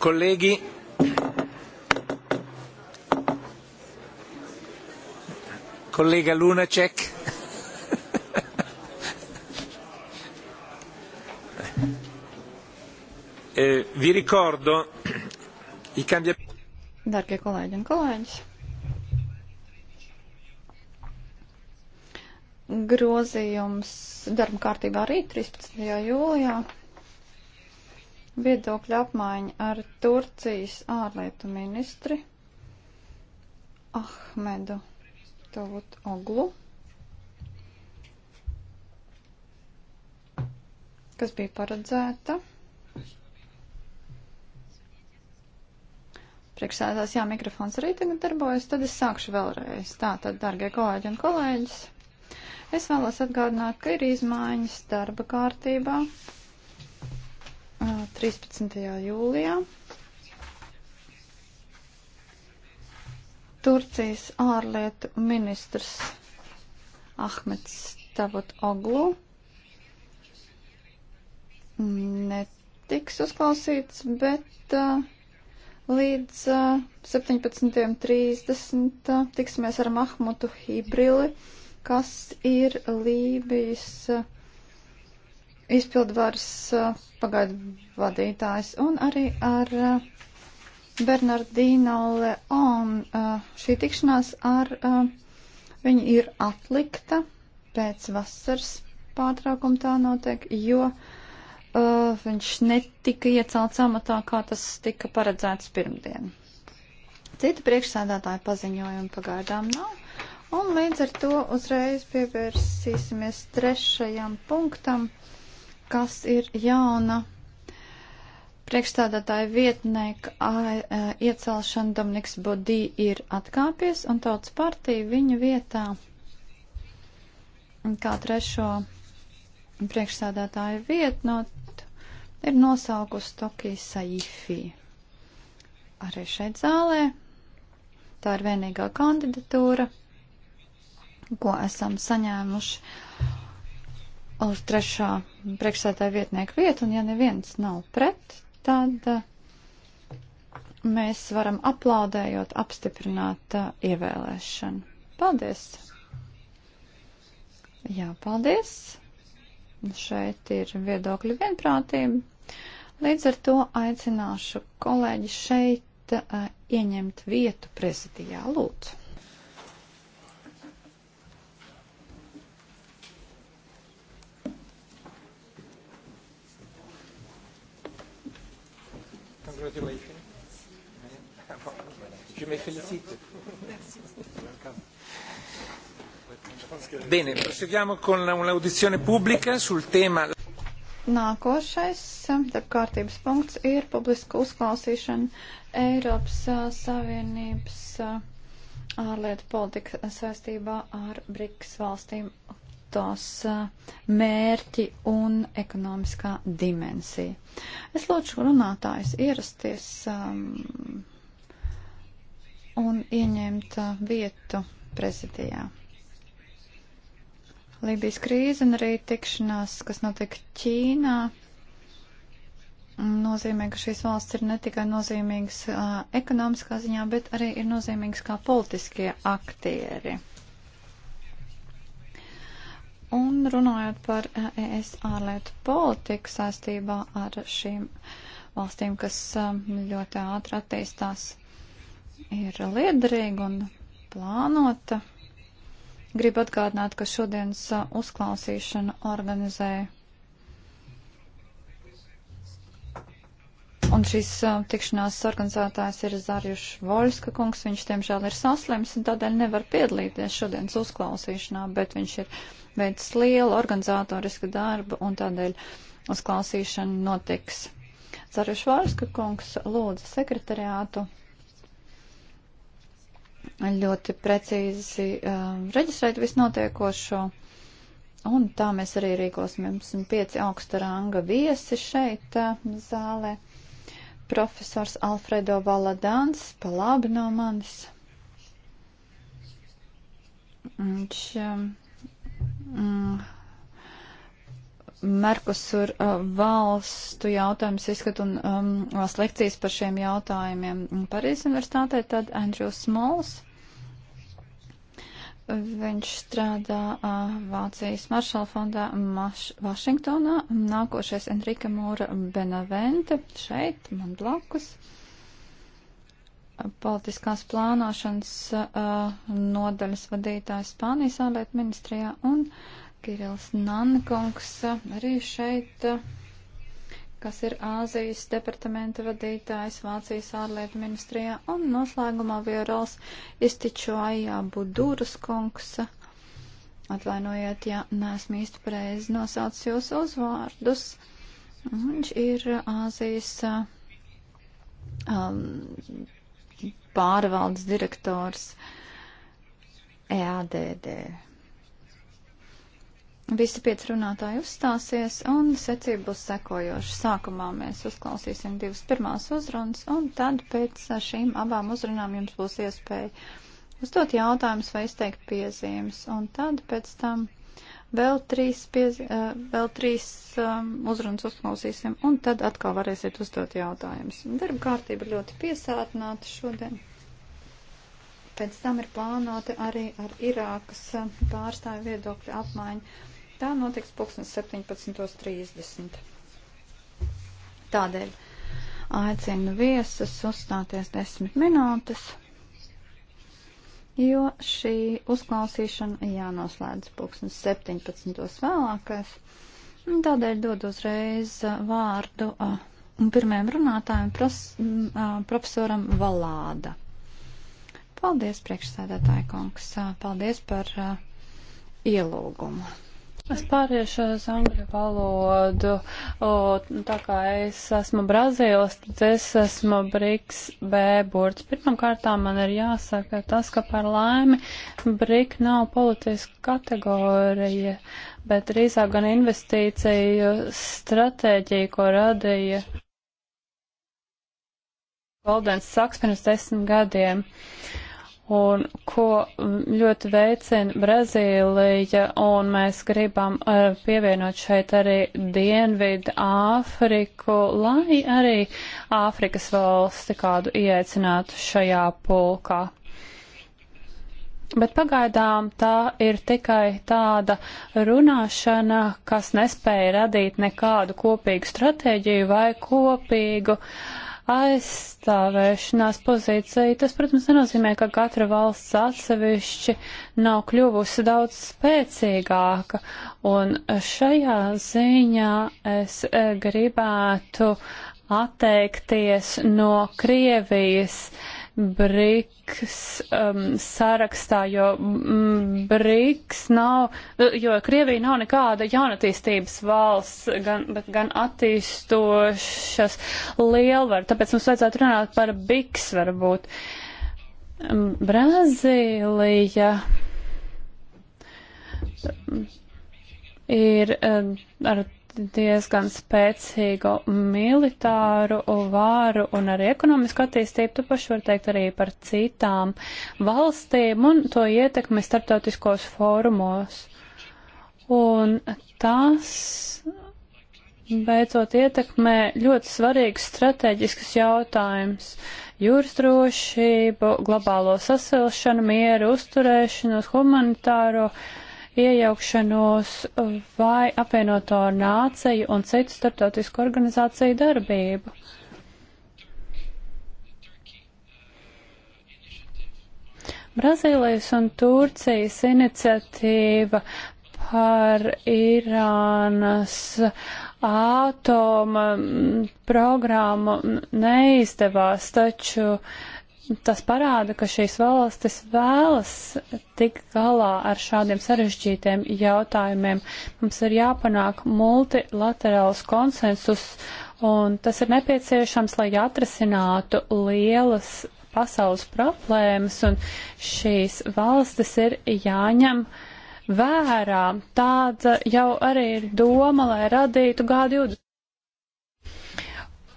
Colleghi, collega Lunacek. eh, vi ricordo i cambiamenti. Darbie kolēģi un kolēģis. Grozījums darba kārtībā arī 13. jūlijā viedokļa apmaiņa ar Turcijas ārlietu ministri Ahmedu Tavut Oglu, kas bija paredzēta. Priekšsēdās, jā, mikrofons arī tagad darbojas, tad es sākšu vēlreiz. Tātad, dargie kolēģi un kolēģis, es vēlos atgādināt, ka ir izmaiņas darba kārtībā. 13. jūlijā. Turcijas ārlietu ministrs Ahmets Tavot Oglu netiks uzklausīts, bet uh, līdz uh, 17.30 uh, tiksimies ar Mahmutu Hibrili, kas ir Lībijas. Uh, izpildvaras pagaidu vadītājs un arī ar Bernardino Leon. Šī tikšanās ar viņu ir atlikta pēc vasaras pārtraukuma tā notiek, jo viņš netika iecelts amatā, kā tas tika paredzēts pirmdien. Cita priekšsēdētāja paziņojuma pagaidām nav. Un līdz ar to uzreiz pievērsīsimies trešajam punktam kas ir jauna priekšstādātāja vietnieka e, iecelšana Dominiks Bodī ir atkāpies, un tautas partija viņa vietā kā trešo priekšstādātāju vietnotu ir nosaukusi Tokiju Saifī. Arī šeit zālē tā ir vienīgā kandidatūra, ko esam saņēmuši uz trešā priekšsētāja vietnieka vietu, un ja neviens nav pret, tad uh, mēs varam aplaudējot apstiprināt uh, ievēlēšanu. Paldies! Jā, paldies! Šeit ir viedokļu vienprātība. Līdz ar to aicināšu kolēģi šeit uh, ieņemt vietu prezidijā. Lūdzu! Congratulations. Je me félicite. Merci. Bene, proseguiamo con un'audizione pubblica sul tema. Nākošais eh, darbkārtības punkts ir publiska uzklausīšana Eiropas eh, Savienības eh, ārlietu politika saistībā ar BRICS valstīm tās eh, mērķi un ekonomiskā dimensija. Es lūdzu runātājus ierasties um, un ieņemt eh, vietu prezidijā. Lībijas krīze un arī tikšanās, kas notika Ķīnā, nozīmē, ka šīs valsts ir ne tikai nozīmīgas uh, ekonomiskā ziņā, bet arī ir nozīmīgas kā politiskie aktieri. Uh, Un runājot par ES eh, e ārlietu politiku saistībā ar šīm valstīm, kas eh, ļoti ātri attīstās, ir liederīga un plānota. Gribu atgādināt, ka šodienas eh, uzklausīšanu organizēja Un šīs uh, tikšanās organizētājs ir Zārjuš Voļska kungs, viņš tiemžēl ir saslims un tādēļ nevar piedalīties šodienas uzklausīšanā, bet viņš ir veids lielu organizatorisku darbu un tādēļ uzklausīšana notiks. Zārjuš Voļska kungs lūdza sekretariātu ļoti precīzi uh, reģistrēt visnotiekošo. Un tā mēs arī rīkosimies. Mums ir pieci augsta ranga viesi šeit uh, zālē profesors Alfredo Valadāns, pa labi no manis. Viņš um, mm, Merkusur uh, valstu jautājums izskat un um, lekcijas par šiem jautājumiem Parīzes universitātē, tad Andrew Smalls Viņš strādā uh, Vācijas Maršala fondā Maš Vašingtonā. Nākošais Enrika Mūra Benavente šeit, man blakus. Politiskās plānošanas uh, nodaļas vadītājs Spānijas ārlietu ministrijā un Kirils Nankungs arī šeit. Uh, kas ir Āzijas departamenta vadītājs Vācijas ārlietu ministrijā, un noslēgumā Vierols Ističoajā Buduras kungs. Atvainojiet, ja neesmu īsti pareizi nosaucis jūsu uzvārdus. Viņš ir Āzijas um, pārvaldes direktors EADD. Visi pieci runātāji uzstāsies, un secība būs sekojoša. Sākumā mēs uzklausīsim divas pirmās uzrunas, un tad pēc šīm abām uzrunām jums būs iespēja uzdot jautājumus vai izteikt piezīmes, un tad pēc tam vēl trīs, piezi, eh, vēl trīs um, uzrunas uzklausīsim, un tad atkal varēsiet uzdot jautājumus. Darba kārtība ļoti piesātināta šodien. Pēc tam ir plānota arī ar Irākas eh, pārstāju viedokļu apmaiņu Tā notiks 17.30. Tādēļ aicinu viesus uzstāties 10 minūtes, jo šī uzklausīšana jānoslēdz 17.00 vēlākais. Tādēļ dod uzreiz vārdu pirmajam runātājam, pros, profesoram Valāda. Paldies, priekšsēdētāji kungs. Paldies par uh, ielūgumu. Es pāriešu uz angļu valodu. O, tā kā es esmu brazīlis, tad es esmu Briks B burts. Pirmkārt, man ir jāsaka tas, ka par laimi Brik nav politiska kategorija, bet drīzāk gan investīciju stratēģija, ko radīja Goldens Saks pirms desmit gadiem. Uh, un ko ļoti veicina Brazīlija, un mēs gribam eh, pievienot šeit arī Dienvidu Āfriku, lai arī Āfrikas valsti kādu ieaicinātu šajā pulkā. Bet pagaidām tā ir tikai tāda runāšana, kas nespēja radīt nekādu kopīgu stratēģiju vai kopīgu uh, aizstāvēšanās pozīcija. Tas, protams, nenozīmē, ka katra valsts atsevišķi nav kļuvusi daudz spēcīgāka. Un šajā ziņā es eh, gribētu atteikties no Krievijas uh, BRICS um, sarakstā, jo mm, BRICS nav, jo Krievija nav nekāda jaunatīstības valsts, gan, bet gan attīstošas lielvaru, tāpēc mums vajadzētu runāt par BRICS varbūt. Um, Brazīlija um, ir uh, ar diezgan spēcīgu militāru vāru un arī ekonomisku attīstību. Tu paši var teikt arī par citām valstīm un to ietekmi starptautiskos fórumos. Un tas beidzot ietekmē ļoti svarīgs strateģisks jautājums - jūras drošību, globālo sasilšanu, mieru uzturēšanos, humanitāro uh, iejaukšanos vai apvienoto nāciju un citu starptautisku organizāciju darbību. Brazīlijas un Turcijas iniciatīva par Irānas ātoma programmu neizdevās, taču uh, Tas parāda, ka šīs valstis vēlas tik galā ar šādiem sarežģītiem jautājumiem. Mums ir jāpanāk multilaterāls konsensus, un tas ir nepieciešams, lai atrasinātu lielas pasaules problēmas, un šīs valstis ir jāņem vērā. Tāda jau arī ir doma, lai radītu G20.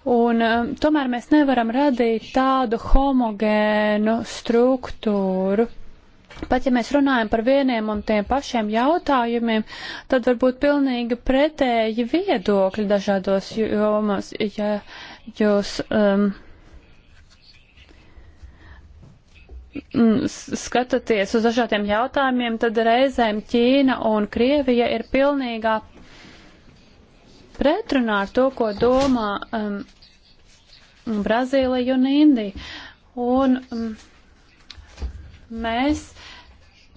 Un um, tomēr mēs nevaram radīt tādu homogēnu struktūru. Pat ja mēs runājam par vieniem un tiem pašiem jautājumiem, tad varbūt pilnīgi pretēji viedokļi dažādos jomās, ja jūs um, skatāties uz dažādiem jautājumiem, tad reizēm Ķīna un Krievija ir pilnīgā pretrunā ar to, ko domā um, Brazīlija un Indija. Un um, mēs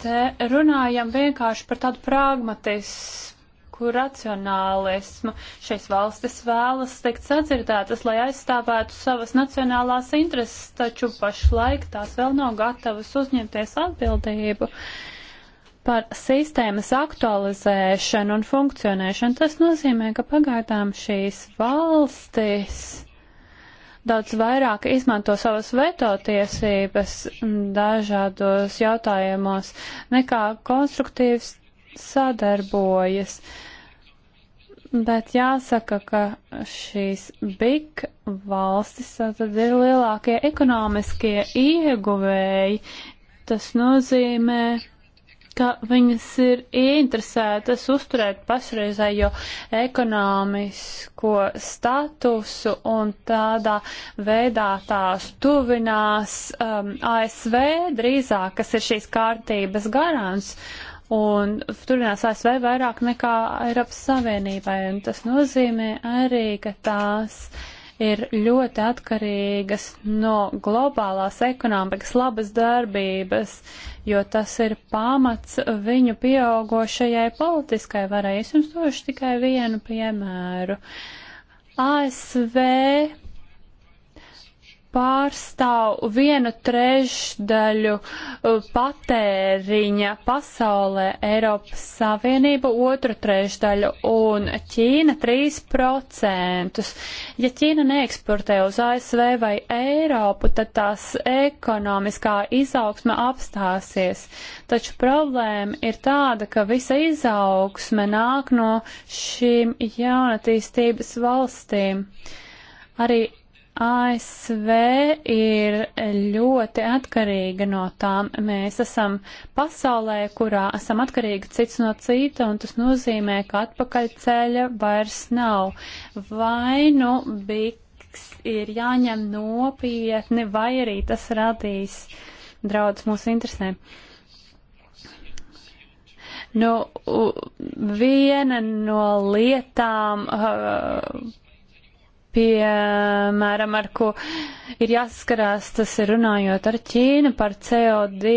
te runājam vienkārši par tādu pragmatisku racionālismu. Šīs valstis vēlas tikt sadzirdētas, lai aizstāvētu savas nacionālās intereses, taču pašlaik tās vēl nav gatavas uzņemties atbildību. Uh, par sistēmas aktualizēšanu un funkcionēšanu. Tas nozīmē, ka pagaidām šīs valstis daudz vairāk izmanto savas veto tiesības dažādos jautājumos nekā konstruktīvs sadarbojas. Bet jāsaka, ka šīs big valstis tad ir lielākie ekonomiskie ieguvēji. Tas nozīmē, ka viņas ir ieinteresētas uzturēt pašreizējo ekonomisko statusu un tādā veidā tās tuvinās um, ASV drīzāk, kas ir šīs kārtības garants. Un turinās ASV vairāk nekā Eiropas Savienībai, un tas nozīmē arī, ka tās ir ļoti atkarīgas no globālās ekonomikas labas darbības, uh, jo tas ir pamats viņu pieaugošajai politiskai varai. Es jums došu tikai vienu piemēru. ASV pārstāv vienu trešdaļu uh, patēriņa pasaulē Eiropas Savienība, otru trešdaļu un Ķīna 3%. Ja Ķīna neeksportē uz ASV vai Eiropu, tad tās ekonomiskā izaugsme apstāsies. Taču problēma ir tāda, ka visa izaugsme nāk no šīm jaunatīstības valstīm. Arī ASV ir ļoti atkarīga no tām. Mēs esam pasaulē, kurā esam atkarīgi cits no cita, un tas nozīmē, ka atpakaļceļa vairs nav. Vai nu biks ir jāņem nopietni, vai arī tas radīs draudz mūsu interesēm. Nu, viena no lietām. Uh, piemēram, ar ko ir jāskarās, tas ir runājot ar Ķīnu par CO2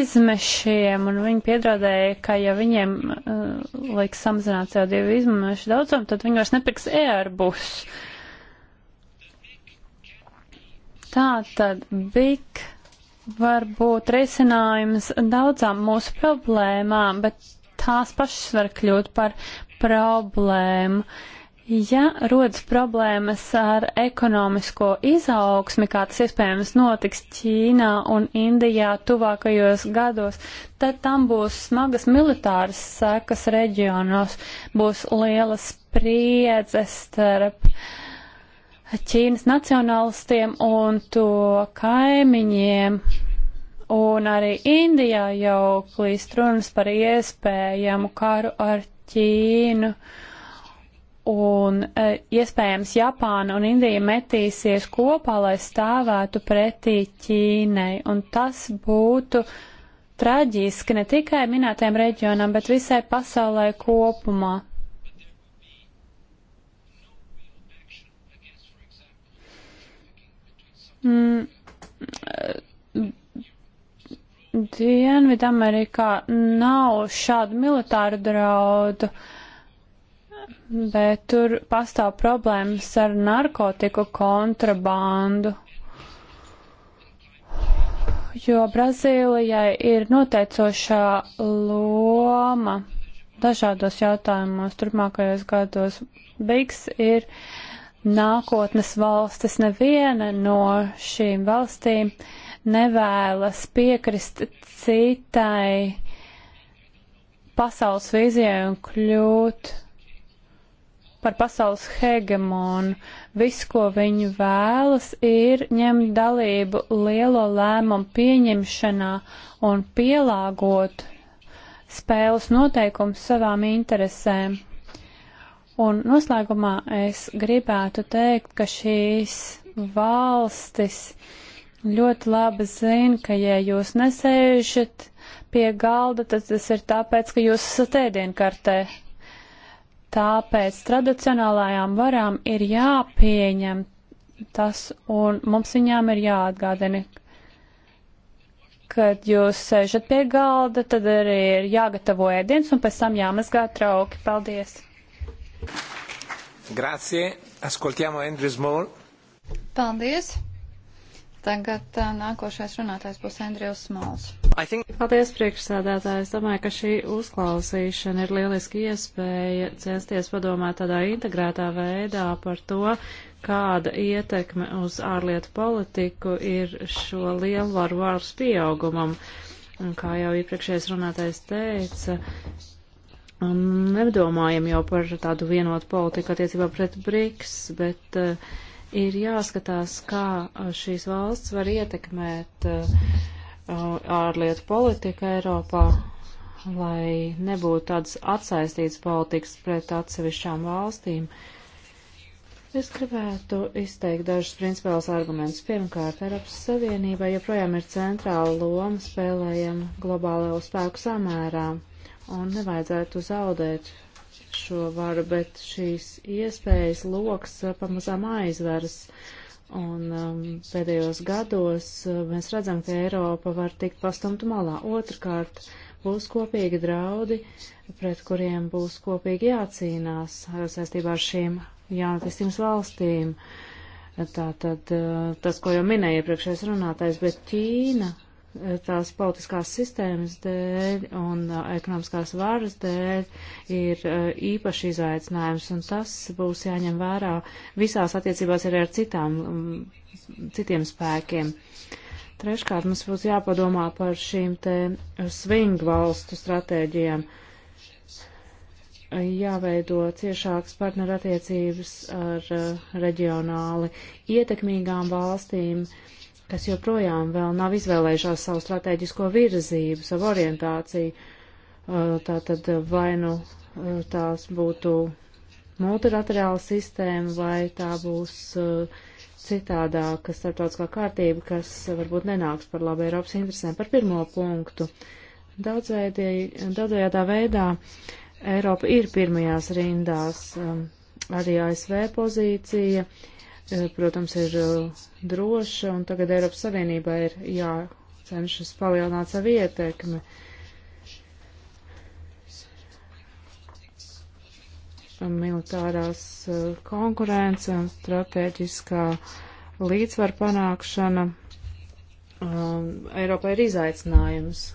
izmešiem, un viņi piedrādēja, ka ja viņiem uh, liks samazināt CO2 izmešu daudzum, tad viņi vairs nepirks Airbus. Tā tad big var būt risinājums daudzām mūsu problēmām, bet tās pašas var kļūt par problēmu. Uh, Ja rodas problēmas ar ekonomisko izaugsmi, kā tas iespējams notiks Ķīnā un Indijā tuvākajos gados, tad tam būs smagas militāras sekas reģionos, būs lielas spriedzes starp Ķīnas nacionālistiem un to kaimiņiem. Un arī Indijā jau klīst runas par iespējamu karu ar Ķīnu. Uh, un e, iespējams Japāna un Indija metīsies kopā, lai stāvētu pretī Ķīnai, un tas būtu traģiski ne tikai minētajam reģionam, bet visai pasaulē kopumā. Mm. E, Dienvidamerikā nav šādu militāru draudu. Uh, bet tur pastāv problēmas ar narkotiku kontrabandu. Jo Brazīlijai ir noteicošā loma dažādos jautājumos turpmākajos gados. Bigs ir nākotnes valstis. Neviena no šīm valstīm nevēlas piekrist citai pasaules vīzijai un kļūt par pasaules hegemonu. Viss, ko viņi vēlas, ir ņemt dalību lielo lēmumu pieņemšanā un pielāgot spēles noteikumus savām interesēm. Un noslēgumā es gribētu teikt, ka šīs valstis ļoti labi zina, ka ja jūs nesēžat pie galda, tad tas ir tāpēc, ka jūs esat ēdienkartē. Tāpēc tradicionālajām varām ir jāpieņem tas, un mums viņām ir jāatgādina, kad jūs sēžat pie galda, tad arī ir jāgatavo ēdiens un pēc tam jāmazgā trauki. Paldies! Grazie! Ascoltiamo Andrew Small. Paldies! Tagad nākošais runātājs būs Andrijs Smals. Think... Paldies, priekšsādātāji. Es domāju, ka šī uzklausīšana ir lieliski iespēja censties padomāt tādā integrētā veidā par to, kāda ietekme uz ārlietu politiku ir šo lielvaru vārs pieaugumam. Un kā jau iepriekšējais runātais teica, nedomājam jau par tādu vienotu politiku attiecībā pret BRICS, bet uh, ir jāskatās, kā šīs valsts var ietekmēt ārlietu politiku Eiropā, lai nebūtu tādas atsaistītas politikas pret atsevišķām valstīm. Es gribētu izteikt dažus principālus argumentus. Pirmkārt, Eiropas Savienībai joprojām ir centrāla loma spēlējama globālajo spēku samērā, un nevajadzētu zaudēt šo varu, bet šīs iespējas loks uh, pamazām aizveras. Un um, pēdējos gados uh, mēs redzam, ka Eiropa var tikt pastumta malā. Otrkārt, būs kopīgi draudi, pret kuriem būs kopīgi jācīnās uh, saistībā ar šīm jaunatīstības valstīm. Tā tad tas, ko jau minēja iepriekšējais runātais, bet Ķīna tās politiskās sistēmas dēļ un ekonomiskās vāras dēļ ir īpaši izaicinājums, un tas būs jāņem vērā visās attiecībās arī ar citām, citiem spēkiem. Treškārt, mums būs jāpadomā par šīm te sving valstu stratēģijām. Jāveido ciešākas partnerattiecības ar reģionāli ietekmīgām valstīm. Uh, kas joprojām vēl nav izvēlējušās savu strateģisko virzību, savu orientāciju. Uh, tātad uh, vai nu uh, tās būtu multilaterāla sistēma vai tā būs citādāka starptautiskā kārtība, kas varbūt nenāks par labu Eiropas interesēm. Par pirmo punktu. Daudzējādā veidā Eiropa ir pirmajās rindās. Um, arī ASV pozīcija E, protams, ir e, droša, un tagad Eiropas Savienībā ir jācenšas palielināt savu ietekmi. Militārās e, konkurence un strateģiskā līdzvar panākšana Eiropai ir izaicinājums.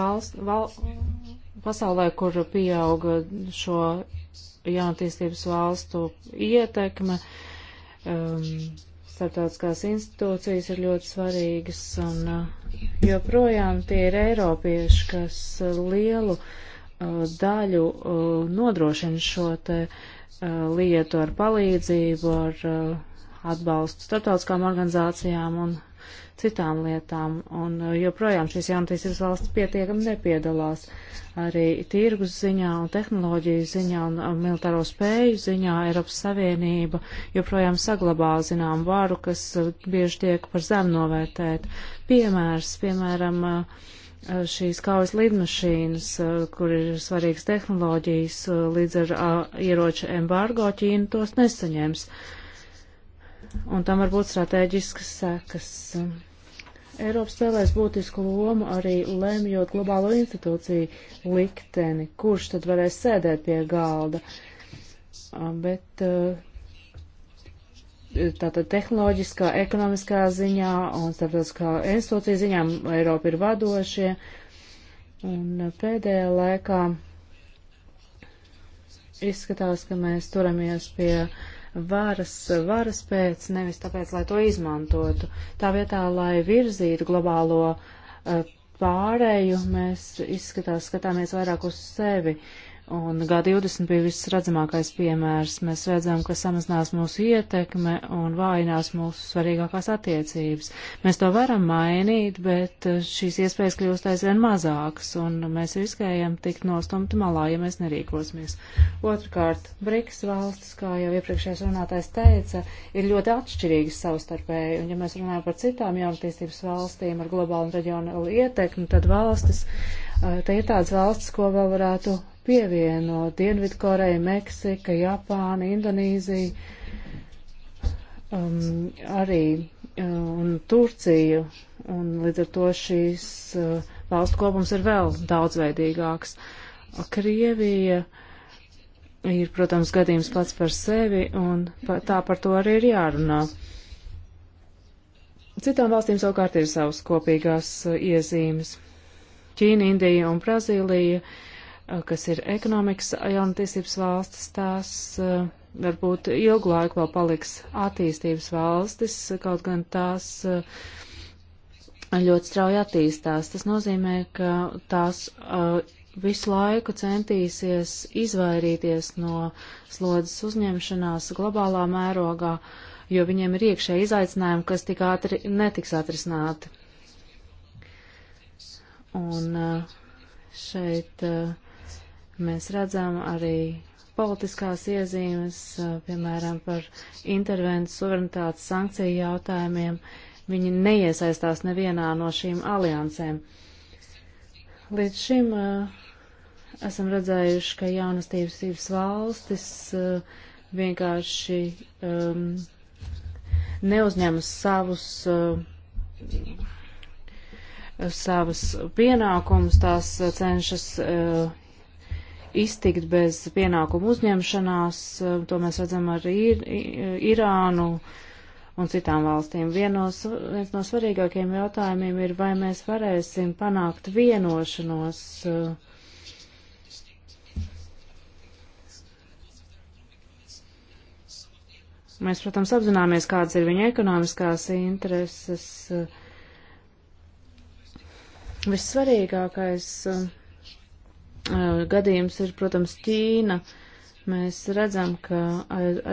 Valsts, val, pasaulē, kur pieauga šo jaunatīstības valstu ietekme. Um, starptautiskās institūcijas ir ļoti svarīgas un uh, joprojām tie ir eiropieši, kas uh, lielu uh, daļu uh, nodrošina šo te uh, lietu ar palīdzību, ar uh, atbalstu starptautiskām organizācijām un citām lietām, un uh, joprojām šīs jaunatīstības valsts pietiekami nepiedalās arī tirgus ziņā un tehnoloģiju ziņā un uh, militāro spēju ziņā Eiropas Savienība joprojām saglabā zinām varu, kas uh, bieži tiek par zem novērtēt. Piemērs, piemēram, šīs kaujas lidmašīnas, kur ir svarīgas tehnoloģijas, līdz ar ieroča embargo Ķīna tos nesaņems. Un tam var būt strateģiskas sekas. Eiropa spēlēs būtisku lomu arī lemjot globālo institūciju likteni, kurš tad varēs sēdēt pie galda. Bet e, tātad tehnoloģiskā, ekonomiskā ziņā un starptautiskā institūcija ziņā Eiropa ir vadošie. Un pēdējā laikā izskatās, ka mēs turamies pie uh, varas, varas pēc, nevis tāpēc, lai to izmantotu. Tā vietā, lai virzītu globālo eh, pārēju, mēs izskatās, skatāmies vairāk uz sevi. Uh, Un G20 bija viss redzamākais piemērs. Mēs redzam, ka samazinās mūsu ietekme un vājinās mūsu svarīgākās attiecības. Mēs to varam mainīt, bet eh, šīs iespējas kļūst aizvien mazākas, un mēs riskējam tikt nostumti malā, ja mēs nerīkosimies. Otrkārt, BRICS valstis, kā jau iepriekšējais runātājs teica, ir ļoti atšķirīgas savstarpēji, un ja mēs runājam par citām jaunatīstības valstīm ar globālu un reģionālu ietekmi, tad valstis, eh, te ir tādas valstis, ko vēl varētu pievieno Dienvidkoreja, Meksika, Japāna, Indonīzija, um, arī uh, un Turciju, un līdz ar to šīs uh, valstu kopums ir vēl daudzveidīgāks. Krievija ir, protams, gadījums pats par sevi, un par, tā par to arī ir jārunā. Citām valstīm savukārt ir savas kopīgās uh, iezīmes. Ķīna, Indija un Brazīlija kas ir ekonomikas jaunatiesības valstis, tās eh, varbūt ilgu laiku vēl paliks attīstības valstis, kaut gan tās eh, ļoti strauji attīstās. Tas nozīmē, ka tās eh, visu laiku centīsies izvairīties no slodzes uzņemšanās globālā mērogā, jo viņiem ir iekšē izaicinājumi, kas tik ātri netiks atrisināti. Un šeit uh, Mēs redzam arī politiskās iezīmes, piemēram, par intervences suverenitātes sankciju jautājumiem. Viņi neiesaistās nevienā no šīm aliansēm. Līdz šim esam redzējuši, ka jaunastības valstis vienkārši um, neuzņemas savus, uh, savus pienākumus, tās cenšas uh, iztikt bez pienākumu uzņemšanās. Eh, to mēs redzam ar Ir Irānu un citām valstīm. Vienos, viens no svarīgākajiem jautājumiem ir, vai mēs varēsim panākt vienošanos. Eh. Mēs, protams, apzināmies, kādas ir viņa ekonomiskās intereses. Vissvarīgākais. Uh, Eh, gadījums ir, protams, Ķīna. Mēs redzam, ka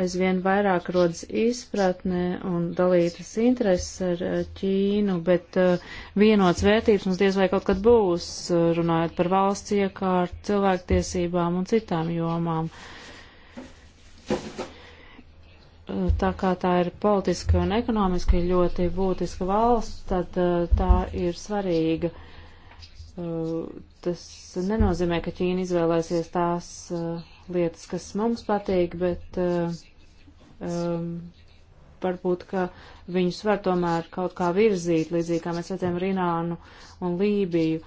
aizvien vairāk rodas izpratne un dalītas intereses ar eh, Ķīnu, bet eh, vienots vērtības mums diez vai kaut kad būs, runājot par valsts iekārtu, cilvēktiesībām un citām jomām tā kā tā ir politiski un ekonomiski ļoti būtiska valsts, tad tā ir svarīga. Eh, tas nenozīmē, ka Ķīna izvēlēsies tās eh, lietas, kas mums patīk, bet um, varbūt, ka viņus var tomēr kaut kā virzīt, līdzīgi kā mēs redzējām Rinānu un Lībiju.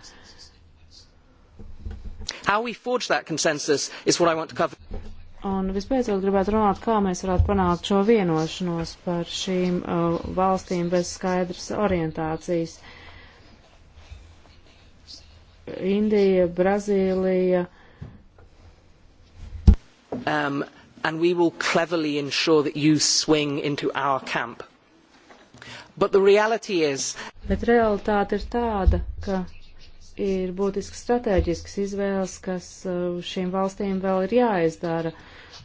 Un visbeidzot gribētu runāt, kā mēs varētu panākt šo vienošanos par šīm uh, valstīm bez skaidras orientācijas. Uh, Indija, Brazīlija. Um, and we will cleverly ensure that you swing into our camp. But the reality is. Bet realitāte ir tāda, ka ir būtisks stratēģisks izvēles, kas uh, šīm valstīm vēl ir jāizdara.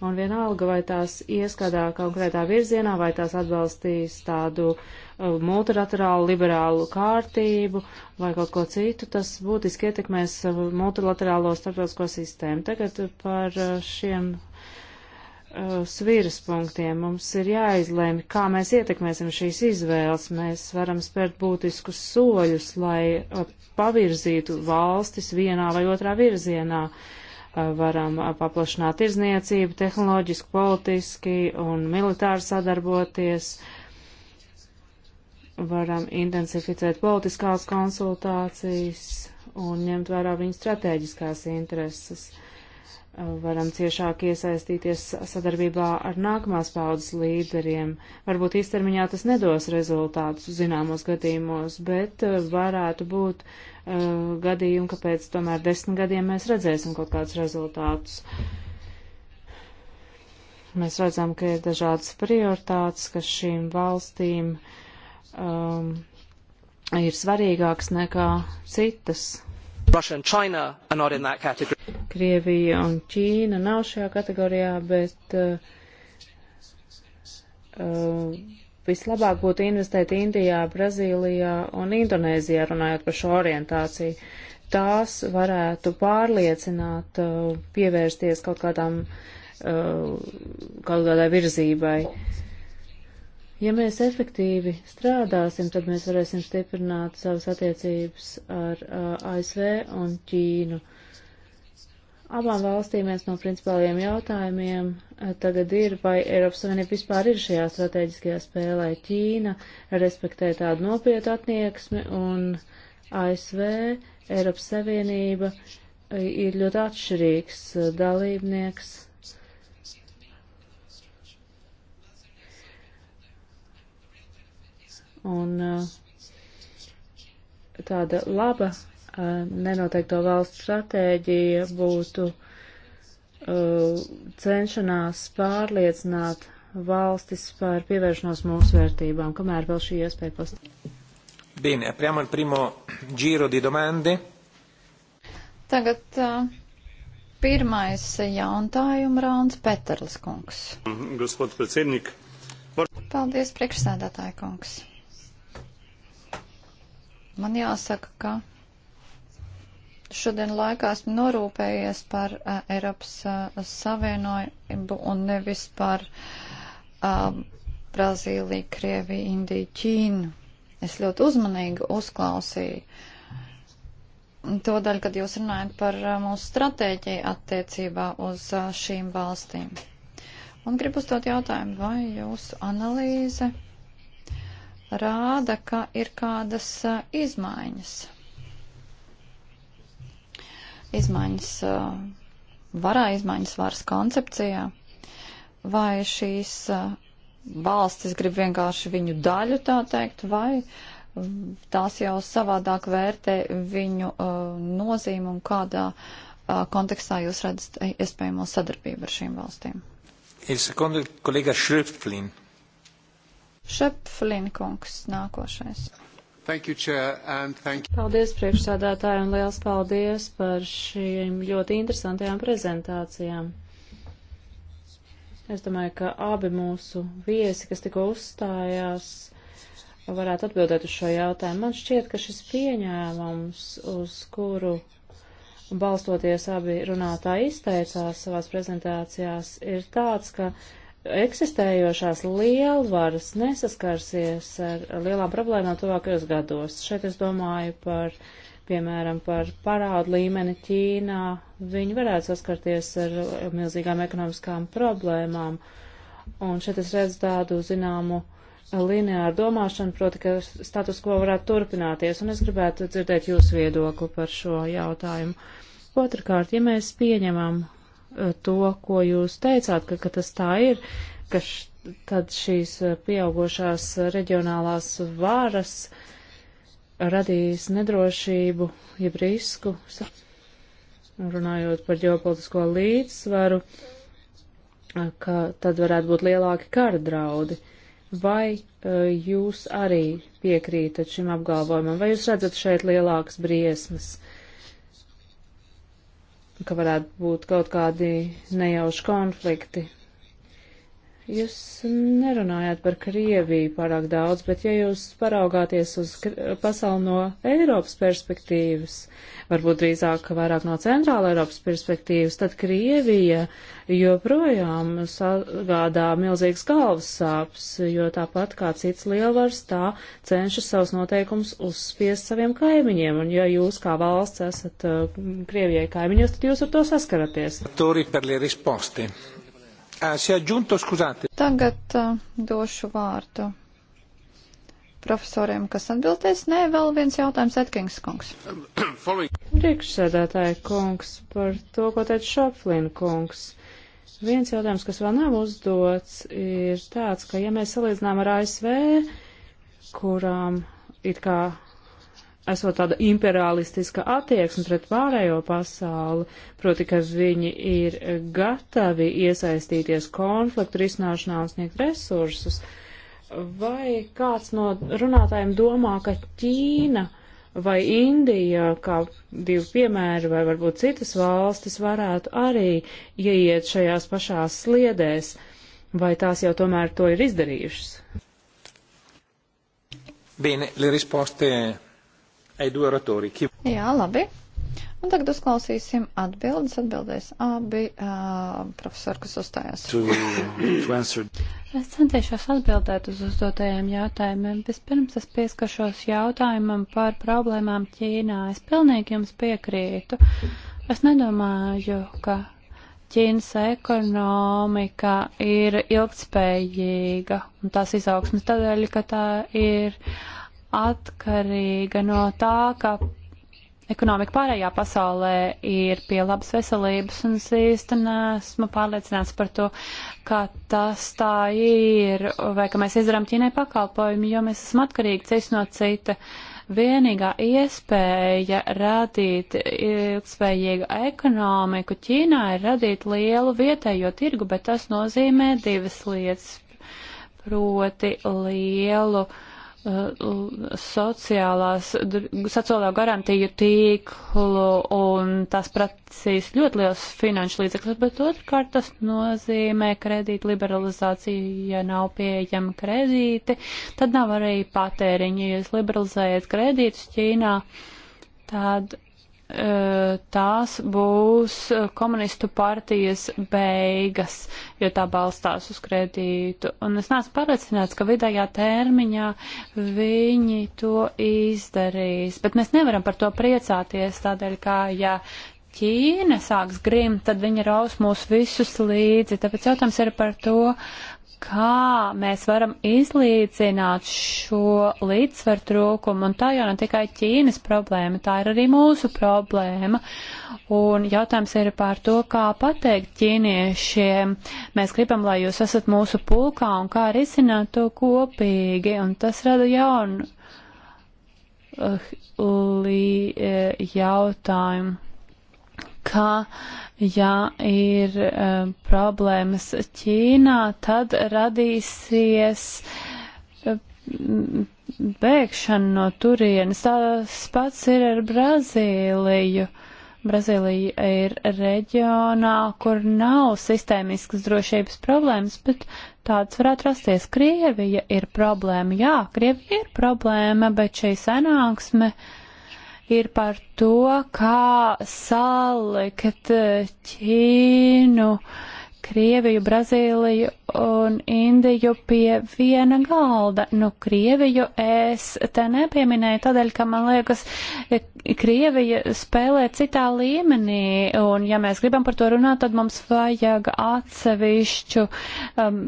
Un vienalga, vai tās ies kādā konkrētā virzienā, vai tās atbalstīs tādu uh, multilaterālu liberālu kārtību vai kaut ko citu, tas būtiski ietekmēs uh, multilaterālo starptautisko sistēmu. Tagad uh, par uh, šiem svīras punktiem mums ir jāizlēma, kā mēs ietekmēsim šīs izvēles. Mēs varam spērt būtiskus soļus, lai pavirzītu valstis vienā vai otrā virzienā varam paplašināt tirzniecību, tehnoloģiski, politiski un militāri sadarboties, varam intensificēt politiskās konsultācijas un ņemt vērā viņu strateģiskās intereses. Uh, varam ciešāk iesaistīties sadarbībā ar nākamās paudzes līderiem. Varbūt īstermiņā tas nedos rezultātus zināmos gadījumos, bet uh, varētu būt uh, gadījumi, ka pēc tomēr desmit gadiem mēs redzēsim kaut kādus rezultātus. Mēs redzam, ka ir dažādas prioritātes, kas šīm valstīm uh, um, ir svarīgāks nekā citas. Krievija un Ķīna nav šajā kategorijā, bet uh, uh, vislabāk būtu investēt Indijā, Brazīlijā un Indonēzijā, runājot par šo orientāciju. Tās varētu pārliecināt, uh, pievērsties kaut kādām, uh, kaut kādai virzībai. Uh, Ja mēs efektīvi strādāsim, tad mēs varēsim stiprināt savas attiecības ar uh, ASV un Ķīnu. Abām valstīm viens no principālajiem jautājumiem tagad ir, vai Eiropas Savienība vispār ir šajā strateģiskajā spēlē. Ķīna respektē tādu nopietnu attieksmi un ASV, Eiropas Savienība ir ļoti atšķirīgs dalībnieks un uh, tāda laba uh, nenoteikto valstu stratēģija būtu uh, cenšanās pārliecināt valstis par pievēršanos mūsu vērtībām, kamēr vēl šī iespēja pastāv. Bene, apriamo il primo giro di domande. Tagad uh, pirmais jautājuma rauns Peterlis kungs. Gospod predsednik. Var... Paldies, priekšsēdētāja kungs. Man jāsaka, ka šodien laikā esmu norūpējies par uh, Eiropas uh, Savienojumu un nevis par uh, Brazīliju, Krieviju, Indiju, Ķīnu. Es ļoti uzmanīgi uzklausīju to daļu, kad jūs runājat par uh, mūsu stratēģiju attiecībā uz uh, šīm valstīm. Un gribu uzdot jautājumu, vai jūsu analīze rāda, ka ir kādas izmaiņas. Izmaiņas varā, izmaiņas varas koncepcijā. Vai šīs valstis grib vienkārši viņu daļu, tā teikt, vai tās jau savādāk vērtē viņu nozīmu un kādā kontekstā jūs redzat iespējamo sadarbību ar šīm valstīm? Ir sekunde, kolēģa Šriflīna. Šepflin kungs nākošais. Thank you, Chair, and thank you. Paldies priekšsādātāji un liels paldies par šīm ļoti interesantajām prezentācijām. Es domāju, ka abi mūsu viesi, kas tikko uzstājās, varētu atbildēt uz šo jautājumu. Man šķiet, ka šis pieņēmums, uz kuru balstoties abi runātāji izteicās savās prezentācijās, ir tāds, ka eksistējošās lielvaras nesaskarsies ar lielām problēmām tuvākajos gados. Šeit es domāju par, piemēram, par parādu līmeni Ķīnā. Viņi varētu saskarties ar milzīgām ekonomiskām problēmām. Un šeit es redzu tādu zināmu lineāru domāšanu, proti, ka status quo varētu turpināties, un es gribētu dzirdēt jūsu viedokli par šo jautājumu. Otrakārt, ja mēs pieņemam Eh, to, ko jūs teicāt, ka, ka tas tā ir, ka š, tad šīs eh, pieaugošās reģionālās varas radīs nedrošību, jeb risku, runājot par ģeopolitisko līdzsvaru, eh, ka tad varētu būt lielāki kara draudi. Vai jūs arī piekrītat šim apgalvojumam, vai jūs redzat šeit lielākas briesmas? Uh, ka varētu būt kaut kādi nejauši konflikti. Jūs nerunājāt par Krieviju pārāk daudz, bet ja jūs paraugāties uz pasauli no Eiropas perspektīvas, varbūt drīzāk vairāk no Centrāla Eiropas perspektīvas, tad Krievija joprojām sagādā milzīgas galvas sāpes, jo tāpat kā cits lielvars, tā cenšas savus noteikumus uzspiest saviem kaimiņiem, un ja jūs kā valsts esat uh, Krievijai kaimiņos, tad jūs ar to saskaraties. Turi par li risposti. Eh, Tagad uh, došu vārdu profesoriem, kas atbildēs. Nē, vēl viens jautājums, Etkings kungs. Priekšsēdētāja kungs par to, ko teica Šoflina kungs. Viens jautājums, kas vēl nav uzdots, ir tāds, ka ja mēs salīdzinām ar ASV, kurām it kā esot tāda imperialistiska attieksme pret pārējo pasauli, proti, ka viņi ir gatavi iesaistīties konfliktu risināšanā un sniegt resursus. Vai kāds no runātājiem domā, ka Ķīna vai Indija, kā divi piemēri, vai varbūt citas valstis varētu arī ieiet šajās pašās sliedēs, vai tās jau tomēr to ir izdarījušas? Bene, le risposte ai due oratori. Jā, labi. Un tagad uzklausīsim atbildes. Atbildēs abi uh, profesori, kas uzstājās. To, to es centīšos atbildēt uz uzdotajiem jautājumiem. Vispirms es pieskaršos jautājumam par problēmām Ķīnā. Es pilnīgi jums piekrītu. Es nedomāju, ka Ķīnas ekonomika ir ilgtspējīga un tās izaugsmas tādēļ, ka tā ir. Uh, atkarīga no tā, ka ekonomika pārējā pasaulē ir pie labas veselības, un es īsti neesmu pārliecināts par to, ka tas tā ir, vai ka mēs izdarām Ķīnai pakalpojumu, jo mēs esam atkarīgi cits no cita. Vienīgā iespēja radīt ilgspējīgu ekonomiku Ķīnā ir radīt lielu vietējo tirgu, bet tas nozīmē divas lietas, proti lielu uh, sociālās, sociālā garantiju tīklu un tas prasīs ļoti liels finanšu līdzekļus, bet otrkārt tas nozīmē kredītu liberalizāciju, ja nav pieejama kredīti, tad nav arī patēriņa. Ja jūs liberalizējat kredītus Ķīnā, tad Eh, tās būs eh, komunistu partijas beigas, jo tā balstās uz kredītu. Un es neesmu pārliecināts, ka vidējā termiņā viņi to izdarīs. Bet mēs nevaram par to priecāties tādēļ, kā ja Ķīna sāks grimt, tad viņa raus mūs visus līdzi. Tāpēc jautājums ir par to, kā mēs varam izlīdzināt šo līdzsvaru trūkumu, un tā jau nav tikai Ķīnas problēma, tā ir arī mūsu problēma. Un jautājums ir par to, kā pateikt ķīniešiem, mēs gribam, lai jūs esat mūsu pulkā, un kā risināt to kopīgi, un tas rada jaunu uh, li, eh, jautājumu, kā ja ir uh, problēmas Ķīnā, tad radīsies uh, bēgšana no turienes. Tas pats ir ar Brazīliju. Brazīlija ir reģionā, kur nav sistēmiskas drošības problēmas, bet tāds varētu rasties. Krievija ir problēma. Jā, Krievija ir problēma, bet šī sanāksme. Uh, ir par to, kā salikt Ķīnu, Krieviju, Brazīliju un Indiju pie viena galda. Nu, Krieviju es te nepieminēju tādēļ, ka man liekas, Krievija spēlē citā līmenī, un ja mēs gribam par to runāt, tad mums vajag atsevišķu um,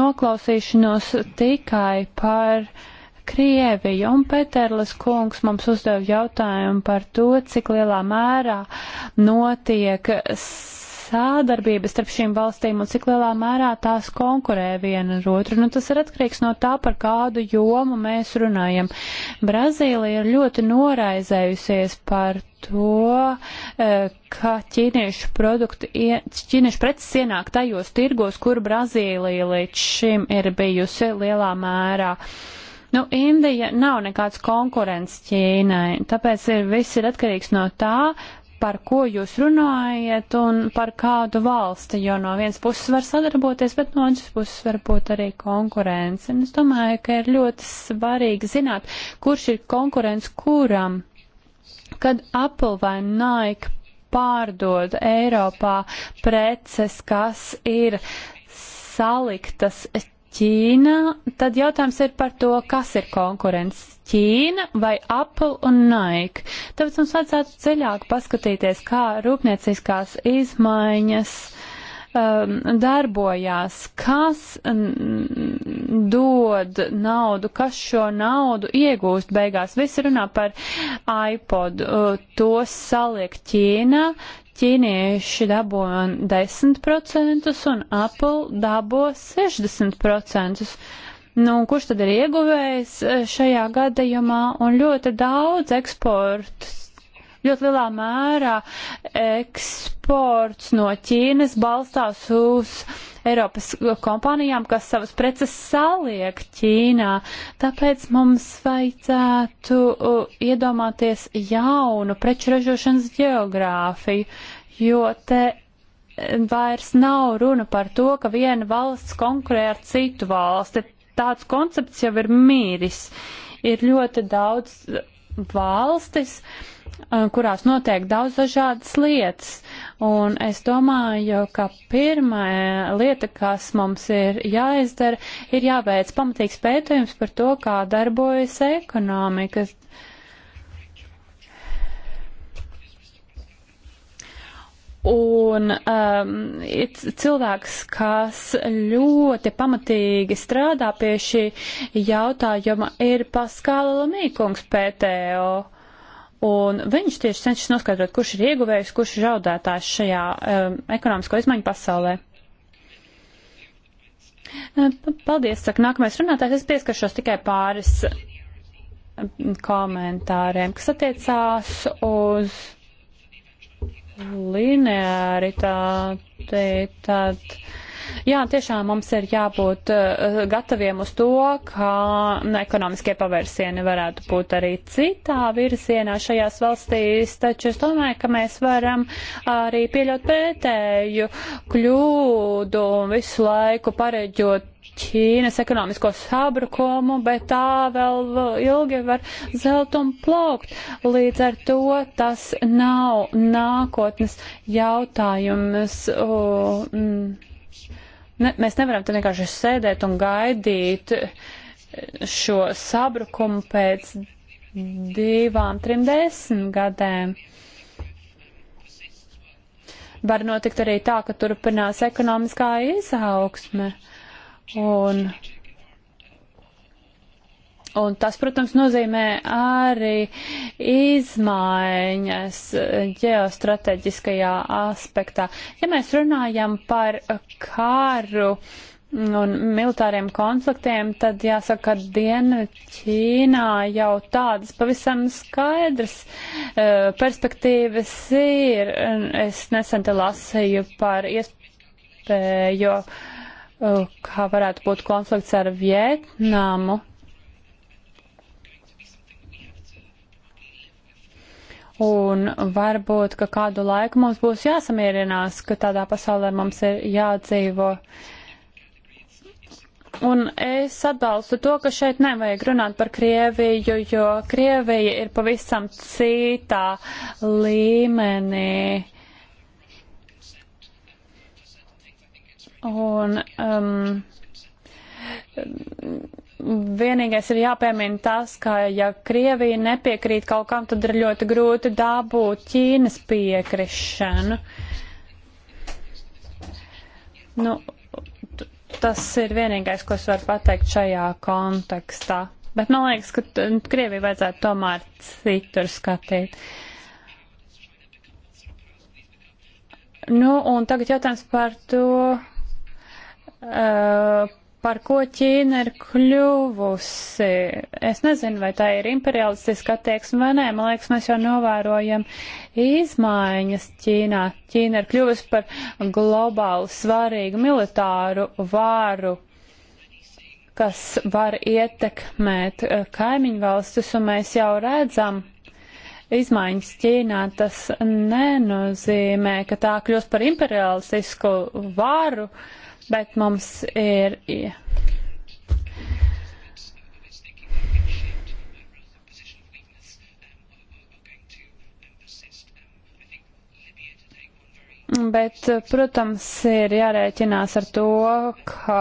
noklausīšanos tikai par uh, Krieviju, un Peterlis kungs mums uzdeva jautājumu par to, cik lielā mērā notiek sādarbība starp šīm valstīm un cik lielā mērā tās konkurē viena ar otru. Nu, tas ir atkarīgs no tā, par kādu jomu mēs runājam. Brazīlija ir ļoti noraizējusies par to, eh, ka ķīniešu produkti, ķīniešu preces ienāk tajos tirgos, kur Brazīlija līdz šim ir bijusi lielā mērā. Uh, Nu, Indija nav nekāds konkurents Ķīnai, tāpēc ir, viss ir atkarīgs no tā, par ko jūs runājat un par kādu valsti, jo no vienas puses var sadarboties, bet no otras puses var būt arī konkurence. Un es domāju, ka ir ļoti svarīgi zināt, kurš ir konkurents kuram. Kad Apple vai Nike pārdod Eiropā preces, kas ir saliktas Ķīnā, tad jautājums ir par to, kas ir konkurence - Ķīna vai Apple un Nike. Tāpēc mums vajadzētu ceļāk paskatīties, kā rūpnieciskās izmaiņas um, darbojās, kas um, dod naudu, kas šo naudu iegūst beigās. Visi runā par iPod, uh, tos saliek Ķīnā, ķīnieši dabū 10% un Apple dabū 60%. Nu, kurš tad ir ieguvējis e, šajā gadījumā? Un ļoti daudz eksports, ļoti lielā mērā eksports no Ķīnas balstās uz Eiropas kompānijām, kas savas preces saliek Ķīnā. Tāpēc mums vajadzētu iedomāties jaunu preču ražošanas geogrāfiju, jo te e, vairs nav runa par to, ka viena valsts konkurē ar citu valsti. Tāds koncepts jau ir mīris. Ir ļoti daudz valstis, uh, Eh, kurās notiek daudz dažādas lietas. Un es domāju, ka pirmā lieta, kas mums ir jāizdara, ir jāveic pamatīgs pētījums par to, kā darbojas ekonomika. Un um, ehm, ir cilvēks, kas ļoti pamatīgi strādā pie šī jautājuma, ir Paskāla Lamīkungs PTO. Uh, Un viņš tieši cenšas noskaidrot, kurš ir ieguvējis, kurš ir zaudētājs šajā um, ekonomisko izmaiņu pasaulē. Nu, paldies, saka nākamais runātājs. Es pieskaršos tikai pāris um, komentāriem, kas attiecās uz lineāritāti. Tad, tad Jā, tiešām mums ir jābūt uh, gataviem uz to, ka mm, ekonomiskie pavērsieni varētu būt arī citā virzienā šajās valstīs, taču es domāju, ka mēs varam arī pieļaut pretēju kļūdu un visu laiku pareģot Ķīnas ekonomisko sabrukumu, bet tā vēl ilgi var zelt un plaukt. Līdz ar to tas nav nākotnes jautājums. Uh, mm Ne, mēs nevaram te vienkārši sēdēt un gaidīt šo sabrukumu pēc divām, trim desmit gadēm. Var notikt arī tā, ka turpinās ekonomiskā izaugsme. Un Un tas, protams, nozīmē arī izmaiņas ģeostrateģiskajā aspektā. Ja mēs runājam par karu un militāriem konfliktiem, tad jāsaka, ka Dienvidķīnā jau tādas pavisam skaidras e, perspektīvas ir. Es nesen te lasīju par iespēju, e, kā varētu būt konflikts ar Vietnamu Un varbūt, ka kādu laiku mums būs jāsamierinās, ka tādā pasaulē mums ir jādzīvo. Un es atbalstu to, ka šeit nevajag runāt par Krieviju, jo Krievija ir pavisam citā līmenī. Un um, vienīgais ir jāpiemina tas, ka ja Krievija nepiekrīt kaut kam, tad ir ļoti grūti dabūt Ķīnas piekrišanu. Nu, tas ir vienīgais, ko es varu pateikt šajā kontekstā. Bet man liekas, ka Krievija vajadzētu tomēr citur skatīt. Nu, un tagad jautājums par to, uh, par ko Ķīna ir kļuvusi. Es nezinu, vai tā ir imperialistiska attieksme vai nē. Man liekas, mēs jau novērojam izmaiņas Ķīnā. Ķīna ir kļuvusi par globāli svarīgu militāru vāru kas var ietekmēt eh, kaimiņu valstis, un mēs jau redzam izmaiņas Ķīnā. Tas nenozīmē, ka tā kļūst par imperialistisku varu, uh, bet mums ir. Bet, protams, ir jārēķinās ar to, ka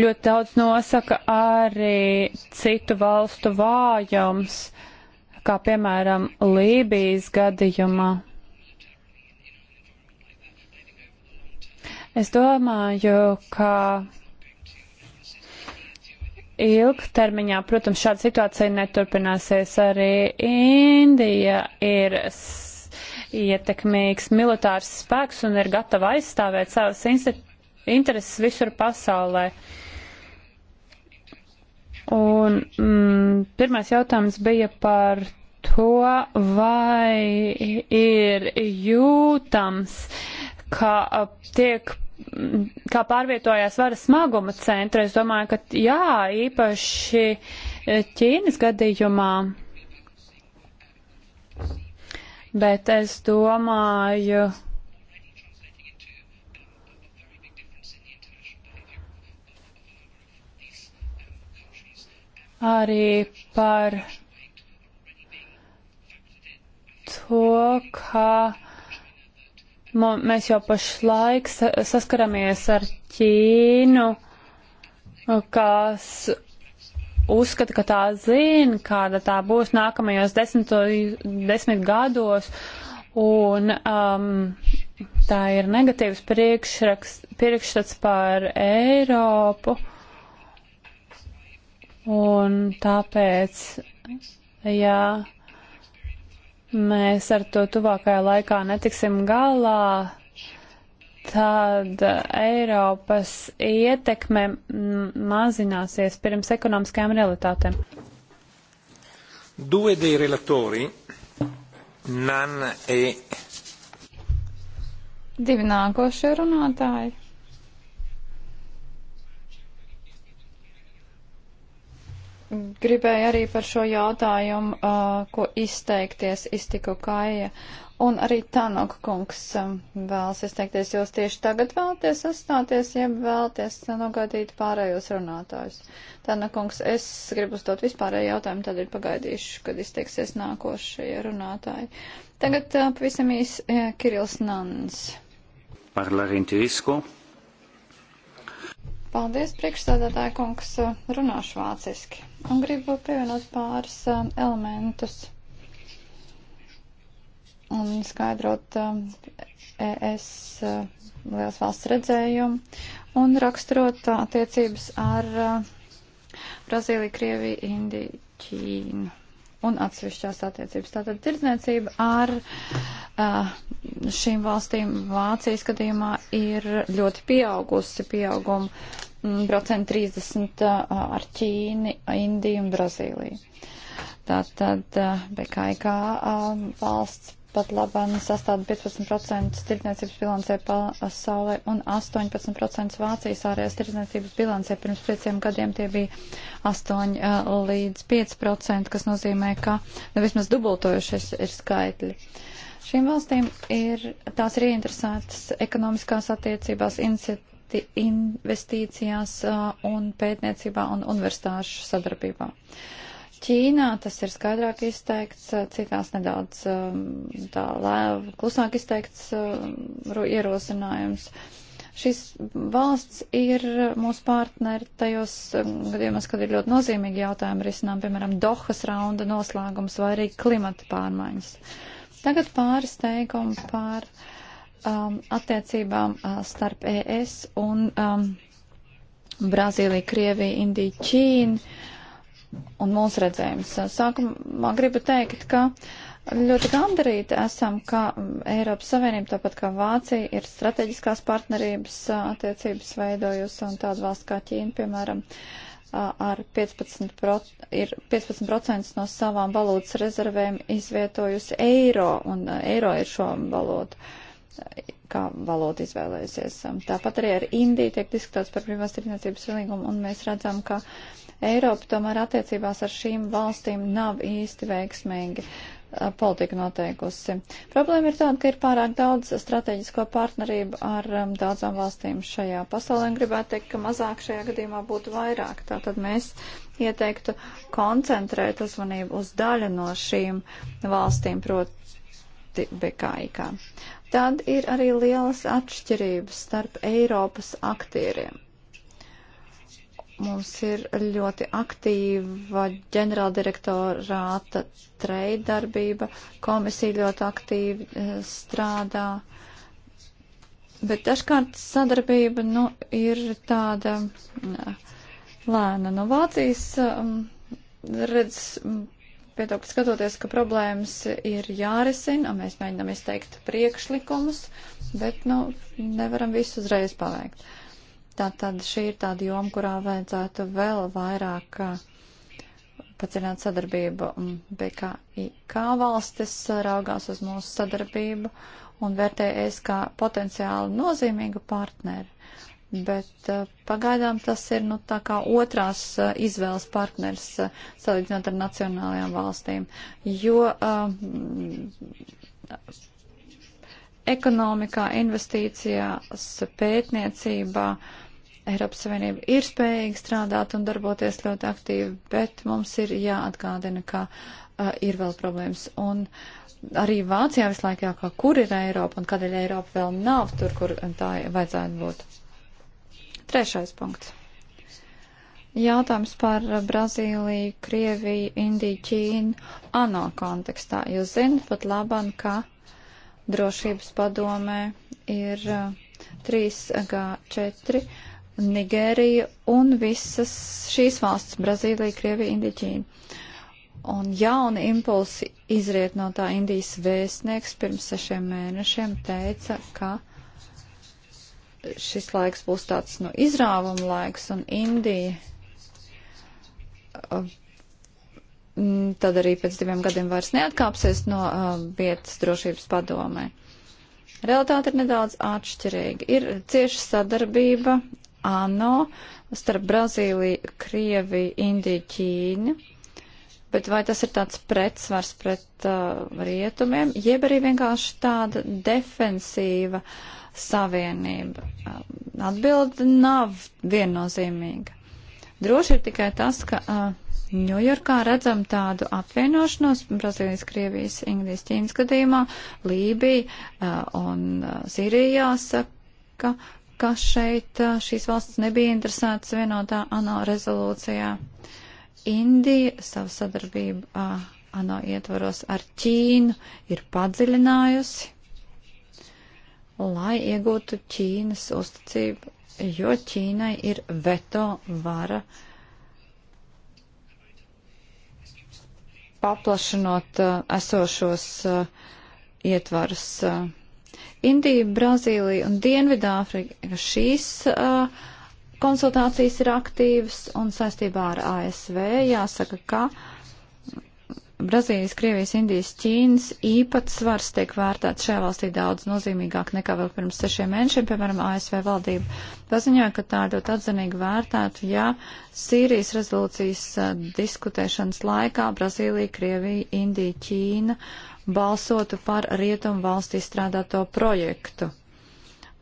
ļoti daudz nosaka arī citu valstu vājums, kā piemēram Lībijas gadījumā. Es domāju, ka ilgtermiņā, protams, šāda situācija neturpināsies. Arī Indija ir ietekmīgs militārs spēks un ir gatava aizstāvēt savas intereses visur pasaulē. Un mm, pirmais jautājums bija par to, vai ir jūtams, ka tiek kā pārvietojās varas smaguma centra, es domāju, ka jā, īpaši e, Ķīnas gadījumā. Bet es domāju. Arī par to, ka Mēs jau pašlaik saskaramies ar Ķīnu, kas uzskata, ka tā zina, kāda tā būs nākamajos desmito, desmit gados, un um, tā ir negatīvs priekšstats par Eiropu, un tāpēc, jā. Ja, mēs ar to tuvākajā laikā netiksim galā, tad eh, Eiropas ietekme mazināsies pirms ekonomiskajām realitātēm. Due dei relatori, Nan e. Divi nākošie runātāji. gribēju arī par šo jautājumu, uh, ko izteikties iztiku kāja. Un arī Tanok kungs um, vēlas izteikties, jūs tieši tagad vēlaties uzstāties, ja vēlaties nogaidīt pārējos runātājus. Tanok kungs, es gribu uzdot vispārēju jautājumu, tad ir pagaidīšu, kad izteiksies nākošie runātāji. Tagad uh, pavisam īsi uh, Kirils Nans. Parlamentu risku Paldies, priekšsēdētāja kungs, runāšu vāciski. Un gribu pievienot pāris um, elementus un skaidrot um, ES um, liels valsts redzējumu un raksturot uh, attiecības ar uh, Brazīliju, Krieviju, Indiju, Ķīnu un atsevišķās attiecības. Tātad tirdzniecība ar uh, šīm valstīm Vācijas skatījumā ir ļoti pieaugusi pieauguma mm, procentu 30 uh, ar Ķīni, Indiju un Brazīliju. Tātad uh, BKK uh, valsts pat labāk nu, sastāv 15% tirdzniecības bilancē pasaulē un 18% Vācijas ārējās tirdzniecības bilancē. Pirms pieciem gadiem tie bija 8 uh, līdz 5%, kas nozīmē, ka nu, vismaz dubultojušies ir skaitļi. Šīm valstīm ir, tās ir ieinteresētas ekonomiskās attiecībās, investīcijās uh, un pētniecībā un universitāšu sadarbībā. Uh, Ķīnā tas ir skaidrāk izteikts, citās nedaudz tā lē, klusāk izteikts ierosinājums. Šis valsts ir mūsu partneri tajos gadījumos, kad ir ļoti nozīmīgi jautājumi risinām, piemēram, Dohas raunda noslēgums vai arī klimata pārmaiņas. Tagad pāris teikumu par um, attiecībām uh, starp ES un um, Brazīliju, Krieviju, Indiju, Ķīnu un mūsu redzējums. Sākumā gribu teikt, ka ļoti gandarīti esam, ka mm, Eiropas Savienība, tāpat kā Vācija, ir strateģiskās partnerības attiecības veidojusi un tāda valsts kā Ķīna, piemēram, ar 15%, pro, ir 15% no savām valūtas rezervēm izvietojusi eiro, un eiro ir šo valodu kā valoda izvēlējusies. Tāpat arī ar Indiju tiek diskutēts par privās tirdzniecības līgumu, un mēs redzam, ka uh, Eiropa tomēr attiecībās ar šīm valstīm nav īsti veiksmīgi politika noteikusi. Problēma ir tāda, ka ir pārāk daudz strateģisko partnerību ar um, daudzām valstīm šajā pasaulē, un gribētu teikt, ka mazāk šajā gadījumā būtu vairāk. Tātad mēs ieteiktu koncentrēt uzmanību uz daļu no šīm valstīm, proti BKIK. Tad ir arī lielas atšķirības starp Eiropas aktieriem. Mums ir ļoti aktīva ģenerāldirektorāta treidarbība, komisija ļoti aktīvi e, strādā, bet dažkārt sadarbība nu, ir tāda lēna. No nu, Vācijas redz pietiek skatoties, ka problēmas ir jārisina, un mēs mēģinām izteikt priekšlikumus, bet nu, nevaram visu uzreiz paveikt. Uh, Tātad šī ir tāda joma, kurā vajadzētu vēl vairāk pacināt sadarbību. BKIK valstis raugās uz mūsu sadarbību un vērtē es kā potenciāli nozīmīgu partneri. Bet pagaidām tas ir nu, tā kā otrās izvēles partners salīdzinot ar nacionālajām valstīm, jo uh, ekonomikā, investīcijās, pētniecībā uh, Eiropas Savienība ir spējīga strādāt un darboties ļoti aktīvi, bet mums ir jāatgādina, ka uh, ir vēl problēmas. Un arī Vācijā visu laiku jākā, kur ir Eiropa un kādēļ Eiropa vēl nav tur, kur tā vajadzētu būt. Trešais punkts. Jautājums par Brazīliju, Krieviju, Indiju, Ķīnu, ANO kontekstā. Jūs zinat pat labam, ka drošības padomē ir 3G4 Nigērija un visas šīs valsts - Brazīlija, Krievija, Indija, Ķīna. Un jauni impulsi izriet no tā Indijas vēstnieks pirms sešiem mēnešiem teica, ka šis laiks būs tāds nu, izrāvuma laiks un Indija. Uh, tad arī pēc diviem gadiem vairs neatkāpsies no uh, vietas drošības padomē. Realitāte ir nedaudz atšķirīga. Ir cieša sadarbība ANO starp Brazīliju, Krieviju, Indiju, Ķīnu. Bet vai tas ir tāds pretsvars pret uh, rietumiem, jeb arī vienkārši tāda defensīva savienība? Uh, Atbilde nav viennozīmīga. Droši ir tikai tas, ka uh, Ņujorkā uh, redzam tādu apvienošanos Brazīlijas, Krievijas, Indijas, Ķīnas gadījumā, Lībija uh, un uh, Sīrijā saka, ka šeit šīs valsts nebija interesētas vienotā ANO rezolūcijā. Indija savu sadarbību ANO ietvaros ar Ķīnu ir padziļinājusi, lai iegūtu Ķīnas uzticību, jo Ķīnai ir veto vara paplašinot esošos ietvarus. Uh, Indija, Brazīlija un Dienvidāfrika šīs uh, konsultācijas ir aktīvas un saistībā ar ASV jāsaka, ka Brazīlijas, Krievijas, Indijas, Ķīnas īpatsvars tiek vērtēts šajā valstī daudz nozīmīgāk nekā vēl pirms sešiem mēnešiem, piemēram, ASV valdība paziņoja, ka tā ļoti atzinīgi vērtētu, ja Sīrijas rezolūcijas uh, diskutēšanas laikā Brazīlija, Krievija, Indija, Ķīna balsotu par rietumu valstu izstrādāto projektu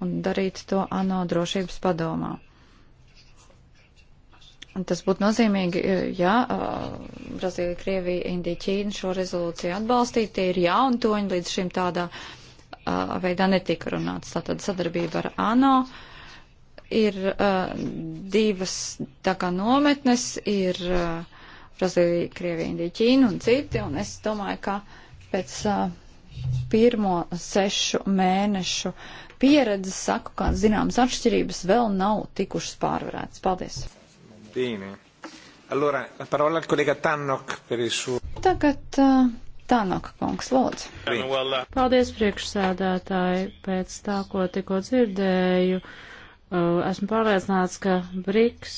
un darītu to ANO drošības padomā. Un tas būtu nozīmīgi, e, ja e, Brazīlija, Krievija, Indija, Ķīna šo rezolūciju atbalstītu. Tie ir jauntoņi, līdz šim tādā e, veidā netika runāts. Tātad sadarbība ar ANO ir divas tā kā nometnes, ir Brazīlija, Krievija, Indija, Ķīna un citi. Un es domāju, ka pēc pirmo sešu mēnešu pieredzes saku, ka zināmas atšķirības vēl nav tikušas pārvarētas. Paldies! Bīni. Allora, parola al kolega Tannok per il suo. Tagad uh, Tannok kungs, lūdzu. Paldies priekšsēdētāji, pēc tā, ko tikko dzirdēju. Uh, esmu pārliecināts, ka BRICS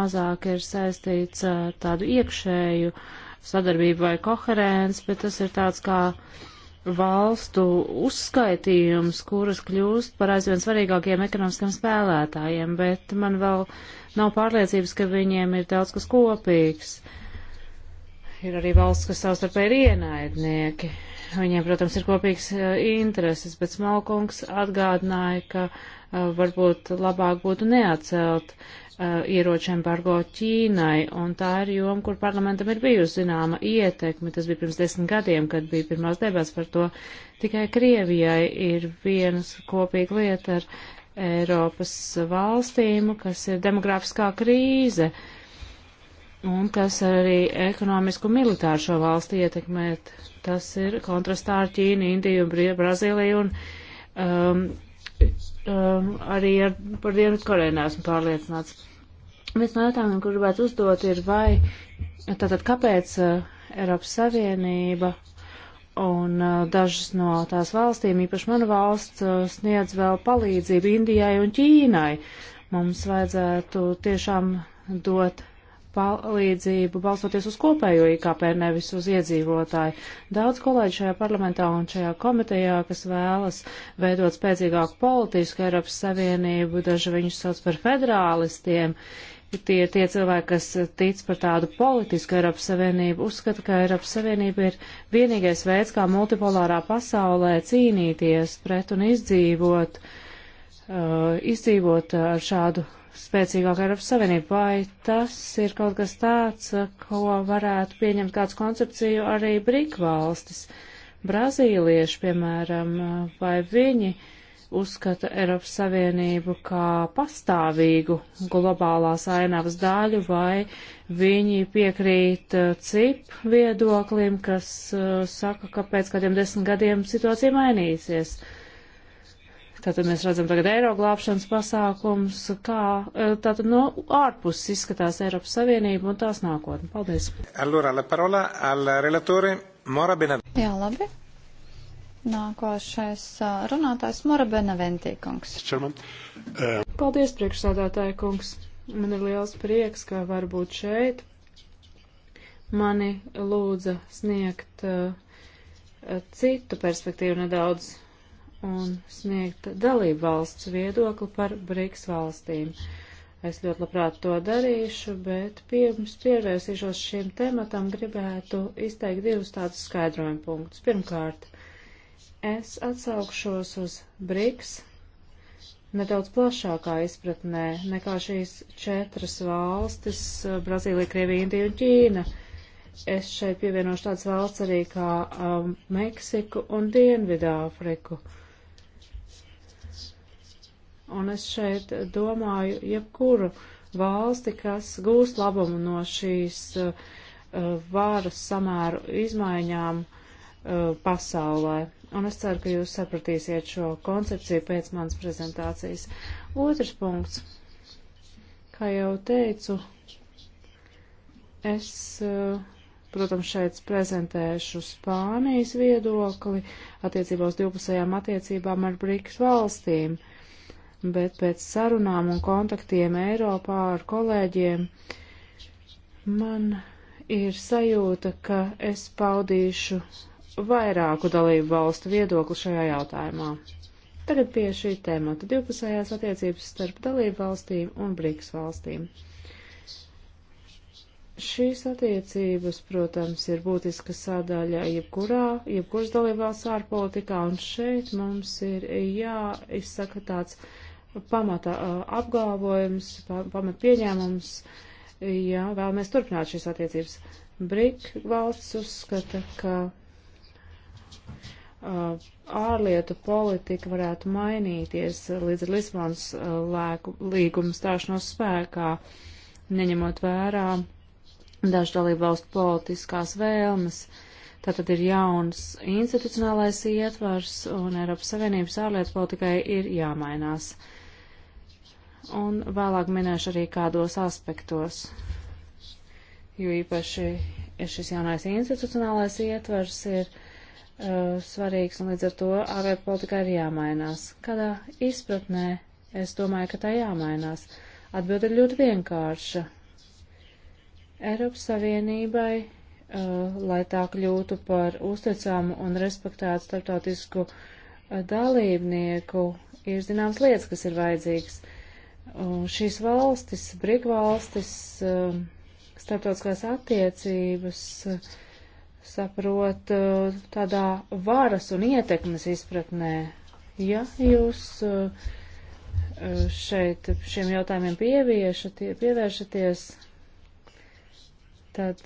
mazāk ir saistīts ar tādu iekšēju uh, sadarbība vai koherence, bet tas ir tāds kā valstu uzskaitījums, kuras kļūst par aizvien svarīgākiem ekonomiskiem spēlētājiem, bet man vēl nav pārliecības, ka viņiem ir daudz kas kopīgs. Ir arī valsts, kas savstarpēji ir ienaidnieki. Viņiem, protams, ir kopīgs eh, intereses, bet Smalkungs atgādināja, ka uh, Eh, varbūt labāk būtu neatcelt eh, ieroču embargo Ķīnai, un tā ir joma, kur parlamentam ir bijusi zināma ietekme. Tas bija pirms desmit gadiem, kad bija pirmās debats par to. Tikai Krievijai ir vienas kopīga lieta ar Eiropas valstīm, kas ir demografiskā krīze, un kas arī ekonomisku un militāru šo valstu ietekmēt. Tas ir kontrastā ar Ķīnu, Indiju, Brazīliju un um, um, arī ar, par Dienvidkoreju neesmu pārliecināts. Viens no jautājumiem, kur gribētu uzdot, ir vai, tātad kāpēc uh, Eiropas Savienība un uh, dažas no tās valstīm, īpaši mana valsts, uh, sniedz vēl palīdzību Indijai un Ķīnai. Mums vajadzētu tiešām dot palīdzību balstoties uz kopējo IKP, nevis uz iedzīvotāju. Daudz kolēģi šajā parlamentā un šajā komitejā, kas vēlas veidot spēcīgāku politisku Eiropas Savienību, daži viņus sauc par federālistiem. Tie, tie cilvēki, kas tic par tādu politisku Eiropas Savienību, uzskata, ka Eiropas Savienība ir vienīgais veids, kā multipolārā pasaulē cīnīties pret un izdzīvot, uh, izdzīvot ar šādu spēcīgāku Eiropas Savienību. Vai tas ir kaut kas tāds, ko varētu pieņemt kāds koncepciju arī brīk valstis? Brazīlieši, piemēram, vai viņi uzskata Eiropas Savienību kā pastāvīgu globālās ainavas daļu, vai viņi piekrīt eh, CIP viedoklim, kas eh, saka, ka pēc kādiem desmit gadiem situācija mainīsies? Uh, Tātad mēs redzam tagad eiro glābšanas pasākums, kā e, tātad no ārpuses izskatās Eiropas Savienība un tās nākotne. Paldies. Allora, la parola al relatore Mora Benaventi. Jā, labi. Nākošais e, runātājs Mora Benaventi, kungs. Čerman. Uh. E, Paldies, priekšsādātāja kungs. Man ir liels prieks, ka var būt šeit. Mani lūdza sniegt uh, citu perspektīvu nedaudz un sniegt dalību valsts viedokli par BRICS valstīm. Es ļoti labprāt to darīšu, bet pirms pievērsīšos šim tematam gribētu izteikt divus tādus skaidrojumu punktus. Pirmkārt, es atsaukšos uz BRICS nedaudz plašākā izpratnē nekā šīs četras valstis - Brazīlija, Krievija, Indija un Ķīna. Es šeit pievienošu tādas valsts arī kā um, Meksiku un Dienvidāfriku. Afriku Un es šeit domāju jebkuru valsti, kas gūst labumu no šīs uh, vāras samēru izmaiņām uh, pasaulē. Un es ceru, ka jūs sapratīsiet šo koncepciju pēc manas prezentācijas. Otrs punkts. Kā jau teicu, es, uh, protams, šeit prezentēšu Spānijas viedokli attiecībā uz divpusējām attiecībām ar Brīks valstīm. Uh, bet pēc sarunām un kontaktiem Eiropā ar kolēģiem man ir sajūta, ka es paudīšu vairāku dalību valstu viedokli šajā jautājumā. Tagad pie šī temata - divpusējās attiecības starp dalību valstīm un Briks valstīm. Šīs attiecības, protams, ir būtiska sadaļa jebkurā, jebkuras dalībvalsts ārpolitikā, un šeit mums ir jāizsaka tāds pamata apgalvojums, pamata pieņēmums, ja vēlamies turpināt šīs attiecības. BRIK valsts uzskata, ka ārlietu politika varētu mainīties līdz ar Lisbonas līguma stāšanos spēkā, neņemot vērā dažu dalību valstu politiskās vēlmes. Tātad ir jauns institucionālais ietvars un Eiropas Savienības ārlietu politikai ir jāmainās. Uh, un vēlāk minēšu arī kādos aspektos, jo īpaši šis jaunais institucionālais ietvers ir uh, svarīgs, un līdz ar to ārlietu politikā ir jāmainās. Kādā izpratnē es domāju, ka tā jāmainās? Atbilde ir ļoti vienkārša. Eiropas Savienībai, uh, lai tā kļūtu par uzticamu un respektētu starptautisku uh, dalībnieku, ir zināmas lietas, kas ir vajadzīgas. Uh, Šīs valstis, brīk valstis, um, starptautiskās attiecības uh, saprot uh, tādā varas un ietekmes izpratnē. Ja jūs uh, šeit šiem jautājumiem pievēršaties, tad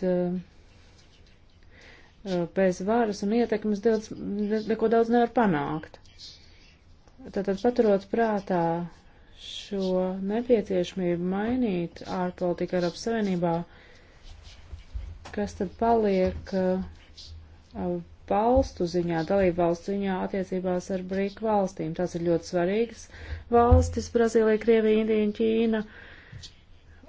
bez varas un ietekmes daudz, neko daudz nevar panākt. Tātad paturot prātā šo nepieciešamību mainīt ārpolitika Eiropas Savienībā, kas tad paliek uh, uh, valstu ziņā, dalību valstu ziņā attiecībās ar brīk valstīm. Tās ir ļoti svarīgas valstis - Brazīlija, Krievija, Indija un Ķīna.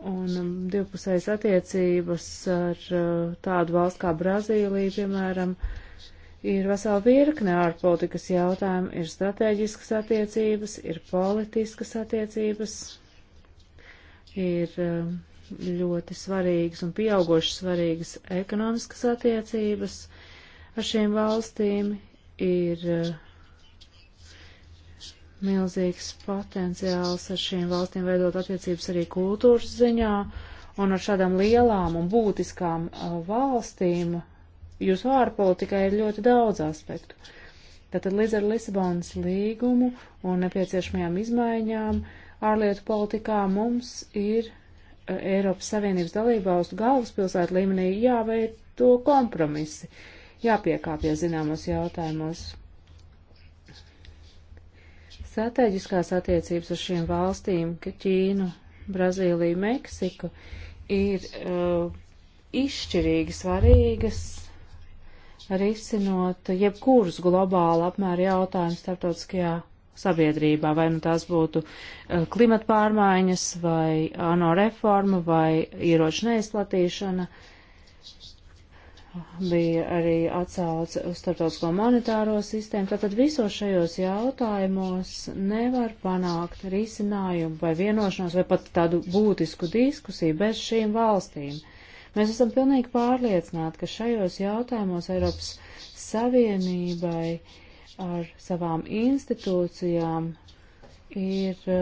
Un um, divpusējas attiecības ar uh, tādu valstu kā Brazīlija, piemēram, uh, Ir vesela virkne ārpolitikas jautājumu, ir strateģiskas attiecības, ir politiskas attiecības, ir um, ļoti svarīgas un pieaugoši svarīgas ekonomiskas attiecības ar šīm valstīm, ir uh, milzīgs potenciāls ar šīm valstīm veidot attiecības arī kultūras ziņā, un ar šādām lielām un būtiskām uh, valstīm jūsu ārpolitikai ir ļoti daudz aspektu. Tātad līdz ar Lisabonas līgumu un nepieciešamajām izmaiņām ārlietu politikā mums ir eh, Eiropas Savienības dalībvalstu galvaspilsētu līmenī jāveido kompromisi, jāpiekāpja zināmos jautājumos. Stratēģiskās attiecības ar šīm valstīm, ka Ķīnu, Brazīliju, Meksiku, ir uh, izšķirīgi svarīgas risinot jebkurus globālu apmēru jautājumus starptautiskajā sabiedrībā, vai nu tās būtu eh, klimata pārmaiņas, vai ANO reforma, vai ieroču neizplatīšana. Bija arī atsauce uz starptautisko monetāro sistēmu. Tātad visos šajos jautājumos nevar panākt risinājumu vai vienošanos vai pat tādu būtisku diskusiju bez šīm valstīm. Mēs esam pilnīgi pārliecināti, ka šajos jautājumos Eiropas Savienībai ar savām institūcijām ir eh,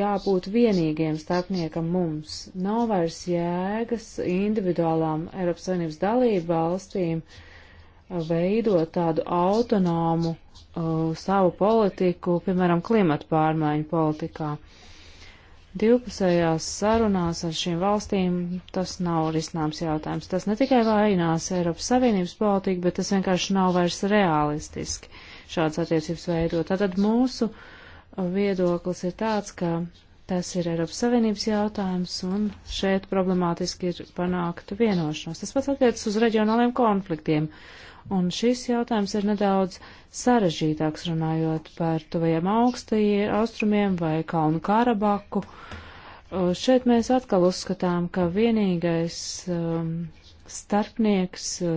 jābūt vienīgiem starpniekam mums. Nav vairs jēgas individuālām Eiropas Savienības dalību valstīm eh, veidot tādu autonomu uh, savu politiku, piemēram, klimatu pārmaiņu politikā. Uh, Divpusējās sarunās ar šīm valstīm tas nav risināms jautājums. Tas ne tikai vainās Eiropas Savienības politiku, bet tas vienkārši nav vairs realistiski šāds attiecības veidot. Tātad mūsu viedoklis ir tāds, ka tas ir Eiropas Savienības jautājums, un šeit problemātiski ir panākt vienošanos. Tas pats attiecas uz reģionāliem konfliktiem. Un šis jautājums ir nedaudz sarežģītāks runājot par tuvajiem austrumiem vai Kalnu Karabaku. Uh, šeit mēs atkal uzskatām, ka vienīgais um, starpnieks uh,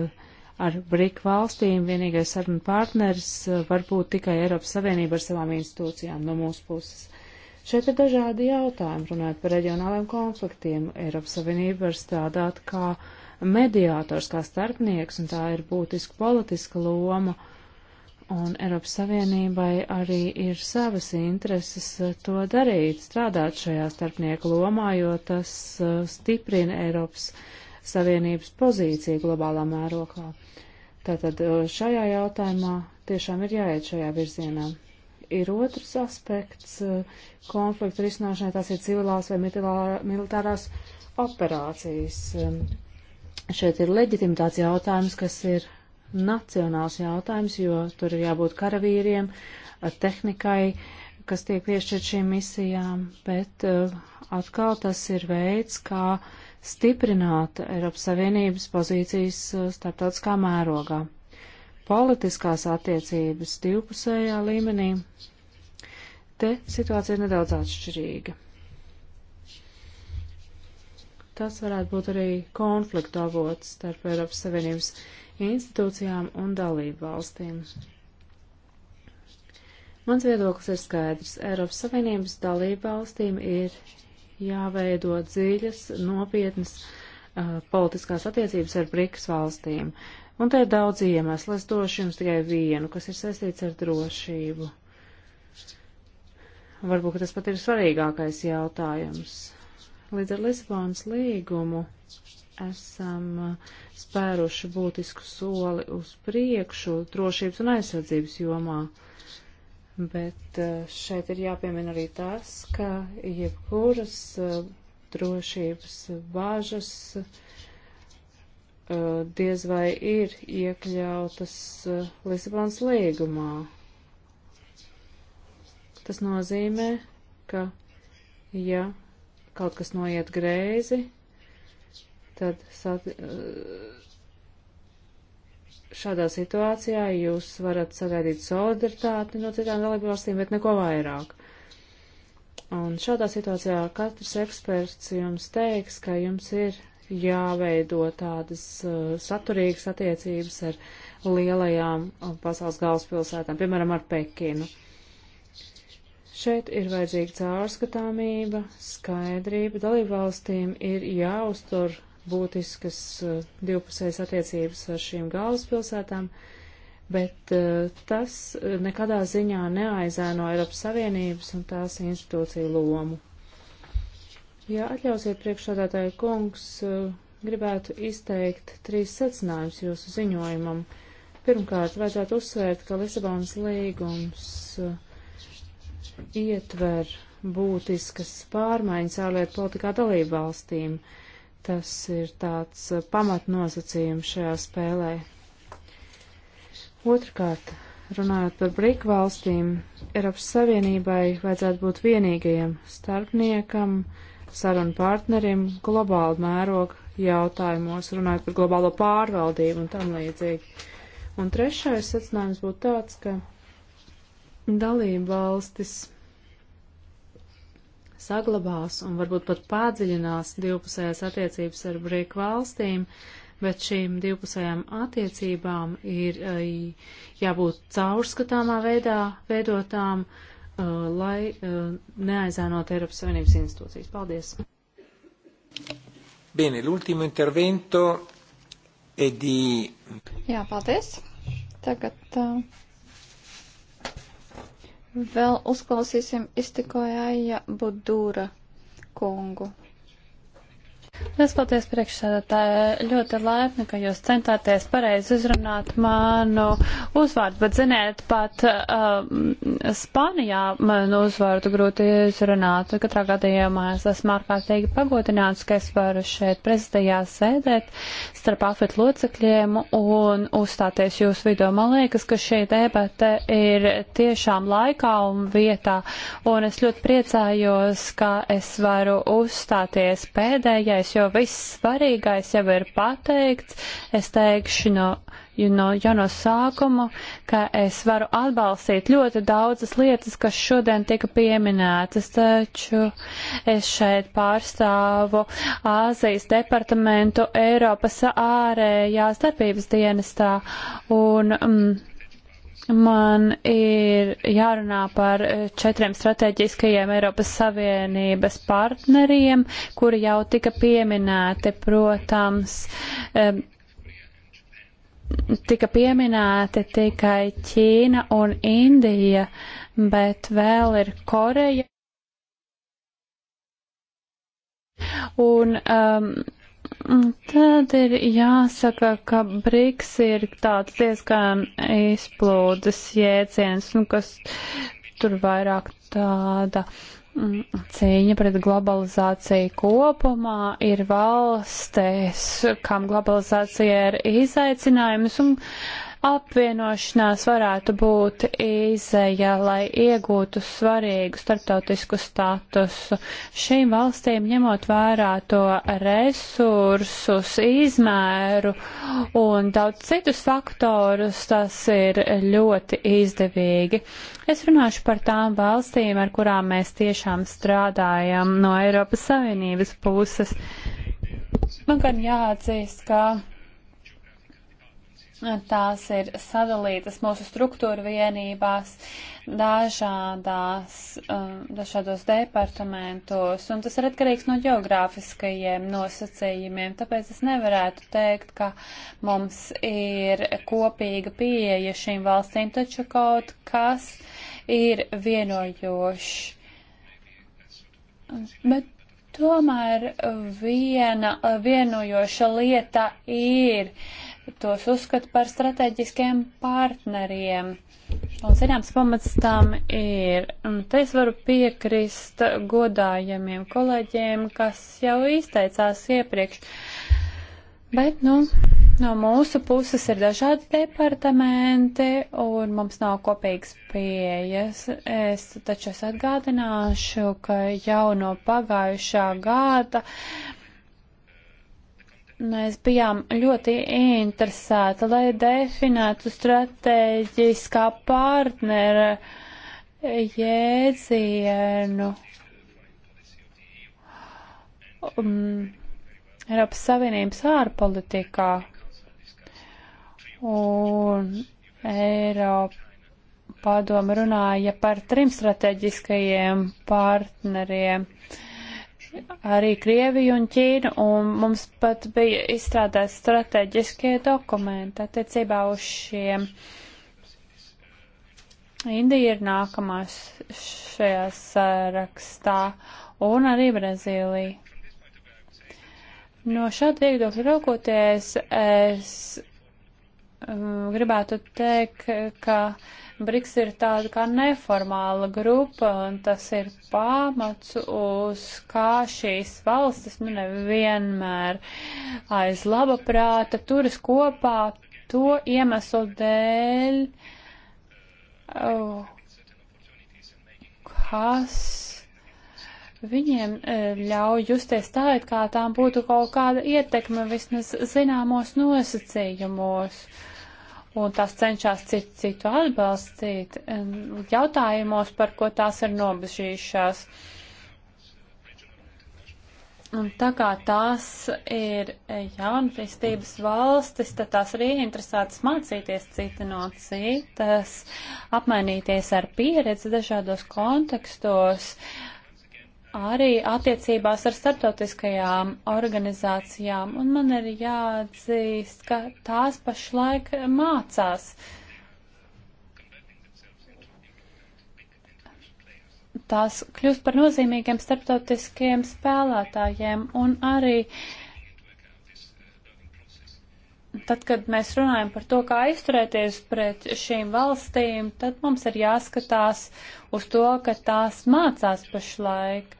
ar BRIK valstīm, vienīgais sarunu partners uh, var būt tikai Eiropas Savienība ar savām institūcijām no mūsu puses. Šeit ir dažādi jautājumi, runājot par reģionāliem konfliktiem. Eiropas Savienība var strādāt kā uh, mediātors, kā starpnieks, un tā ir būtiska politiska loma. Un Eiropas Savienībai arī ir savas intereses eh, to darīt, strādāt šajā starpnieku lomā, jo tas eh, stiprina Eiropas Savienības pozīciju globālā mērokā. Tātad eh, šajā jautājumā tiešām ir jāiet šajā virzienā. Ir otrs aspekts konfliktu risināšanai, tās ir civilās vai militārās operācijas. Šeit ir leģitimitāts jautājums, kas ir nacionāls jautājums, jo tur ir jābūt karavīriem, tehnikai, kas tiek piešķirt šīm misijām, bet eh, atkal tas ir veids, kā stiprināt Eiropas Savienības pozīcijas eh, starptautiskā mērogā. Politiskās attiecības divpusējā līmenī. Te situācija ir nedaudz atšķirīga. Tas varētu būt arī konflikta avots starp Eiropas Savienības institūcijām un dalību valstīm. Mans viedoklis ir skaidrs. Eiropas Savienības dalību valstīm ir jāveido dziļas, nopietnas uh, politiskās attiecības ar Brikas valstīm. Un te ir daudz iemeslu. Es došu jums tikai vienu, kas ir saistīts ar drošību. Varbūt tas pat ir svarīgākais jautājums. Līdz ar Lisabonas līgumu esam uh, spēruši būtisku soli uz priekšu drošības un aizsardzības jomā. Bet uh, šeit ir jāpiemina arī tas, ka jebkuras uh, drošības bāžas diez vai ir iekļautas Lisabonas līgumā. Tas nozīmē, ka ja kaut kas noiet greizi, tad šādā situācijā jūs varat sagaidīt solidaritāti no citām dalībvalstīm, bet neko vairāk. Un šādā situācijā katrs eksperts jums teiks, ka jums ir jāveido tādas uh, saturīgas attiecības ar lielajām uh, pasaules galvaspilsētām, piemēram, ar Pekinu. Uh, Šeit ir vajadzīga caurskatāmība, skaidrība. Dalībvalstīm ir jāuztur būtiskas uh, divpusējas attiecības ar šīm galvaspilsētām, bet uh, tas eh, nekadā ziņā neaizēno Eiropas Savienības un tās institūciju lomu. Ja atļausiet priekšsādātāju kungs, uh, gribētu izteikt trīs secinājumus jūsu ziņojumam. Pirmkārt, vajadzētu uzsvērt, ka Lisabonas līgums uh, ietver būtiskas pārmaiņas ārlietu politikā dalību valstīm. Tas ir tāds uh, pamatnosacījums šajā spēlē. Otrkārt, runājot par brīku valstīm, Eiropas Savienībai vajadzētu būt vienīgajam starpniekam, sarunu partnerim globāla mēroga jautājumos, runājot par globālo pārvaldību un tam līdzīgi. Un trešais secinājums būtu tāds, ka dalību valstis saglabās un varbūt pat padziļinās divpusējās attiecības ar brīku valstīm, bet šīm divpusējām attiecībām ir eh, jābūt caurskatāmā veidā veidotām, eh, lai eh, neaizēnot Eiropas Savienības institūcijas. Paldies! Bene, l'ultimo intervento è di... Jā, paldies! Tagad uh, Vēl uzklausīsim Istikojāja Budūra kungu. Liels paldies priekšsēdētāji. Ļoti laipni, ka jūs centāties pareizi uzrunāt manu uzvārdu, bet ziniet, pat uh, Spānijā manu uzvārdu grūti uzrunāt. Katrā gadījumā es esmu ārkārtīgi pagodināts, ka es varu šeit prezidijā sēdēt starp afet locekļiem un uzstāties jūsu vidū. Man liekas, ka šī debata ir tiešām laikā un vietā, un es ļoti priecājos, ka es varu uzstāties pēdējais svarīgais, jo viss svarīgais jau ir pateikts. Es teikšu no, no, jau no sākuma, ka es varu atbalstīt ļoti daudzas lietas, kas šodien tika pieminētas, taču es šeit pārstāvu Āzijas departamentu Eiropas ārējās darbības dienestā. Un, mm, Man ir jārunā par eh, četriem strateģiskajiem Eiropas Savienības partneriem, kuri jau tika pieminēti, protams, eh, tika pieminēti tikai Ķīna un Indija, bet vēl ir Koreja. Un um, Mm, tad ir jāsaka, ka briks ir tāds diezgan izplūdes jēdziens, nu, kas tur vairāk tāda mm, cīņa pret globalizāciju kopumā ir valstēs, kam globalizācija ir izaicinājums un apvienošanās varētu būt izēja, lai iegūtu svarīgu starptautisku statusu. Šīm valstīm ņemot vērā to resursus, izmēru un daudz citus faktorus, tas ir ļoti izdevīgi. Es runāšu par tām valstīm, ar kurām mēs tiešām strādājam no Eiropas Savienības puses. Man gan jāatzīst, ka Tās ir sadalītas mūsu struktūra vienībās, dažādās, um, dažādos departamentos, un tas ir atkarīgs no geogrāfiskajiem nosacījumiem. Tāpēc es nevarētu teikt, ka mums ir kopīga pieeja šīm valstīm, taču kaut kas ir vienojošs. Bet tomēr viena vienojoša lieta ir tos uzskata par strateģiskiem partneriem. Un zināms pamats tam ir. Un te es varu piekrist godājamiem kolēģiem, kas jau izteicās iepriekš. Bet, nu, no mūsu puses ir dažādi departamenti un mums nav kopīgas pieejas. Es taču es atgādināšu, ka jau no pagājušā gada. Uh, Mēs bijām ļoti interesēti, lai definētu strateģiskā partnera jēdzienu. Um, Eiropas Savienības ārpolitikā un Eiropa padomu runāja par trim strateģiskajiem partneriem. Uh, arī Krieviju un Ķīnu, un mums pat bija izstrādāts strateģiskie dokumenti attiecībā uz šiem. Indija ir nākamās šajā sarakstā, un arī Brazīlija. No šāda viedokļa raugoties, es gribētu teikt, ka BRICS ir tāda kā neformāla grupa, un tas ir pamats, uz kā šīs valstis, nu nevienmēr aiz laba prāta, turas kopā to iemeslu dēļ, kas viņiem e, ļauj justies tā, it kā tām būtu kaut kāda ietekme vismaz zināmos nosacījumos. Un tās cenšas citu, citu atbalstīt e, jautājumos, par ko tās ir nobežījušās. Un tā kā tās ir e, jaunatīstības valstis, tad tās arī interesētas mācīties cita no citas, apmainīties ar pieredzi dažādos kontekstos. Uh, arī attiecībās ar starptautiskajām organizācijām, un man ir jāatzīst, ka tās pašlaik mācās. Tās kļūst par nozīmīgiem starptautiskajiem spēlētājiem, un arī tad, kad mēs runājam par to, kā izturēties pret šīm valstīm, tad mums ir jāskatās uz to, ka tās mācās pašlaik.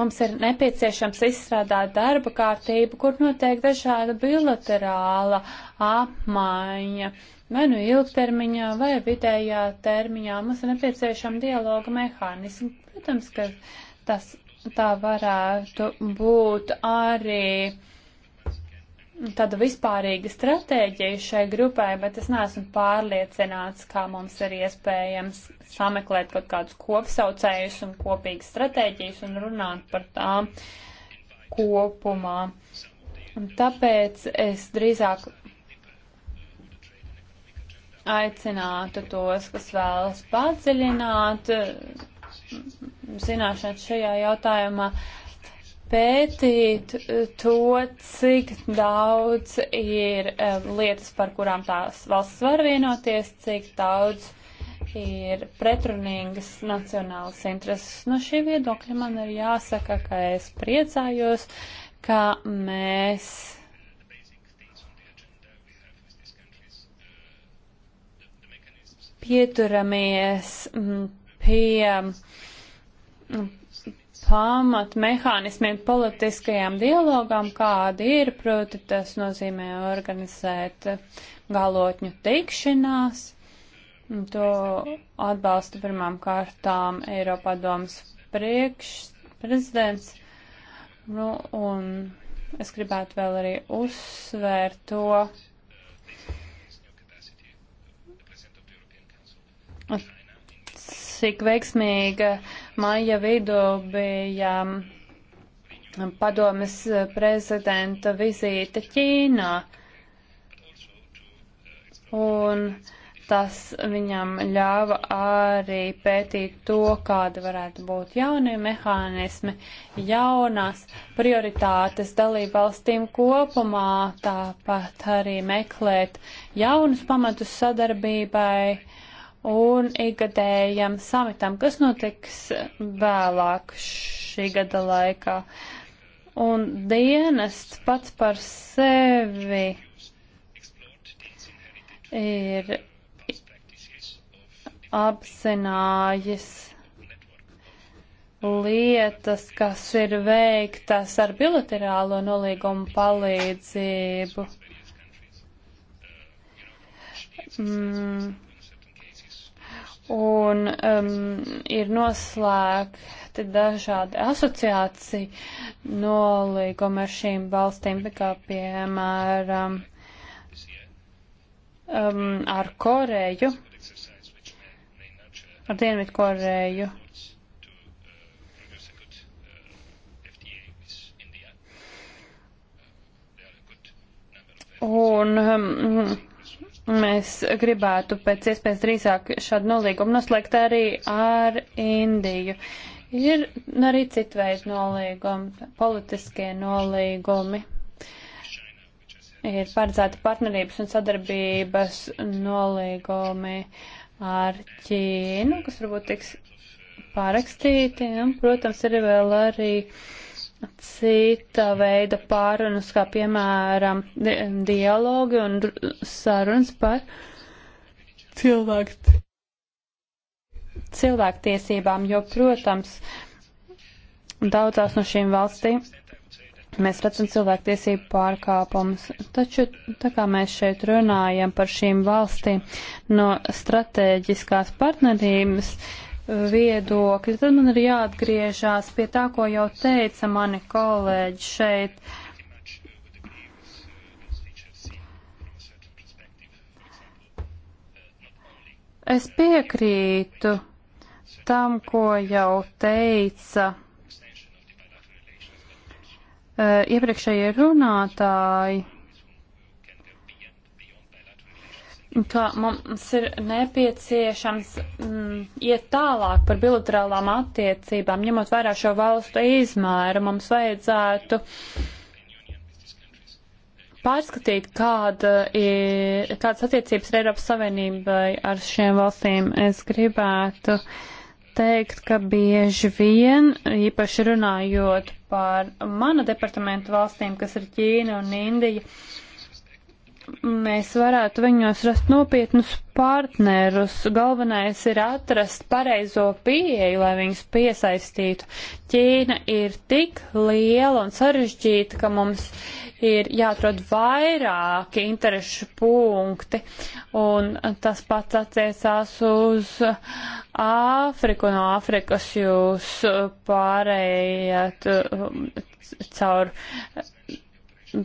Mums ir nepieciešams izstrādāt darba kārtību, kur notiek dažāda bilaterāla apmaiņa, vai nu ilgtermiņā, vai vidējā termiņā. Mums ir nepieciešama dialoga mehānismi. Protams, ka tas tā varētu būt arī uh, tādu vispārīgu stratēģiju šai grupai, bet es neesmu pārliecināts, kā mums ir iespējams sameklēt kaut kādus kopsaucējus un kopīgas stratēģijas un runāt par tām kopumā. Un tāpēc es drīzāk aicinātu tos, kas vēlas padziļināt zināšanas šajā jautājumā, uh, pētīt eh, to, cik daudz ir eh, lietas, par kurām tās valsts var vienoties, cik daudz ir pretrunīgas nacionālas intereses. No šī viedokļa man ir jāsaka, ka es priecājos, ka mēs. Pieturamies mm, pie pamatmehānismiem politiskajām dialogām, kādi ir, proti tas nozīmē organizēt galotņu tikšanās. To atbalsta pirmām kārtām Eiropadomas priekšprezidents. Nu, un es gribētu vēl arī uzsvērt to, cik veiksmīga uh, Maija vidū bija um, padomes uh, prezidenta vizīte Ķīnā. Un tas viņam ļāva arī pētīt to, kāda varētu būt jaunie mehānismi, jaunās prioritātes dalību valstīm kopumā, tāpat arī meklēt jaunus pamatus sadarbībai. Uh, un ikgadējam samitam, kas notiks vēlāk šī gada laikā. Un dienests pats par sevi ir apzinājis lietas, kas ir veiktas ar bilaterālo nolīgumu palīdzību. Mm un um, ir noslēgti dažādi asociācija nolīgumi ar šīm valstīm, kā piemēram um, ar Koreju, ar Dienvidu Koreju. Un um, Mēs gribētu pēc iespējas drīzāk šādu nolīgumu noslēgt arī ar Indiju. Ir arī citu veidu nolīgumi, politiskie nolīgumi. Ir paredzēta partnerības un sadarbības nolīgumi ar Ķīnu, kas varbūt tiks pārakstīti. Un, protams, ir vēl arī uh, cita veida pārunas, kā piemēram di dialogi un sarunas par cilvēku cilvēktiesībām, jo, protams, daudzās no šīm valstīm mēs redzam cilvēktiesību pārkāpumus. Taču, tā kā mēs šeit runājam par šīm valstīm no stratēģiskās partnerības, uh, viedokļa, tad man ir jāatgriežās pie tā, ko jau teica mani kolēģi šeit. Es piekrītu tam, ko jau teica eh, iepriekšējie runātāji. ka mums ir nepieciešams mm, iet tālāk par bilaterālām attiecībām, ņemot vērā šo valstu izmēru, mums vajadzētu pārskatīt, kāda ir, kādas attiecības ir Eiropas Savienībai ar šiem valstīm. Es gribētu teikt, ka bieži vien, īpaši runājot par mana departamentu valstīm, kas ir Ķīna un Indija, uh, mēs varētu viņos rast nopietnus partnerus. Galvenais ir atrast pareizo pieeju, lai viņus piesaistītu. Ķīna ir tik liela un sarežģīta, ka mums ir jāatrod vairāki interešu punkti, un tas pats attiecās uz Āfriku. No Āfrikas jūs pārējāt um, caur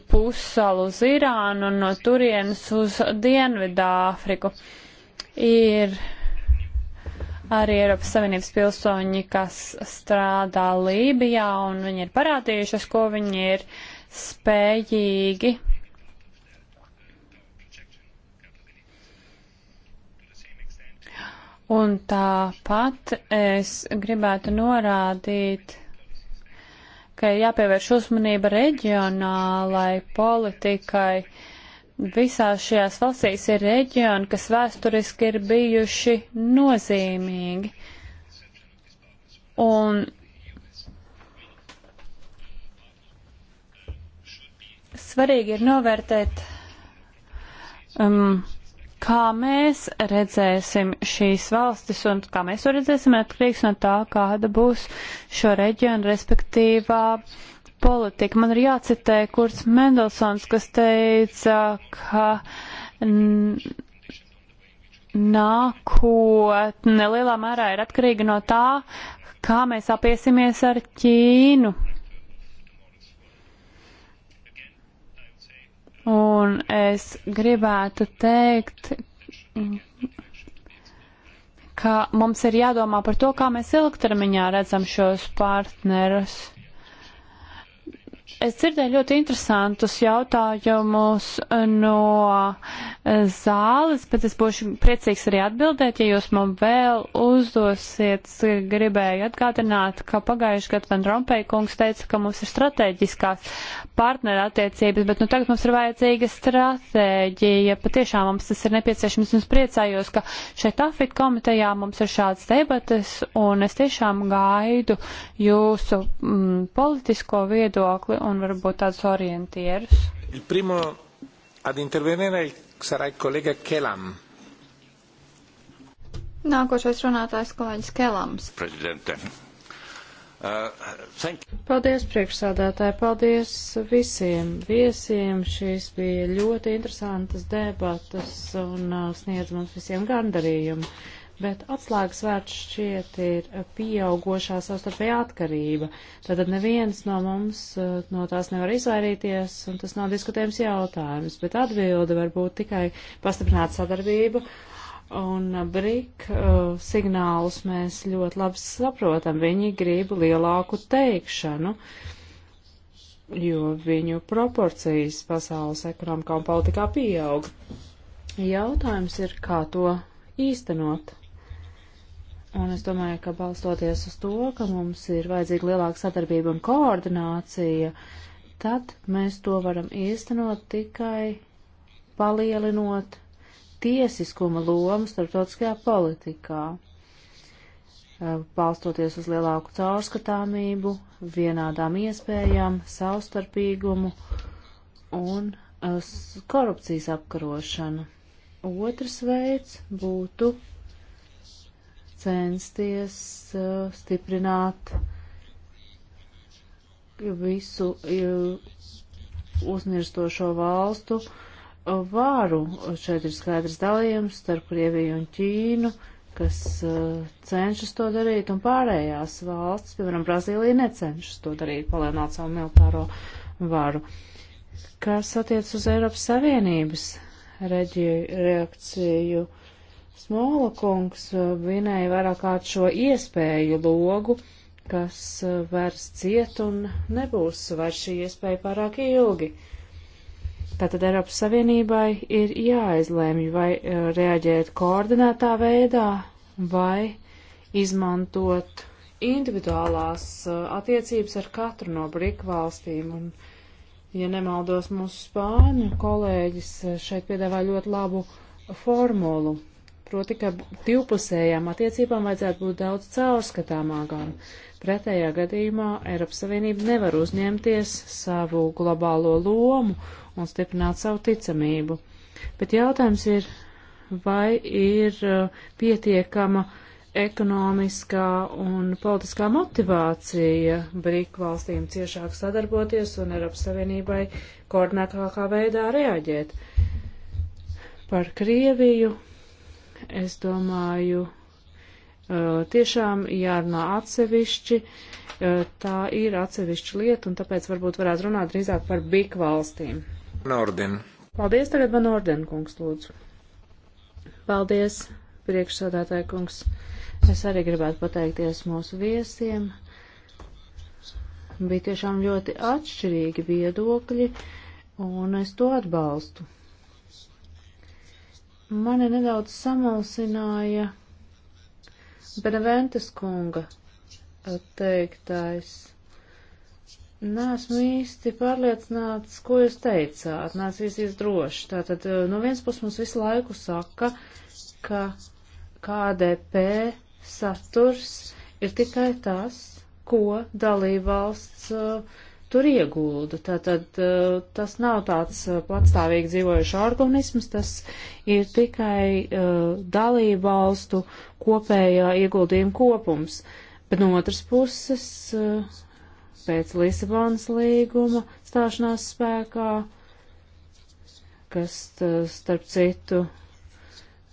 pussalu uz Irānu un no turienes uz Dienvidāfriku. Ir arī Eiropas Savienības pilsoņi, kas strādā Lībijā, un viņi ir parādījušies, ko viņi ir spējīgi. Un tāpat es gribētu norādīt ka jāpievērš uzmanība reģionālai politikai. Visās šajās valstīs ir reģioni, kas vēsturiski ir bijuši nozīmīgi. Un svarīgi ir novērtēt um, Kā mēs redzēsim šīs valstis un kā mēs to redzēsim, atkarīgs no tā, kāda būs šo reģionu respektīvā politika. Man ir jācitē Kurts Mendelsons, kas teica, ka nākotne lielā mērā ir atkarīga no tā, kā mēs apiesimies ar Ķīnu. Un es gribētu teikt, ka mums ir jādomā par to, kā mēs ilgtermiņā redzam šos partnerus. Es dzirdēju ļoti interesantus jautājumus no e, zāles, bet es būšu priecīgs arī atbildēt, ja jūs man vēl uzdosiet. Gribēju atgādināt, ka pagājuši gadu Van Rompēj kungs teica, ka mums ir strateģiskās partnerattiecības, bet nu tagad mums ir vajadzīga stratēģija. Patiešām mums tas ir nepieciešams un es priecājos, ka šeit Afrit komitejā mums ir šāds debates un es tiešām gaidu jūsu mm, politisko viedokli un varbūt tādus orientierus. Il primo ad intervenire sarà il collega Kelam. Nākošais runātājs kolēģis Kelams. Prezidente. Uh, paldies priekšsādātāji, paldies visiem viesiem. Šīs bija ļoti interesantas debatas un uh, sniedz mums visiem gandarījumu. Uh, bet atslēgas vērts šķiet ir pieaugošā savstarpējā atkarība. Tātad neviens no mums eh, no tās nevar izvairīties, un tas nav diskutējums jautājums, bet atbilde var būt tikai pastiprināt sadarbību. Un eh, brik uh, signālus mēs ļoti labi saprotam. Viņi grib lielāku teikšanu, jo viņu proporcijas pasaules ekonomikā un politikā pieaug. Jautājums ir, kā to īstenot. Un es domāju, ka balstoties uz to, ka mums ir vajadzīga lielāka sadarbība un koordinācija, tad mēs to varam īstenot tikai palielinot tiesiskuma lomu starptautiskajā politikā, eh, balstoties uz lielāku caurskatāmību, vienādām iespējām, savstarpīgumu un eh, korupcijas apkarošanu. Otrs veids būtu censties uh, stiprināt visu uh, uzmirstošo valstu uh, varu. Šeit ir skaidrs dalījums starp Krieviju un Ķīnu, kas uh, cenšas to darīt, un pārējās valsts, piemēram, Brazīlija, necenšas to darīt, palēnāt savu militāro varu. Kas attiec uz Eiropas Savienības reģiju reakciju? Uh, Smola kungs uh, vinēja vairāk kārt šo iespēju logu, kas uh, vairs ciet un nebūs vairs šī iespēja pārāk ilgi. Tātad Eiropas Savienībai ir jāizlēmj, vai uh, reaģēt koordinētā veidā, vai izmantot individuālās attiecības ar katru no brīk valstīm. Un, ja nemaldos mūsu spāņu kolēģis šeit piedāvā ļoti labu formulu. Proti, ka divpusējām attiecībām vajadzētu būt daudz caurskatāmākām. Pretējā gadījumā Eiropas Savienība nevar uzņemties savu globālo lomu un stiprināt savu ticamību. Bet jautājums ir, vai ir uh, pietiekama ekonomiskā un politiskā motivācija brīk valstīm ciešāk sadarboties un Eiropas Savienībai koordinētākā veidā reaģēt. Par Krieviju es domāju, tiešām jārunā atsevišķi. Tā ir atsevišķa lieta, un tāpēc varbūt varētu runāt drīzāk par big valstīm. Norden. Paldies tagad, Van Orden, kungs, lūdzu. Paldies, priekšsādātāja kungs. Es arī gribētu pateikties mūsu viesiem. Bija tiešām ļoti atšķirīgi viedokļi, un es to atbalstu. Mani nedaudz samulsināja Beneventes kunga eh, teiktais. Nāsmu īsti pārliecināts, ko jūs teicāt, nāc visi droši. Tātad eh, no viens puses mums visu laiku saka, ka KDP saturs ir tikai tas, ko dalībvalsts uh, tur iegulda. Tātad eh, tas nav tāds eh, platstāvīgi dzīvojuši organisms, tas ir tikai uh, eh, dalību valstu kopējā ieguldījuma kopums. Bet no otras puses, uh, pēc Lisabonas līguma stāšanās spēkā, kas, uh, starp citu,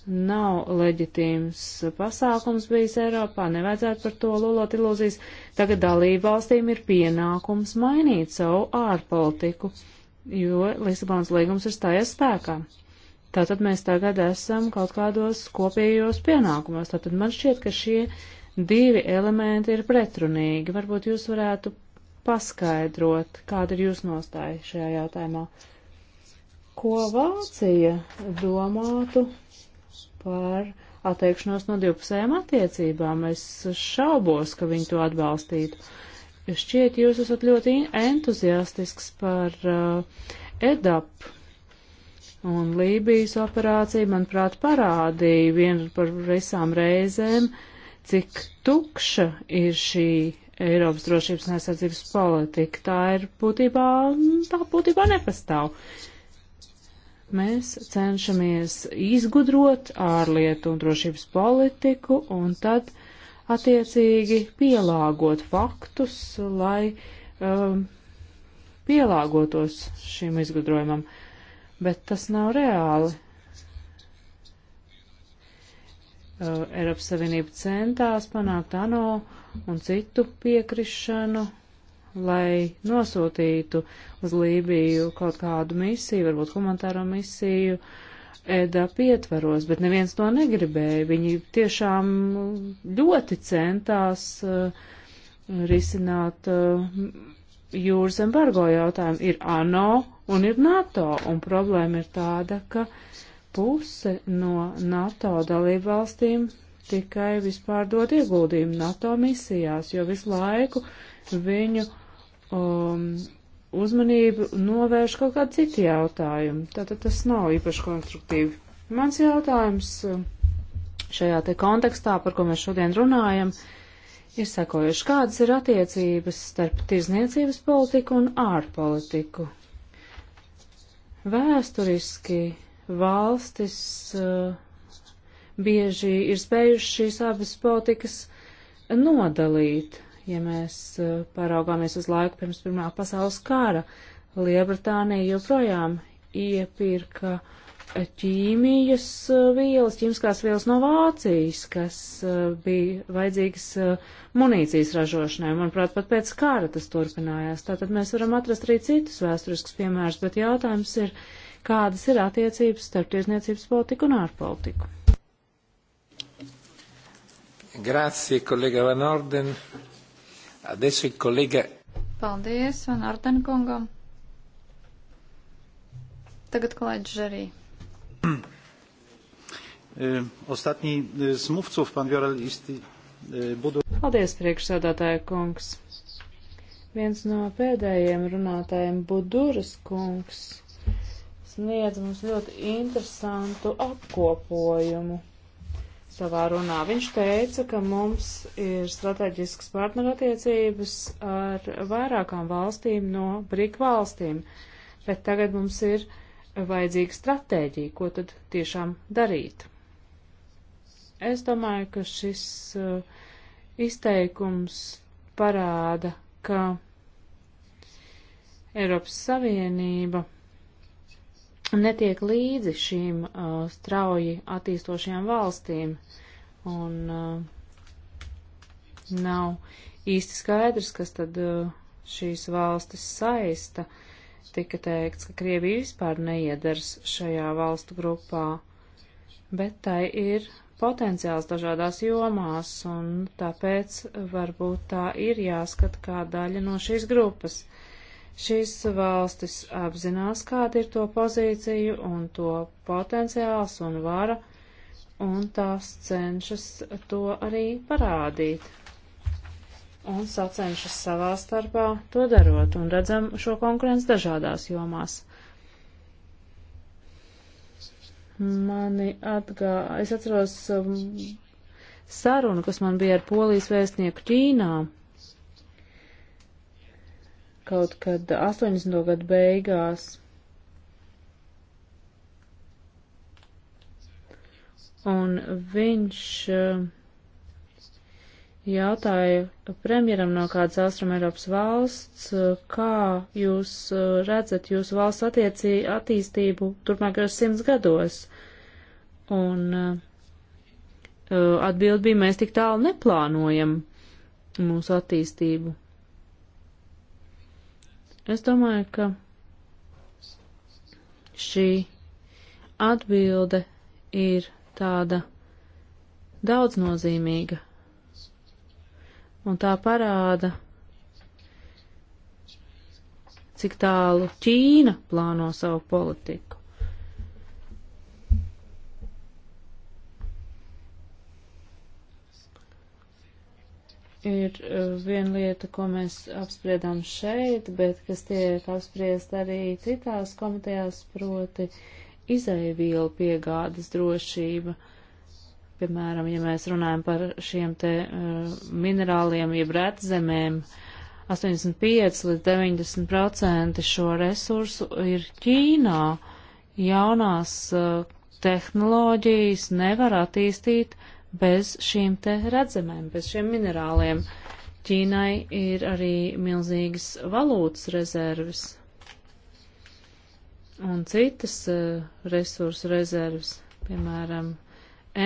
nav leģitīms pasākums bijis Eiropā, nevajadzētu par to lulot ilūzijas. Tagad dalību valstīm ir pienākums mainīt savu ārpolitiku, jo Lisabonas līgums ir stājies spēkā. Tātad mēs tagad esam kaut kādos kopējos pienākumos. Tātad man šķiet, ka šie divi elementi ir pretrunīgi. Varbūt jūs varētu paskaidrot, kāda ir jūsu nostāja šajā jautājumā. Ko Vācija domātu par atteikšanos no divpusējām attiecībām. Es šaubos, ka viņi to atbalstītu. Šķiet, jūs esat ļoti entuziastisks par uh, EDAP. Un Lībijas operācija, manuprāt, parādīja vienu par visām reizēm, cik tukša ir šī Eiropas drošības un aizsardzības politika. Tā ir būtībā, tā būtībā nepastāv. Uh, Mēs cenšamies izgudrot ārlietu un drošības politiku un tad attiecīgi pielāgot faktus, lai um, pielāgotos šim izgudrojumam. Bet tas nav reāli. Uh, Eiropas Savienība centās panākt ANO un citu piekrišanu lai nosūtītu uz Lībiju kaut kādu misiju, varbūt humanitāro misiju, EDA pietvaros, bet neviens to negribēja. Viņi tiešām ļoti centās uh, risināt uh, jūras embargo jautājumu. Ir ANO un ir NATO, un problēma ir tāda, ka puse no NATO dalību valstīm tikai vispār dod ieguldījumu NATO misijās, jo visu laiku viņu uh, um, uzmanību novērš kaut kādi citi jautājumi. Tātad tas nav īpaši konstruktīvi. Mans jautājums um, šajā te kontekstā, par ko mēs šodien runājam, ir sekojuši, kādas ir attiecības starp tirzniecības politiku un ārpolitiku. Vēsturiski valstis uh, bieži ir spējuši šīs abas politikas nodalīt, ja mēs eh, paraugāmies uz laiku pirms Pirmā pasaules kara, Lielbritānija joprojām iepirka eh, ķīmijas eh, vielas, ķīmiskās vielas no Vācijas, kas bija vajadzīgas munīcijas ražošanai. Manuprāt, pat pēc kara tas turpinājās. Tātad mēs varam atrast arī citus vēsturiskus piemērus, bet jautājums ir, kādas ir attiecības starp tirzniecības politiku un ārpolitiku. Grazie, kolēga Van Orden. Adesso il collega. Paldies Van Ardenkungam. Tagad kolēģis Žerī. E, ostatni z e, mówców, pan Jorel Isti e, Budu. Paldies, priekšsēdētāja kungs. Viens no pēdējiem runātājiem Buduras kungs sniedz mums ļoti interesantu apkopojumu savā runā. Viņš teica, ka mums ir strateģisks partnerattiecības ar vairākām valstīm no brīk valstīm, bet tagad mums ir vajadzīga stratēģija, ko tad tiešām darīt. Es domāju, ka šis uh, izteikums parāda, ka Eiropas Savienība netiek līdzi šīm uh, strauji attīstošajām valstīm un uh, nav īsti skaidrs, kas tad uh, šīs valstis saista. Tika teikts, ka Krievija vispār neiedars šajā valstu grupā, bet tai ir potenciāls dažādās jomās, un tāpēc varbūt tā ir jāskata kā daļa no šīs grupas. Uh, Šīs valstis apzinās, kāda ir to pozīcija un to potenciāls un vara, un tās cenšas to arī parādīt. Un sacenšas savā starpā to darot, un redzam šo konkurenci dažādās jomās. Mani atgā... Es atceros um, sarunu, kas man bija ar polijas vēstnieku Ķīnā kaut kad 80. gadu beigās. Un viņš eh, jautāja premjeram no kādas Austrum Eiropas valsts, eh, kā jūs eh, redzat jūsu valsts attiecī, attīstību turpmākajos simts gados. Un atbild bija, mēs tik tālu neplānojam mūsu attīstību. Es domāju, ka šī atbilde ir tāda daudznozīmīga, un tā parāda, cik tālu Ķīna plāno savu politiku. ir uh, viena lieta, ko mēs apspriedām šeit, bet kas tiek apspriest arī citās komitejās, proti izēvielu piegādes drošība. Piemēram, ja mēs runājam par šiem te uh, minerāliem, jeb retzemēm, 85 līdz 90% šo resursu ir Ķīnā. Jaunās uh, tehnoloģijas nevar attīstīt uh, bez šīm te redzamēm, bez šiem minerāliem. Ķīnai ir arī milzīgas valūtas rezerves un citas uh, resursu rezerves, piemēram,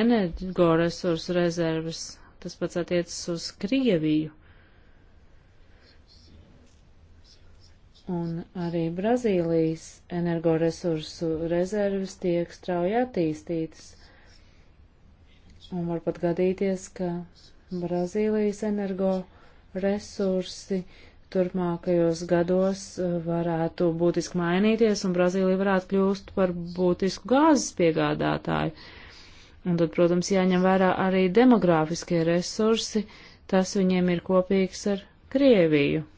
energoresursu rezerves. Tas pats attiecas uz Krieviju. un arī Brazīlijas energoresursu rezerves tiek strauji attīstītas. Un var pat gadīties, ka Brazīlijas energo resursi turpmākajos gados uh, varētu būtiski mainīties, un Brazīlija varētu kļūst par būtisku gāzes piegādātāju. Un tad, protams, jāņem vērā arī demogrāfiskie resursi, tas viņiem ir kopīgs ar Krieviju.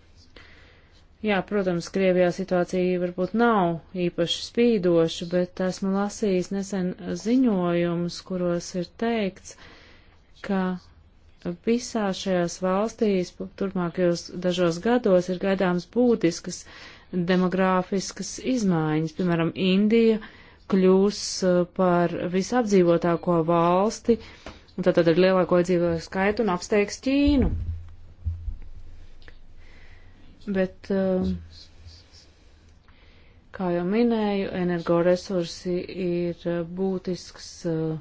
Jā, protams, Krievijā situācija varbūt nav īpaši spīdoša, bet esmu lasījis nesen ziņojumus, kuros ir teikts, ka visā šajās valstīs turpmākajos dažos gados ir gaidāms būtiskas demogrāfiskas izmaiņas. Piemēram, Indija kļūs uh, par visapdzīvotāko valsti, un tātad ar lielāko dzīvotāju skaitu un apsteigs Ķīnu bet, um, kā jau minēju, energoresursi ir uh, būtisks uh,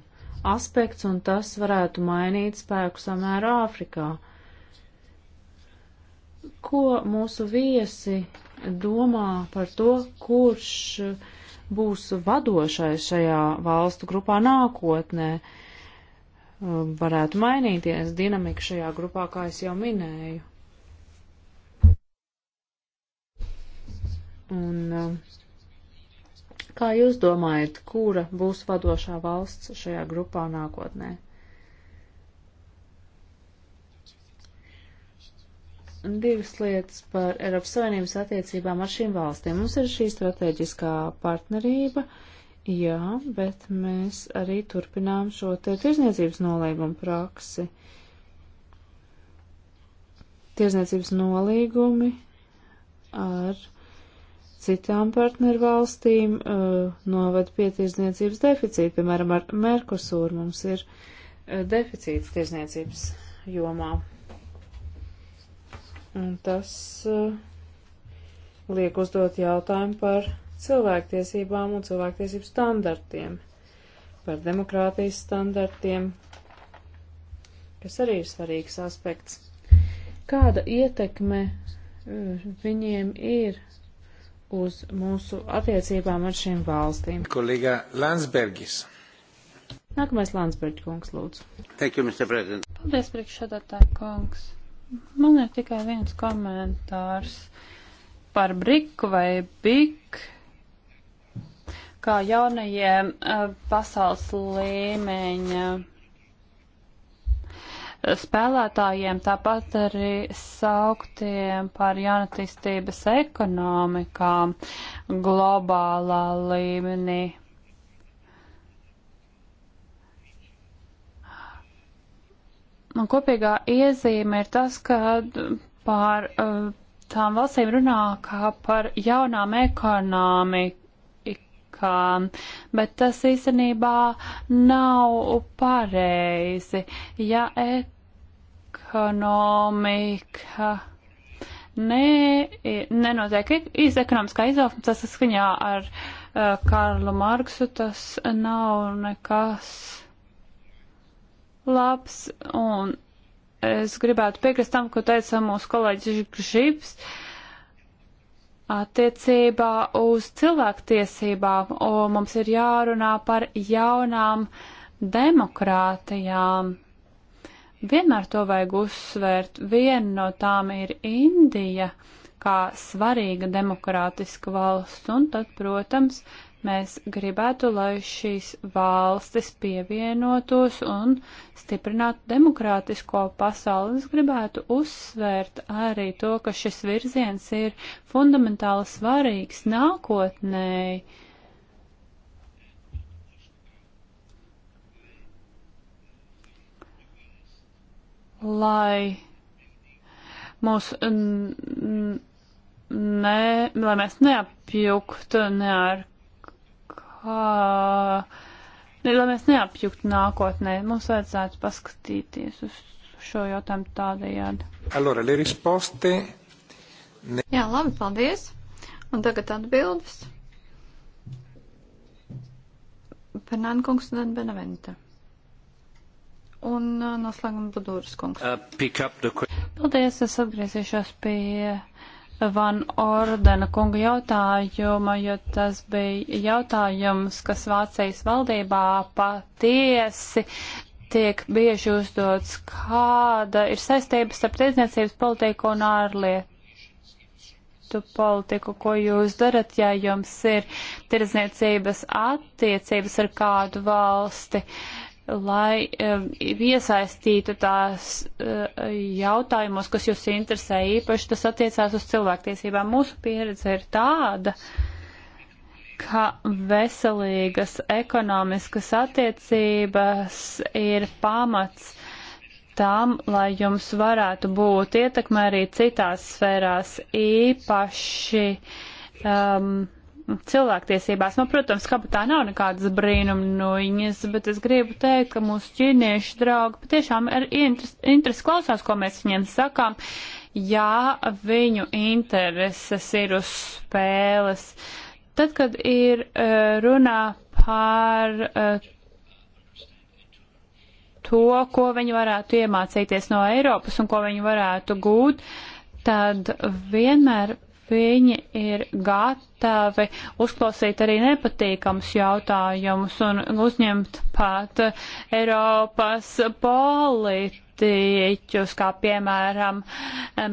aspekts, un tas varētu mainīt spēku samērā Āfrikā. Ko mūsu viesi domā par to, kurš uh, būs vadošais šajā valstu grupā nākotnē? Um, varētu mainīties dinamika šajā grupā, kā es jau minēju. Un eh, kā jūs domājat, kura būs vadošā valsts šajā grupā nākotnē? divas lietas par Eiropas Savienības attiecībām ar šīm valstīm. Mums ir šī strateģiskā partnerība, jā, bet mēs arī turpinām šo te tirzniecības nolīgumu praksi. Tirzniecības nolīgumi ar citām partneru valstīm uh, eh, novad pie tirzniecības deficīta. Piemēram, ar Merkosūru mums ir uh, deficīts tirzniecības jomā. Un tas uh, liek uzdot jautājumu par cilvēktiesībām un cilvēktiesību standartiem, par demokrātijas standartiem, kas arī ir svarīgs aspekts. Kāda ietekme viņiem ir uz mūsu attiecībām ar šīm valstīm. Kolīga Landsbergis. Nākamais Landsbergis kungs, lūdzu. Thank you, Mr. President. Paldies, priekšsēdētāji kungs. Man ir tikai viens komentārs par briku vai bik, kā jaunajiem eh, pasaules līmeņa spēlētājiem, tāpat arī sauktiem par jaunatistības ekonomikām globālā līmenī. Un kopīgā iezīme ir tas, ka par uh, eh, tām valstīm runā kā par jaunām ekonomikām bankām, bet tas īstenībā nav pareizi. Ja ekonomika ne, nenotiek iz ekonomiskā izaugsme, tas saskaņā ar uh, Karlu Marksu, tas nav nekas labs, un es gribētu piekrist tam, ko teica mūsu kolēģis Žips. Uh, attiecībā uz cilvēktiesībām, un mums ir jārunā par jaunām demokrātijām. Vienmēr to vajag uzsvērt. Viena no tām ir Indija kā svarīga demokrātiska valsts, un tad, protams, Mēs gribētu, lai šīs valstis pievienotos un stiprinātu demokrātisko pasauli. Es gribētu uzsvērt arī to, ka šis virziens ir fundamentāli svarīgs nākotnēji. Lai mūs ne, lai mēs neapjuktu ne ar kā, lai mēs neapjuktu nākotnē, mums vajadzētu paskatīties uz šo jautājumu tādējādi. Allora, le risposte. Ne... Jā, labi, paldies. Un tagad atbildes. Fernanda kungs un Benaventa. Un noslēgumā Budūras kungs. Uh, the... Paldies, es atgriezīšos pie uh, Van Ordena kunga jautājuma, jo tas bija jautājums, kas Vācijas valdībā patiesi tiek bieži uzdots, kāda ir saistība starp tirdzniecības politiku un ārlietu politiku, ko jūs darat, ja jums ir tirdzniecības attiecības ar kādu valsti. Uh, lai iesaistītu tās eh, jautājumos, kas jūs interesē īpaši, tas attiecās uz cilvēktiesībām. Mūsu pieredze ir tāda, ka veselīgas ekonomiskas attiecības ir pamats tam, lai jums varētu būt ietekme arī citās sfērās, īpaši um, cilvēktiesībās. Nu, protams, ka tā nav nekādas brīnumnuiņas, bet es gribu teikt, ka mūsu ķīniešu draugi patiešām ar interesi interes klausās, ko mēs viņiem sakām. Jā, viņu intereses ir uz spēles. Tad, kad ir e, runā par e, to, ko viņi varētu iemācīties no Eiropas un ko viņi varētu gūt, tad vienmēr viņi ir gatavi uzklausīt arī nepatīkamus jautājumus un uzņemt pat Eiropas politiķus, kā piemēram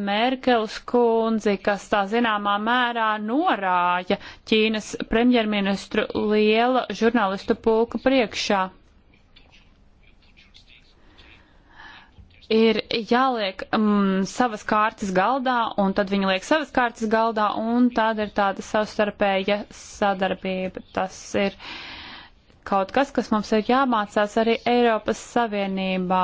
Merkels kundzi, kas tā zināmā mērā norāja Ķīnas premjerministru liela žurnālistu pulka priekšā. ir jāliek um, savas kārtas galdā, un tad viņi liek savas kārtas galdā, un tad ir tāda savstarpēja sadarbība. Tas ir kaut kas, kas mums ir jāmācās arī Eiropas Savienībā,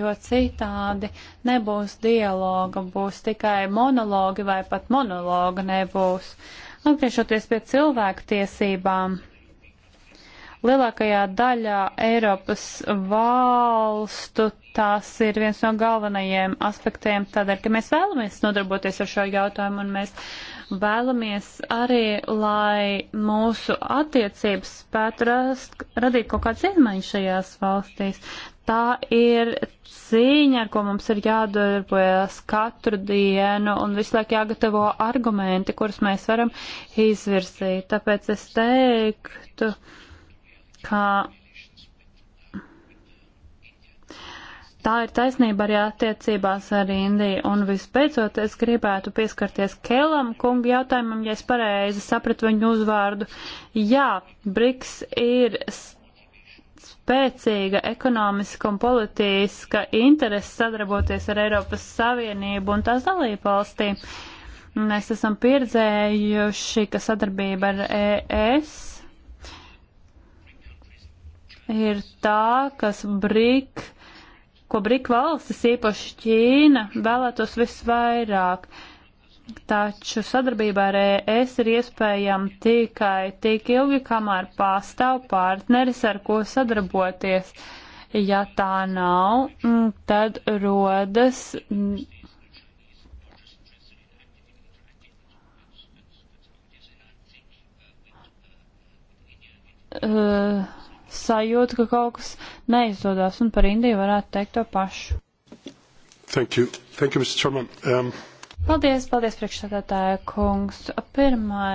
jo citādi nebūs dialoga, būs tikai monologi vai pat monologa nebūs. Atgriežoties pie cilvēku tiesībām, Lielākajā daļā Eiropas valstu tās ir viens no galvenajiem aspektiem, tādēļ, ka mēs vēlamies nodarboties ar šo jautājumu un mēs vēlamies arī, lai mūsu attiecības spētu rast, radīt kaut kādas izmaiņas šajās valstīs tā ir cīņa, ar ko mums ir jādarbojas katru dienu un visu laiku jāgatavo argumenti, kurus mēs varam izvirzīt. Tāpēc es teiktu, ka tā ir taisnība arī attiecībās ar Indiju. Un vispēcot, es gribētu pieskarties Kelam kungu jautājumam, ja es pareizi sapratu viņu uzvārdu. Jā, Briks ir spēcīga ekonomiska un politiska interese sadarboties ar Eiropas Savienību un tās dalībvalstīm. Mēs esam pieredzējuši, ka sadarbība ar ES ir tā, kas brīk, ko brīk valstis, īpaši Ķīna, vēlētos visvairāk. Taču sadarbībā ar ES ir iespējama tikai tik ilgi, kamēr pastāv partneris, ar ko sadarboties. Ja tā nav, mm, tad rodas mm, uh, sajūtu, ka kaut kas neizdodas, un par Indiju varētu teikt to pašu. Thank you. Thank you, Mr. Chairman. Um... Paldies, paldies, priekšsēdētāja kungs. Pirmā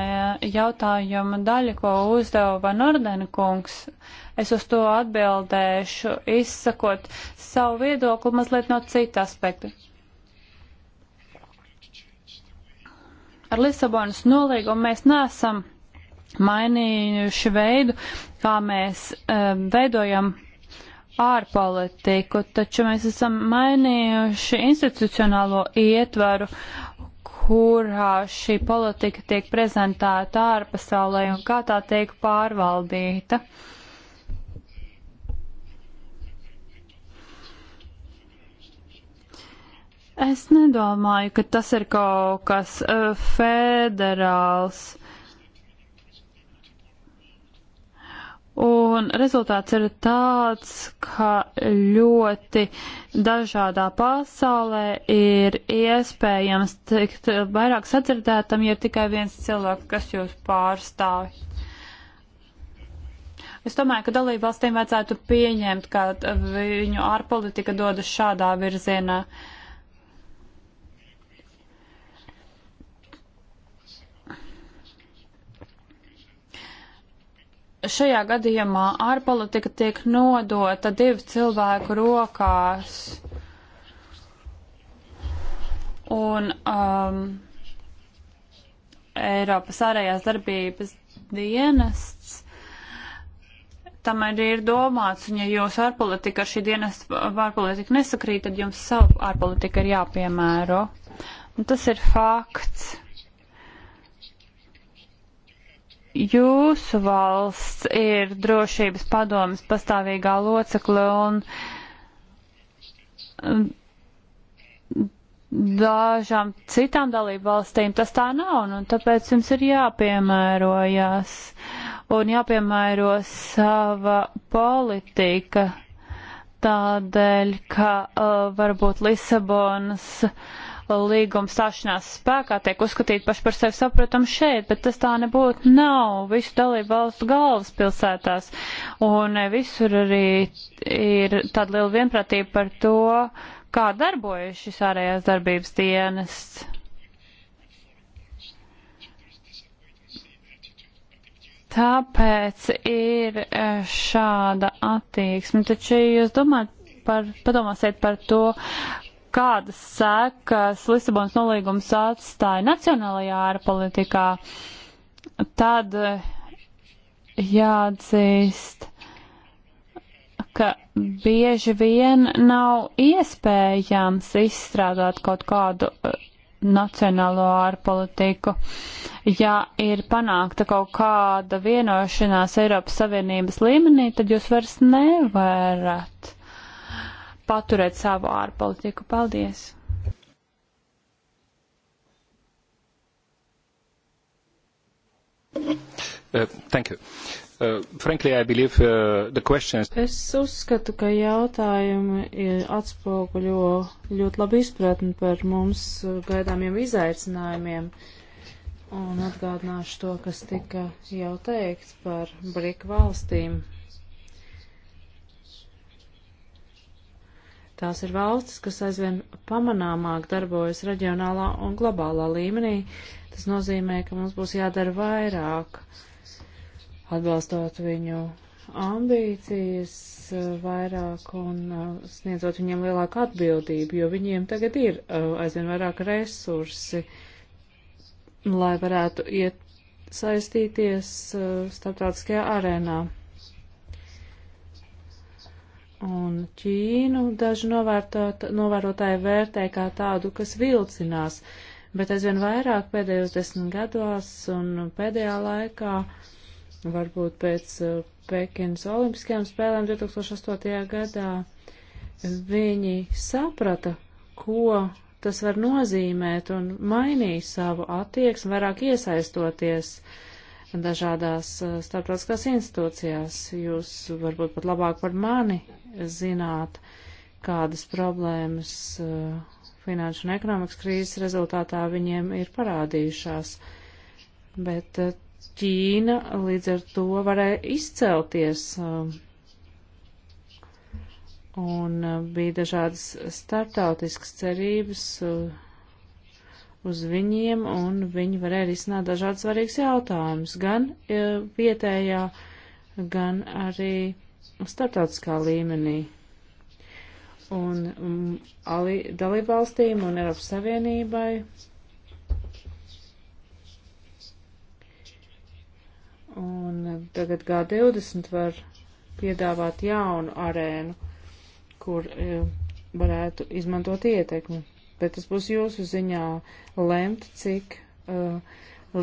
jautājuma daļa, ko uzdeva Van Ordena kungs, es uz to atbildēšu, izsakot savu viedokli mazliet no cita aspekta. Ar Lisabonas nolīgumu mēs nesam mainījuši veidu, kā mēs um, veidojam ārpolitiku, taču mēs esam mainījuši institucionālo ietvaru, kurā šī politika tiek prezentēta ārpasaulē un kā tā tiek pārvaldīta. Es nedomāju, ka tas ir kaut kas uh, federāls. Uh, Un rezultāts ir tāds, ka ļoti dažādā pasaulē ir iespējams tikt vairāk sadzirdētam, ja ir tikai viens cilvēks, kas jūs pārstāv. Es domāju, ka dalībvalstīm vajadzētu pieņemt, ka viņu ārpolitika dodas šādā virzienā. Uh, šajā gadījumā ārpolitika tiek nodota divu cilvēku rokās. Un um, Eiropas ārējās darbības dienests tam arī ir domāts, un ja jūs ārpolitika ar šī dienas ārpolitika nesakrīt, tad jums savu ārpolitika ir jāpiemēro. Un tas ir fakts. jūsu valsts ir drošības padomas pastāvīgā locekle un um, dažām citām dalību valstīm tas tā nav, un tāpēc jums ir jāpiemērojas un jāpiemēro sava politika tādēļ, ka uh, varbūt Lisabonas uh, līguma stāšanās spēkā tiek uzskatīt paši par sevi saprotam šeit, bet tas tā nebūtu nav visu dalību valstu galvaspilsētās. Un eh, visur arī ir tāda liela vienprātība par to, kā darbojas šis ārējās darbības dienests. Tāpēc ir eh, šāda attieksme. Taču jūs domājat par, padomāsiet par to, kādas sekas Lisabons nolīgums atstāja nacionālajā ārpolitikā, tad eh, jāatzīst, ka bieži vien nav iespējams izstrādāt kaut kādu eh, nacionālo ārpolitiku. Ja ir panākta kaut kāda vienošanās Eiropas Savienības līmenī, tad jūs vairs nevarat paturēt savu ārpolitiku. Paldies! Uh, thank you. Uh, frankly, I believe uh, the questions. Es uzskatu, ka jautājumi e, atspoguļo ļoti labi izpratni par mums e, gaidāmiem izaicinājumiem. Un atgādināšu to, kas tika jau teikts par brīk valstīm Tās ir valstis, kas aizvien pamanāmāk darbojas reģionālā un globālā līmenī. Tas nozīmē, ka mums būs jādara vairāk, atbalstot viņu ambīcijas vairāk un uh, sniedzot viņiem lielāku atbildību, jo viņiem tagad ir uh, aizvien vairāk resursi, lai varētu iet saistīties uh, starptautiskajā arēnā un Ķīnu daži novērotāji vērtē kā tādu, kas vilcinās, bet aizvien vairāk pēdējos desmit gados un pēdējā laikā, varbūt pēc uh, Pekinas olimpiskajām spēlēm 2008. gadā, viņi saprata, ko tas var nozīmēt un mainīja savu attieksmi, vairāk iesaistoties uh, dažādās uh, starptautiskās institūcijās. Jūs varbūt pat labāk par mani zināt, kādas problēmas uh, finanšu un ekonomikas krīzes rezultātā viņiem ir parādījušās. Bet uh, Ķīna līdz ar to varēja izcelties. Un bija dažādas startautiskas cerības, uh, uz viņiem, un viņi varēja risināt dažādas svarīgas jautājumas, gan e, vietējā, gan arī starptautiskā līmenī. Un um, dalībvalstīm un Eiropas Savienībai. Un tagad G20 var piedāvāt jaunu arēnu, kur e, varētu izmantot ietekmi bet tas būs jūsu ziņā lemt, cik uh,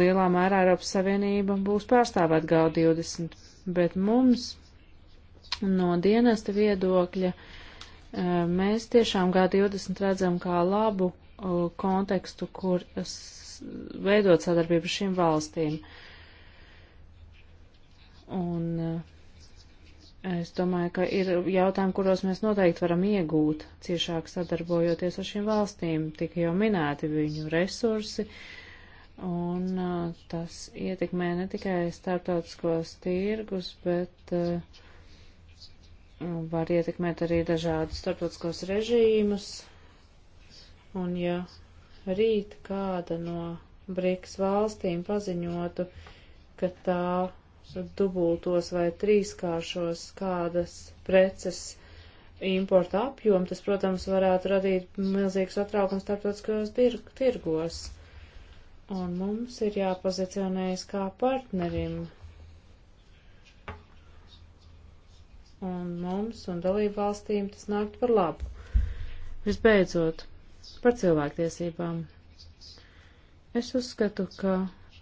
lielā mērā Eiropas Savienība būs pārstāvēt G20. Bet mums no dienesta viedokļa uh, mēs tiešām G20 redzam kā labu uh, kontekstu, kur veidot sadarbību šīm valstīm. Un uh, Es domāju, ka ir jautājumi, kuros mēs noteikti varam iegūt ciešāk sadarbojoties ar šīm valstīm. Tik jau minēti viņu resursi, un uh, tas ietekmē ne tikai starptautiskos tirgus, bet uh, var ietekmēt arī dažādus starptautiskos režīmus. Un ja rīt kāda no Briks valstīm paziņotu, ka tā dubultos vai trīskāršos kādas preces importa apjomu, tas, protams, varētu radīt milzīgs satraukums starptautiskajos tirgos. Un mums ir jāpozicionējas kā partnerim. Un mums un dalību valstīm tas nākt par labu. Visbeidzot, par cilvēktiesībām. Es uzskatu, ka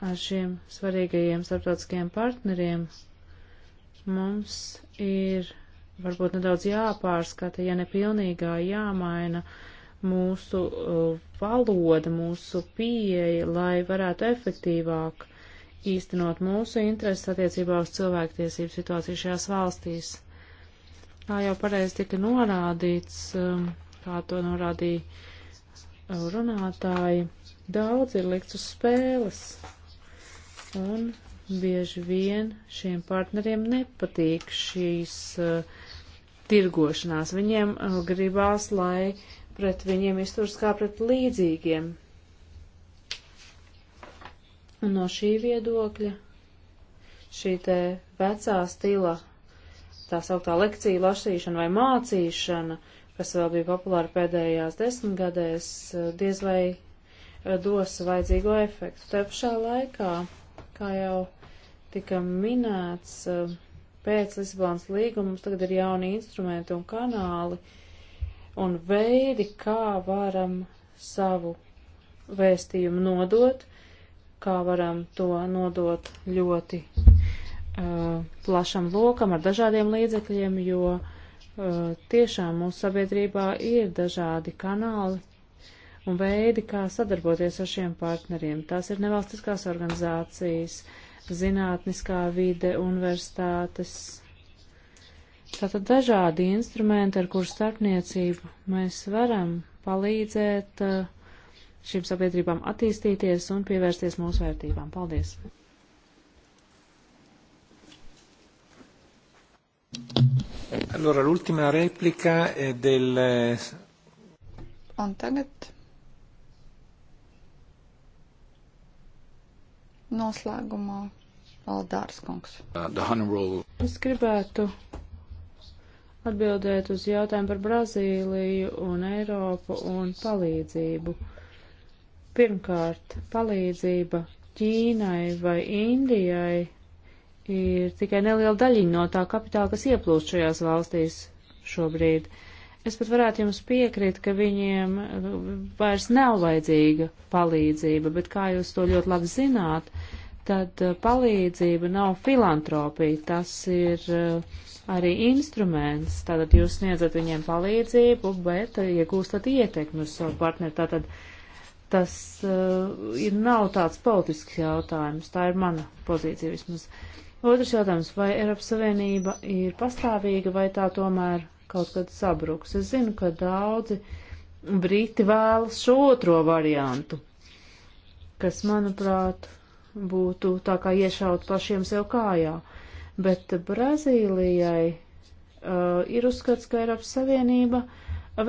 ar šiem svarīgajiem starptautiskajiem partneriem mums ir varbūt nedaudz jāpārskata, ja nepilnīgā jāmaina mūsu uh, valoda, mūsu pieeja, lai varētu efektīvāk īstenot mūsu intereses attiecībā uz cilvēktiesību situāciju šajās valstīs. Kā jau pareizi tika norādīts, um, kā to norādīja uh, runātāji, daudz ir likts uz spēles un bieži vien šiem partneriem nepatīk šīs uh, tirgošanās. Viņiem uh, gribās, lai pret viņiem izturas kā pret līdzīgiem. Un no šī viedokļa šī te vecā stila, tā sauktā lekcija lasīšana vai mācīšana, kas vēl bija populāra pēdējās desmitgadēs, uh, diez vai uh, dos vajadzīgo efektu. Te pašā laikā Kā jau tika minēts, eh, pēc Lisabonas līguma mums tagad ir jauni instrumenti un kanāli un veidi, kā varam savu vēstījumu nodot, kā varam to nodot ļoti uh, plašam lokam ar dažādiem līdzekļiem, jo uh, tiešām mūsu sabiedrībā ir dažādi kanāli, un veidi, kā sadarboties ar šiem partneriem. Tās ir nevalstiskās organizācijas, zinātniskā vide, universitātes. Tātad dažādi instrumenti, ar kuru starpniecību mēs varam palīdzēt uh, šīm sabiedrībām attīstīties un pievērsties mūsu vērtībām. Paldies! Allora, l'ultima replica è del... Un tagad Noslēgumā Valdārs kungs. Uh, es gribētu atbildēt uz jautājumu par Brazīliju un Eiropu un palīdzību. Pirmkārt, palīdzība Ķīnai vai Indijai ir tikai neliela daļiņa no tā kapitāla, kas ieplūst šajās valstīs šobrīd. Uh, Es pat varētu jums piekrīt, ka viņiem uh, vairs nav vajadzīga palīdzība, bet kā jūs to ļoti labi zināt, tad uh, palīdzība nav filantropija, tas ir uh, arī instruments. Tātad jūs sniedzat viņiem palīdzību, bet iegūstat ja ietekmi uz savu partneri. Tātad tas ir, nav tāds politisks jautājums, tā ir mana pozīcija vismaz. Otrs jautājums, vai Eiropas Savienība ir pastāvīga vai tā tomēr kaut kad sabruks. Es zinu, ka daudzi briti vēlas šo otro variantu, kas, manuprāt, būtu tā kā iešaut pašiem sev kājā. Bet Brazīlijai uh, ir uzskats, ka Eiropas Savienība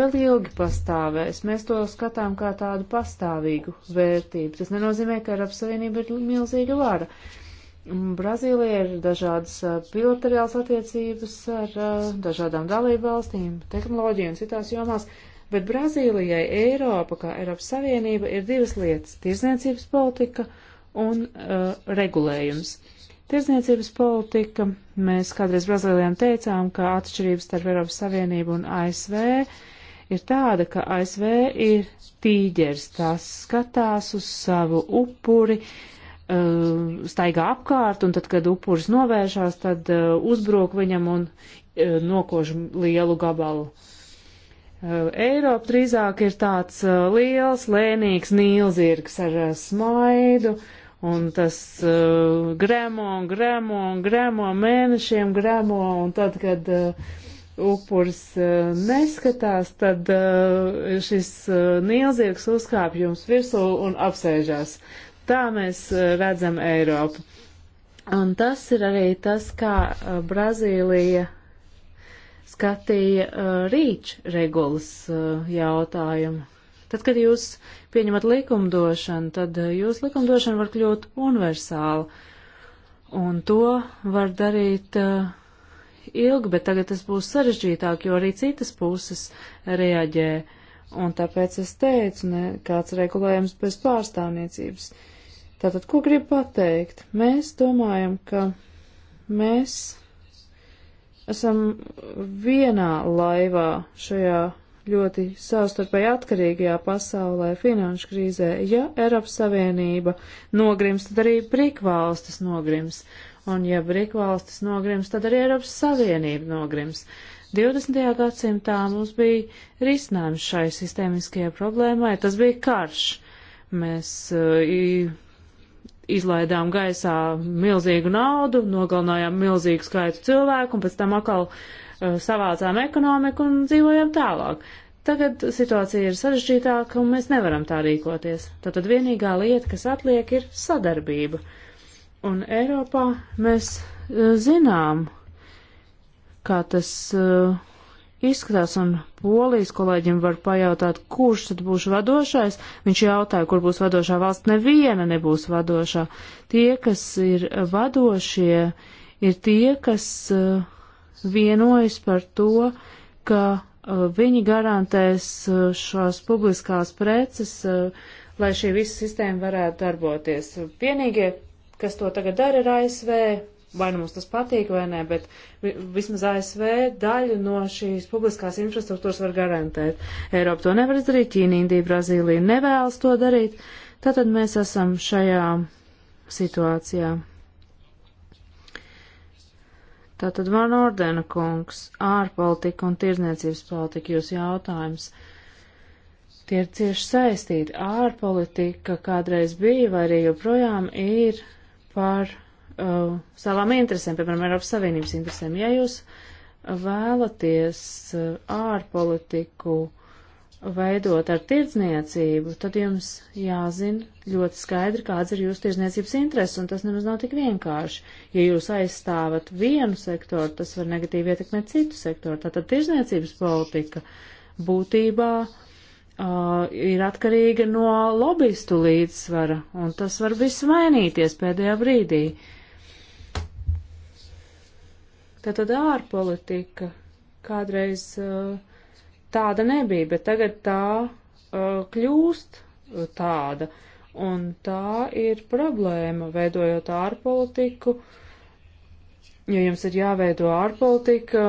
vēl ilgi pastāvēs. Mēs to skatām kā tādu pastāvīgu vērtību. Tas nenozīmē, ka Eiropas Savienība ir milzīga vara. Uh, Brazīlija ir dažādas bilaterālas attiecības ar dažādām dalību valstīm, tehnoloģiju un citās jomās, bet Brazīlijai Eiropa, kā Eiropas Savienība, ir divas lietas - tirzniecības politika un uh, regulējums. Tirzniecības politika, mēs kādreiz Brazīlijām teicām, ka atšķirības starp Eiropas Savienību un ASV ir tāda, ka ASV ir tīģers, tās skatās uz savu upuri, uh, Uh, staigā apkārt, un tad, kad upuris novēršās, tad uh, uzbruk viņam un uh, nokož lielu gabalu. Uh, Eiropa drīzāk ir tāds uh, liels, lēnīgs nīlzirgs ar uh, smaidu, un tas gremo un gremo un gremo mēnešiem gremo, un tad, kad upuris neskatās, tad šis nīlzirgs uzkāpj jums virsū un apsēžās tā mēs eh, redzam Eiropu. Un tas ir arī tas, kā eh, Brazīlija skatīja eh, rīč regulas jautājumu. Tad, kad jūs pieņemat likumdošanu, tad jūs likumdošana var kļūt universāla. Un to var darīt ilgi, bet tagad tas būs sarežģītāk, jo arī citas puses reaģē. Un tāpēc es teicu, nekāds regulējums bez pārstāvniecības. Uh, Tātad, ko gribu pateikt? Mēs domājam, ka mēs esam vienā laivā šajā ļoti savstarpēji atkarīgajā pasaulē finanšu krīzē. Ja Eiropas Savienība nogrims, tad arī brikvalstis nogrims. Un ja brikvalstis nogrims, tad arī Eiropas Savienība nogrims. 20. gadsimtā mums bija risinājums šai sistēmiskajai problēmai, tas bija karš. Mēs uh, izlaidām gaisā milzīgu naudu, nogalinājām milzīgu skaitu cilvēku un pēc tam atkal uh, savācām ekonomiku un dzīvojām tālāk. Tagad situācija ir sarežģītāka un mēs nevaram tā rīkoties. Tātad vienīgā lieta, kas atliek, ir sadarbība. Un Eiropā mēs uh, zinām, kā tas uh, izskatās, un polijas kolēģim var pajautāt, kurš tad būs vadošais. Viņš jautāja, kur būs vadošā valsts. Neviena nebūs vadošā. Tie, kas ir vadošie, ir tie, kas eh, vienojas par to, ka eh, viņi garantēs eh, šās publiskās preces, lai šī visa sistēma varētu darboties. Vienīgie, kas to tagad dara, ir ASV, vai nu mums tas patīk vai nē, bet vismaz ASV daļu no šīs publiskās infrastruktūras var garantēt. Eiropa to nevar izdarīt, Ķīna, Indija, Brazīlija nevēlas to darīt. Tātad mēs esam šajā situācijā. Tātad Van Ordena kungs, ārpolitika un tirzniecības politika jūs jautājums. Tie ir cieši saistīti. Ārpolitika kādreiz bija vai arī joprojām ir par uh, savām interesēm, piemēram, Eiropas Savienības interesēm. Ja jūs vēlaties uh, ārpolitiku veidot ar tirdzniecību, tad jums jāzina ļoti skaidri, kāds ir jūsu tirdzniecības intereses, un tas nemaz nav tik vienkārši. Ja jūs aizstāvat vienu sektoru, tas var negatīvi ietekmēt citu sektoru. Tātad tirdzniecības politika būtībā uh, ir atkarīga no lobbyistu līdzsvara, un tas var viss mainīties pēdējā brīdī. Uh, Tātad ārpolitika kādreiz uh, tāda nebija, bet tagad tā uh, kļūst uh, tāda. Un tā ir problēma, veidojot ārpolitiku, jo jums ir jāveido ārpolitika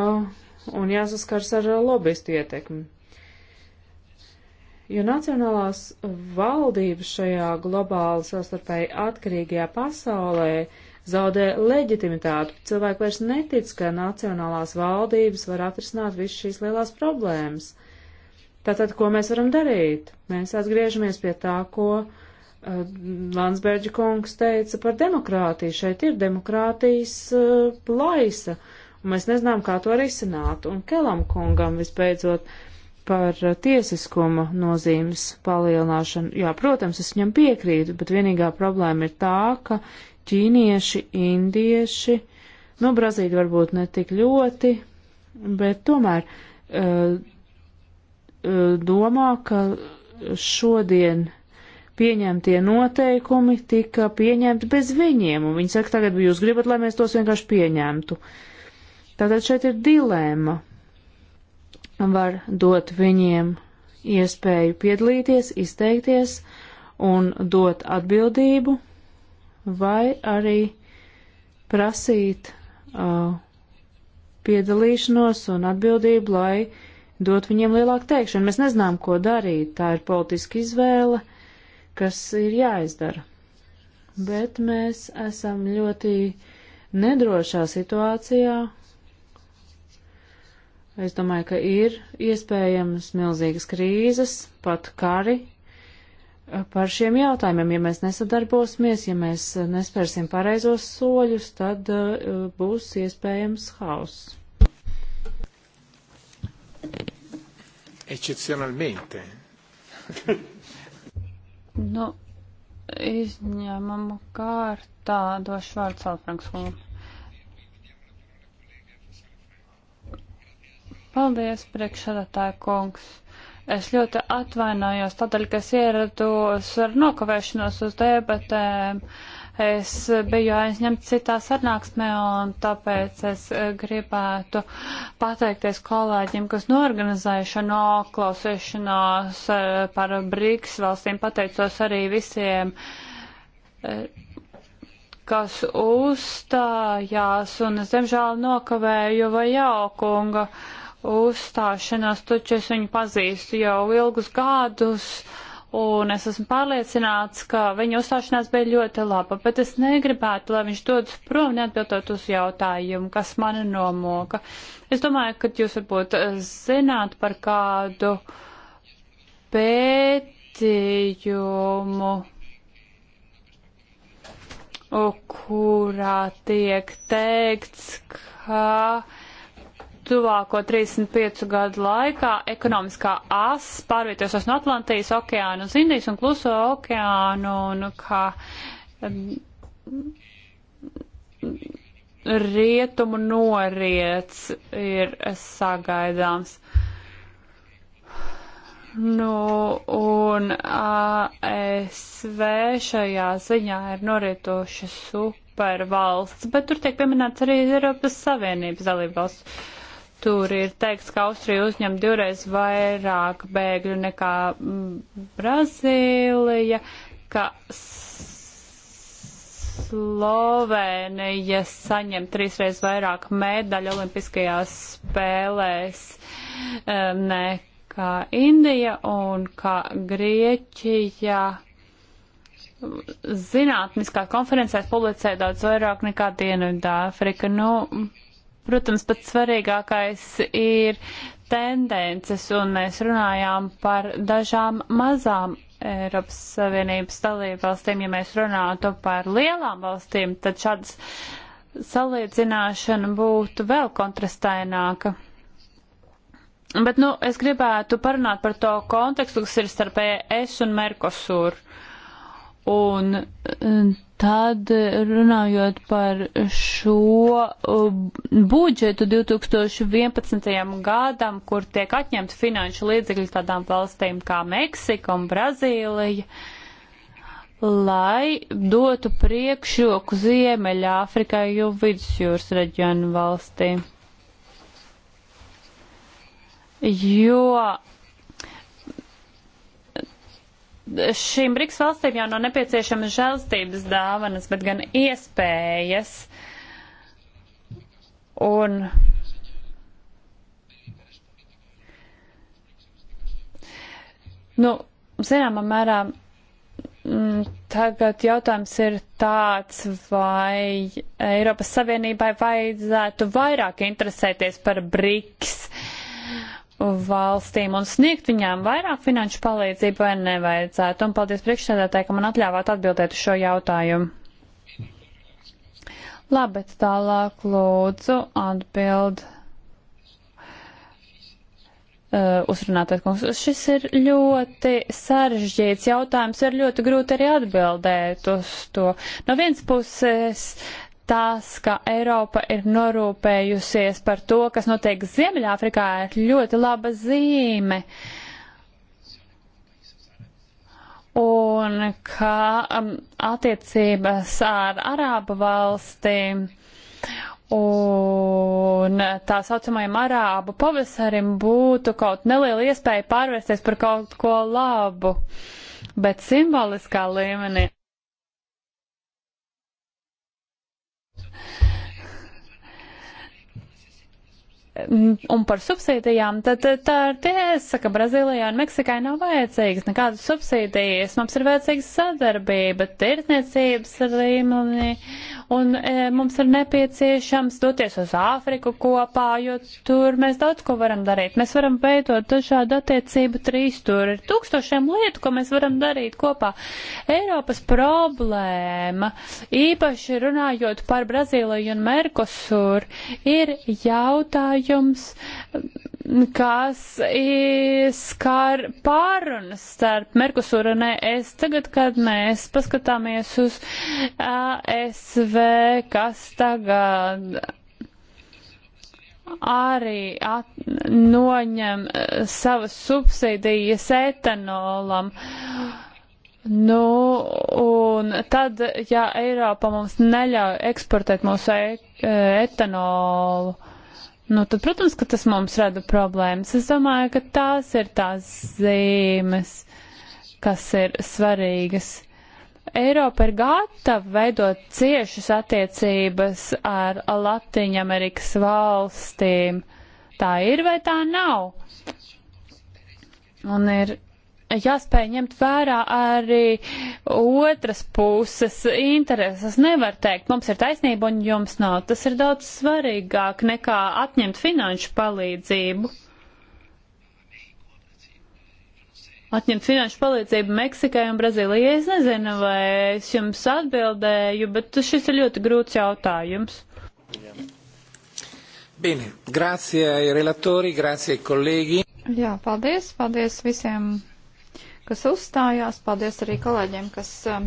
un jāsaskars ar lobbyistu ietekmi. Jo nacionālās valdības šajā globāli savstarpēji atkarīgajā pasaulē uh, zaudē leģitimitāti. Cilvēki vairs netic, ka nacionālās valdības var atrisināt visu šīs lielās problēmas. Tātad, ko mēs varam darīt? Mēs atgriežamies pie tā, ko uh, Landsberģa kungs teica par demokrātiju. Šeit ir demokrātijas uh, plaisa, un mēs nezinām, kā to risināt. Un Kelam kungam visbeidzot par uh, tiesiskuma nozīmes palielināšanu. Jā, protams, es viņam piekrītu, bet vienīgā problēma ir tā, ka ķīnieši, indieši, no nu, Brazīļa varbūt ne tik ļoti, bet tomēr uh, domā, ka šodien pieņemtie noteikumi tika pieņemti bez viņiem, un viņi saka, tagad jūs gribat, lai mēs tos vienkārši pieņemtu. Tātad šeit ir dilēma. Var dot viņiem iespēju piedalīties, izteikties un dot atbildību vai arī prasīt uh, piedalīšanos un atbildību, lai dot viņiem lielāku teikšanu. Mēs nezinām, ko darīt. Tā ir politiska izvēle, kas ir jāizdara. Bet mēs esam ļoti nedrošā situācijā. Es domāju, ka ir iespējams milzīgas krīzes, pat kari, par šiem jautājumiem. Ja mēs nesadarbosimies, ja mēs nespērsim pareizos soļus, tad uh, būs iespējams hauss. Excepcionalmente. nu, izņēmumu kārtā došu vārdu Salfrankskungam. Paldies, priekšsēdētāja kungs. Es ļoti atvainojos tādēļ, ka es ierados ar nokavēšanos uz debatēm. Es biju aizņemta citā sanāksmē un tāpēc es gribētu pateikties kolēģiem, kas norganizēja šo noklausīšanos eh, par Brīks valstīm. Pateicos arī visiem eh, kas uzstājās, un es diemžēl nokavēju vai jaukunga. Uh, uzstāšanās, taču es viņu pazīstu jau ilgus gadus, un es esmu pārliecināts, ka viņa uzstāšanās bija ļoti laba, bet es negribētu, lai viņš dodas prom neatbildot uz jautājumu, kas mani nomoka. Es domāju, ka jūs varbūt eh, zināt par kādu pētījumu kurā tiek teikts, ka uh, tuvāko 35 gadu laikā ekonomiskā as pārvietosies no Atlantijas okeāna uz Indijas un Kluso okeānu un kā rietumu noriets ir sagaidāms. Nu, un ASV šajā ziņā ir norietošas supervalsts, bet tur tiek pieminēts arī Eiropas Savienības dalībvalsts. Tur ir teikts, ka Austrija uzņem divreiz vairāk bēgļu nekā mm, Brazīlija, ka Slovēnija saņem trīsreiz vairāk medaļu Olimpiskajās spēlēs e, nekā Indija un kā Grieķija zinātniskā konferencēs publicē daudz vairāk nekā Dienvidāfrika. Nu, protams, pats svarīgākais ir tendences, un mēs runājām par dažām mazām Eiropas Savienības dalībvalstīm. Ja mēs runātu par lielām valstīm, tad šāds salīdzināšana būtu vēl kontrastaināka. Bet, nu, es gribētu parunāt par to kontekstu, kas ir starp ES un Merkosūru. Un eh, tad runājot par šo eh, budžetu 2011. gadam, kur tiek atņemt finanšu līdzekļi tādām valstīm kā Meksika un Brazīlija, lai dotu priekšroku Ziemeļāfrikai jau vidusjūras reģionu valstīm. Jo šīm Briks valstīm jau nav no nepieciešamas žēlstības dāvanas, bet gan iespējas. Un Nu, zināmā mērā mm, tagad jautājums ir tāds, vai Eiropas Savienībai vajadzētu vairāk interesēties par BRICS. Uh, valstīm un sniegt viņām vairāk finanšu palīdzību vai nevajadzētu. Un paldies priekšsēdētāji, ka man atļāvāt atbildēt uz šo jautājumu. Labi, tālāk lūdzu atbild. Uh, uzrunātais kungs, šis ir ļoti sarežģīts jautājums, ir ļoti grūti arī atbildēt uz to. No vienas puses tas, ka Eiropa ir norūpējusies par to, kas notiek Ziemeļāfrikā, ir ļoti laba zīme. Un kā um, attiecības ar Arābu valstīm un tā saucamajam Arābu pavasarim būtu kaut neliela iespēja pārvērsties par kaut ko labu, bet simboliskā līmenī. Mm, un par subsīdijām, tad eh, tā ir tiesa, ka Brazīlijā un Meksikai nav vajadzīgas nekādas subsīdijas. Mums ir vajadzīga sadarbība, tirtniecības līmenī, un e, mums ir nepieciešams doties uz Āfriku kopā, jo tur mēs daudz ko varam darīt. Mēs varam veidot dažādu attiecību trīs tur. Ir tūkstošiem lietu, ko mēs varam darīt kopā. Eiropas problēma, īpaši runājot par Brazīliju un Merkosur, ir jautājums, jautājums, kas skar pārunas starp Merkusūru un ES. Tagad, kad mēs paskatāmies uz ASV, kas tagad arī at, noņem eh, savas subsīdijas etanolam. Nu, un tad, ja Eiropa mums neļauj eksportēt mūsu e, e etanolu, uh, nu tad, protams, ka tas mums rada problēmas. Es domāju, ka tās ir tās zīmes, kas ir svarīgas. Eiropa ir gatava veidot ciešas attiecības ar Latviju Amerikas valstīm. Tā ir vai tā nav? Un ir jāspēj ņemt vērā arī otras puses intereses. Nevar teikt, mums ir taisnība un jums nav. Tas ir daudz svarīgāk nekā atņemt finanšu palīdzību. Atņemt finanšu palīdzību Meksikai un Brazīlijai. Es nezinu, vai es jums atbildēju, bet šis ir ļoti grūts jautājums. Bene, grazie ai relatori, grazie ai colleghi. Jā, paldies, paldies visiem kas uzstājās. Paldies arī kolēģiem, kas um,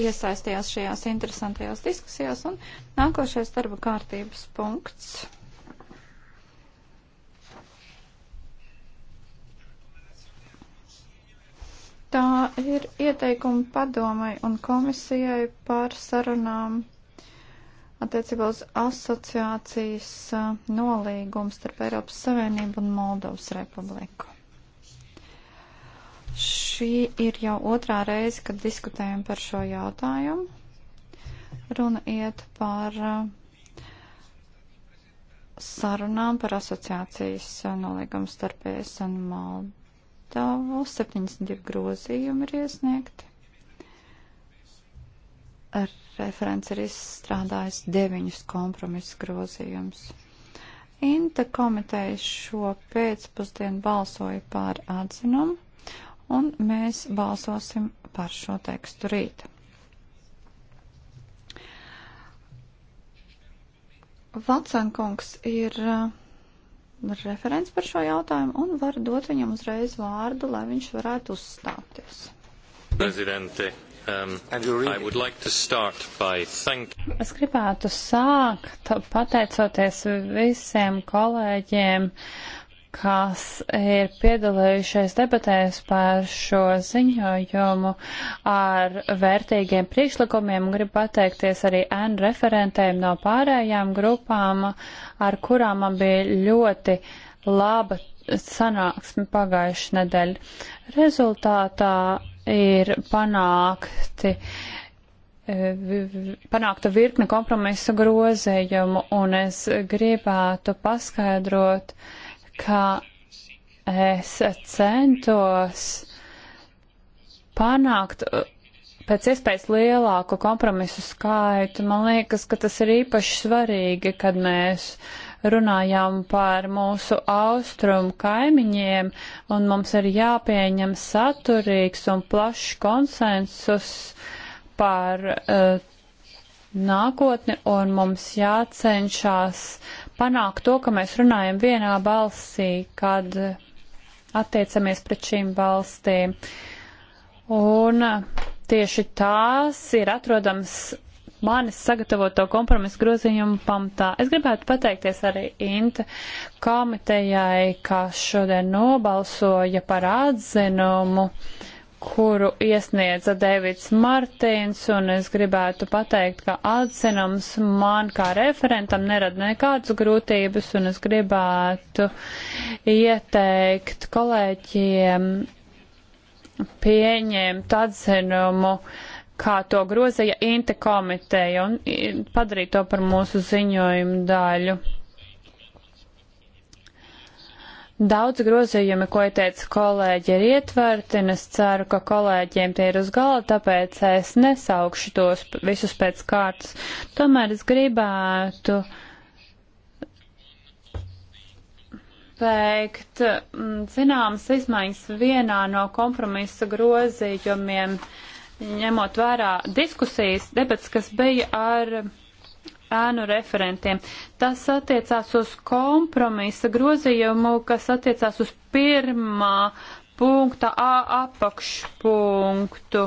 iesaistījās šajās interesantajās diskusijās. Un nākošais darba kārtības punkts. Tā ir ieteikuma padomai un komisijai par sarunām attiecībā uz asociācijas uh, nolīgumu starp Eiropas Savienību un Moldovas Republiku. Šī ir jau otrā reize, kad diskutējam par šo jautājumu. Runa iet par uh, sarunām par asociācijas uh, nolīgumu starp ES un Moldavu. 72 grozījumi ir iesniegti. Ar referents ir izstrādājis deviņus kompromisu grozījumus. Inta komiteja šo pēcpusdienu balsoja par atzinumu un mēs balsosim par šo tekstu rīt. Vacenkungs ir uh, referents par šo jautājumu un var dot viņam uzreiz vārdu, lai viņš varētu uzstāties. Prezidente, Um, like es gribētu sākt pateicoties visiem kolēģiem kas ir piedalījušies debatēs par šo ziņojumu ar vērtīgiem priekšlikumiem. Gribu pateikties arī N referentēm no pārējām grupām, ar kurām man bija ļoti laba sanāksme pagājuši nedēļ. Rezultātā ir panākti e, panākta virkne kompromisa grozējumu, un es gribētu paskaidrot, uh, ka es centos panākt uh, pēc iespējas lielāku kompromisu skaitu. Man liekas, ka tas ir īpaši svarīgi, kad mēs runājām par mūsu austrumu kaimiņiem, un mums ir jāpieņem saturīgs un plašs konsensus par uh, nākotni, un mums jācenšas uh, panākt to, ka mēs runājam vienā balsī, kad attiecamies pret šīm valstīm. Un uh, tieši tās ir atrodams manis sagatavoto kompromisu grozījumu pamatā. Es gribētu pateikties arī Inta komitejai, kas šodien nobalsoja par atzinumu. Uh, kuru iesniedza Dēvids Martins, un es gribētu pateikt, ka atzinums man kā referentam nerada nekādas grūtības, un es gribētu ieteikt kolēģiem pieņemt atzinumu, kā to grozīja Inte komiteja, un padarīt to par mūsu ziņojumu daļu. Daudz grozījumi, ko ieteica kolēģi, ir ietverti, un es ceru, ka kolēģiem tie ir uz gala, tāpēc es nesaukšu tos visus pēc kārtas. Tomēr es gribētu veikt mm, zināmas izmaiņas vienā no kompromisa grozījumiem, ņemot vērā diskusijas, debats, kas bija ar ēnu referentiem. Tas attiecās uz kompromisa grozījumu, kas attiecās uz pirmā punkta A apakšpunktu.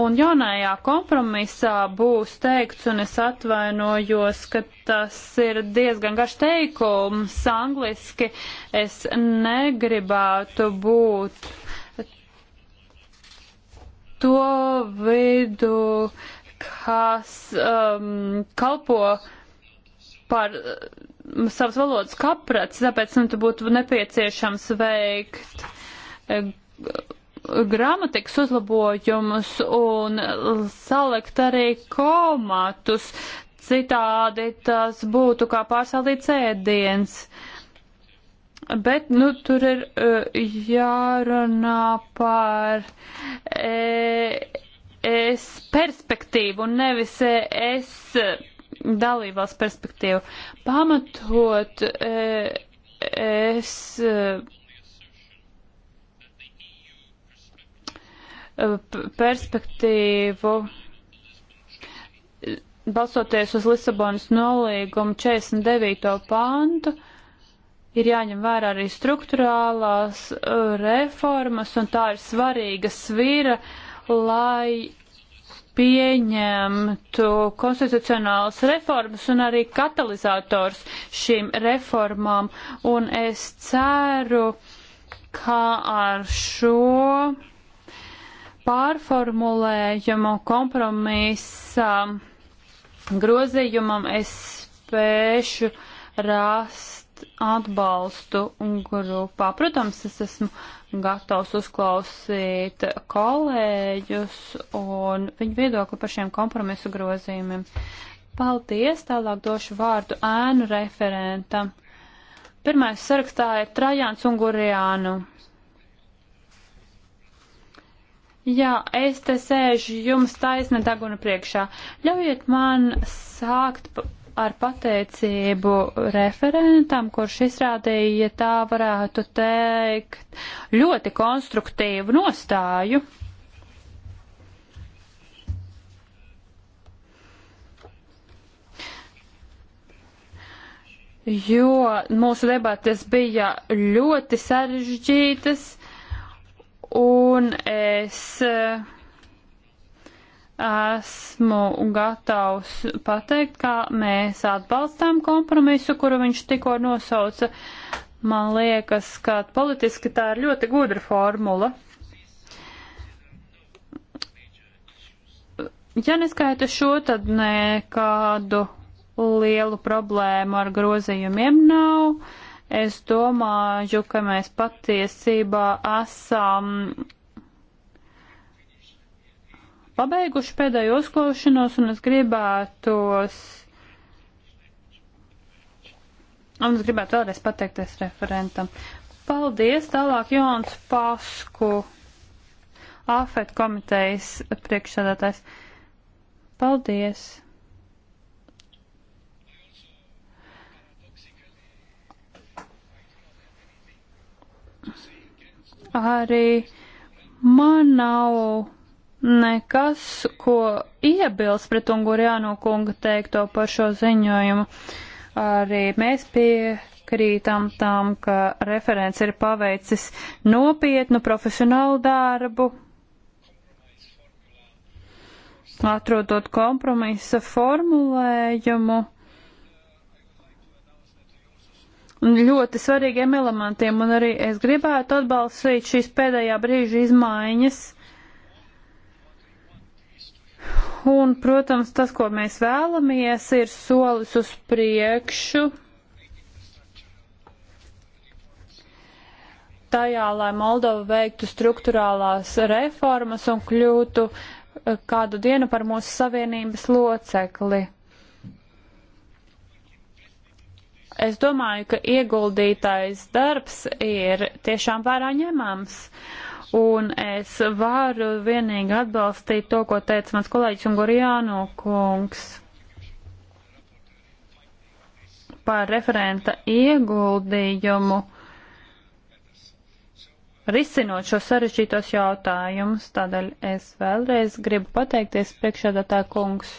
Un jaunajā kompromisā būs teikts, un es atvainojos, ka tas ir diezgan garš teikums angliski, es negribētu būt to vidu, kas um, kalpo par um, savas valodas kaprats, tāpēc nu, būtu nepieciešams veikt um, gramatikas uzlabojumus un salikt arī komatus. Citādi tas būtu kā pārsaldīts ēdiens. Bet, nu, tur ir uh, jārunā par. Uh, e es perspektīvu un nevis es dalībās perspektīvu. Pamatot e, es e, perspektīvu balsoties uz Lisabonas nolīgumu 49. pāntu, ir jāņem vērā arī struktūrālās e, reformas, un tā ir svarīga svīra uh, lai pieņemtu konstitucionālas reformas un arī katalizators šīm reformām. Un es ceru, ka ar šo pārformulējumu kompromisa grozījumam es spēšu rast atbalstu grupā. Protams, es esmu gatavs uzklausīt kolēģus un viņu viedokli par šiem kompromisu grozījumiem. Paldies, tālāk došu vārdu ēnu referentam. Pirmais sarakstā ir Trajāns Ungurijānu. Jā, es te sēžu jums taisna daguna priekšā. Ļaujiet man sākt ar pateicību referentam, kurš izrādīja, ja tā varētu teikt, ļoti konstruktīvu nostāju. Jo mūsu debates bija ļoti sarežģītas, un es uh, esmu gatavs pateikt, ka mēs atbalstām kompromisu, kuru viņš tikko nosauca. Man liekas, ka politiski tā ir ļoti gudra formula. Ja neskaita šo, tad nekādu lielu problēmu ar grozījumiem nav. Es domāju, ka mēs patiesībā esam pabeiguši pēdējo uzklaušanos, un es gribētos. Un es gribētu vēlreiz pateikties referentam. Paldies, tālāk Jons Pasku, AFET komitejas priekšsēdētājs. Paldies! arī man nav nekas, ko iebilst pret Ungurjāno kunga teikto par šo ziņojumu. Arī mēs piekrītam tam, ka referents ir paveicis nopietnu profesionālu darbu, atrodot kompromisa formulējumu ļoti svarīgiem elementiem, un arī es gribētu atbalstīt šīs pēdējā brīža izmaiņas Un, protams, tas, ko mēs vēlamies, ir solis uz priekšu tajā, lai Moldova veiktu struktūrālās reformas un kļūtu eh, kādu dienu par mūsu savienības locekli. Es domāju, ka ieguldītais darbs ir tiešām vērā ņemams. Uh, Un es varu vienīgi atbalstīt to, ko teica mans kolēģis Ungurijāno kungs par referenta ieguldījumu risinot šo sarežģītos jautājumus. Tādēļ es vēlreiz gribu pateikties priekšādatā kungs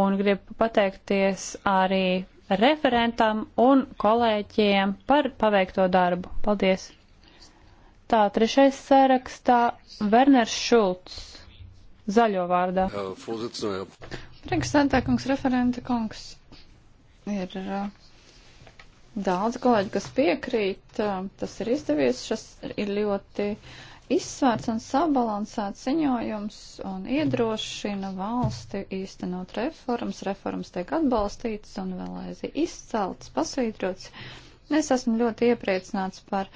un gribu pateikties arī referentam un kolēģiem par paveikto darbu. Paldies! Tā, trešais sērakstā Werners Šulcs, zaļo vārdā. Priekšsēdētāj kungs, referenta kungs. Ir uh, daudz kolēģi, kas piekrīt, uh, tas ir izdevies, šis ir ļoti izsvērts un sabalansēts ziņojums un iedrošina valsti īstenot reformas, reformas tiek atbalstītas un vēl aizi izcelts, pasvītrots. Es esmu ļoti iepriecināts par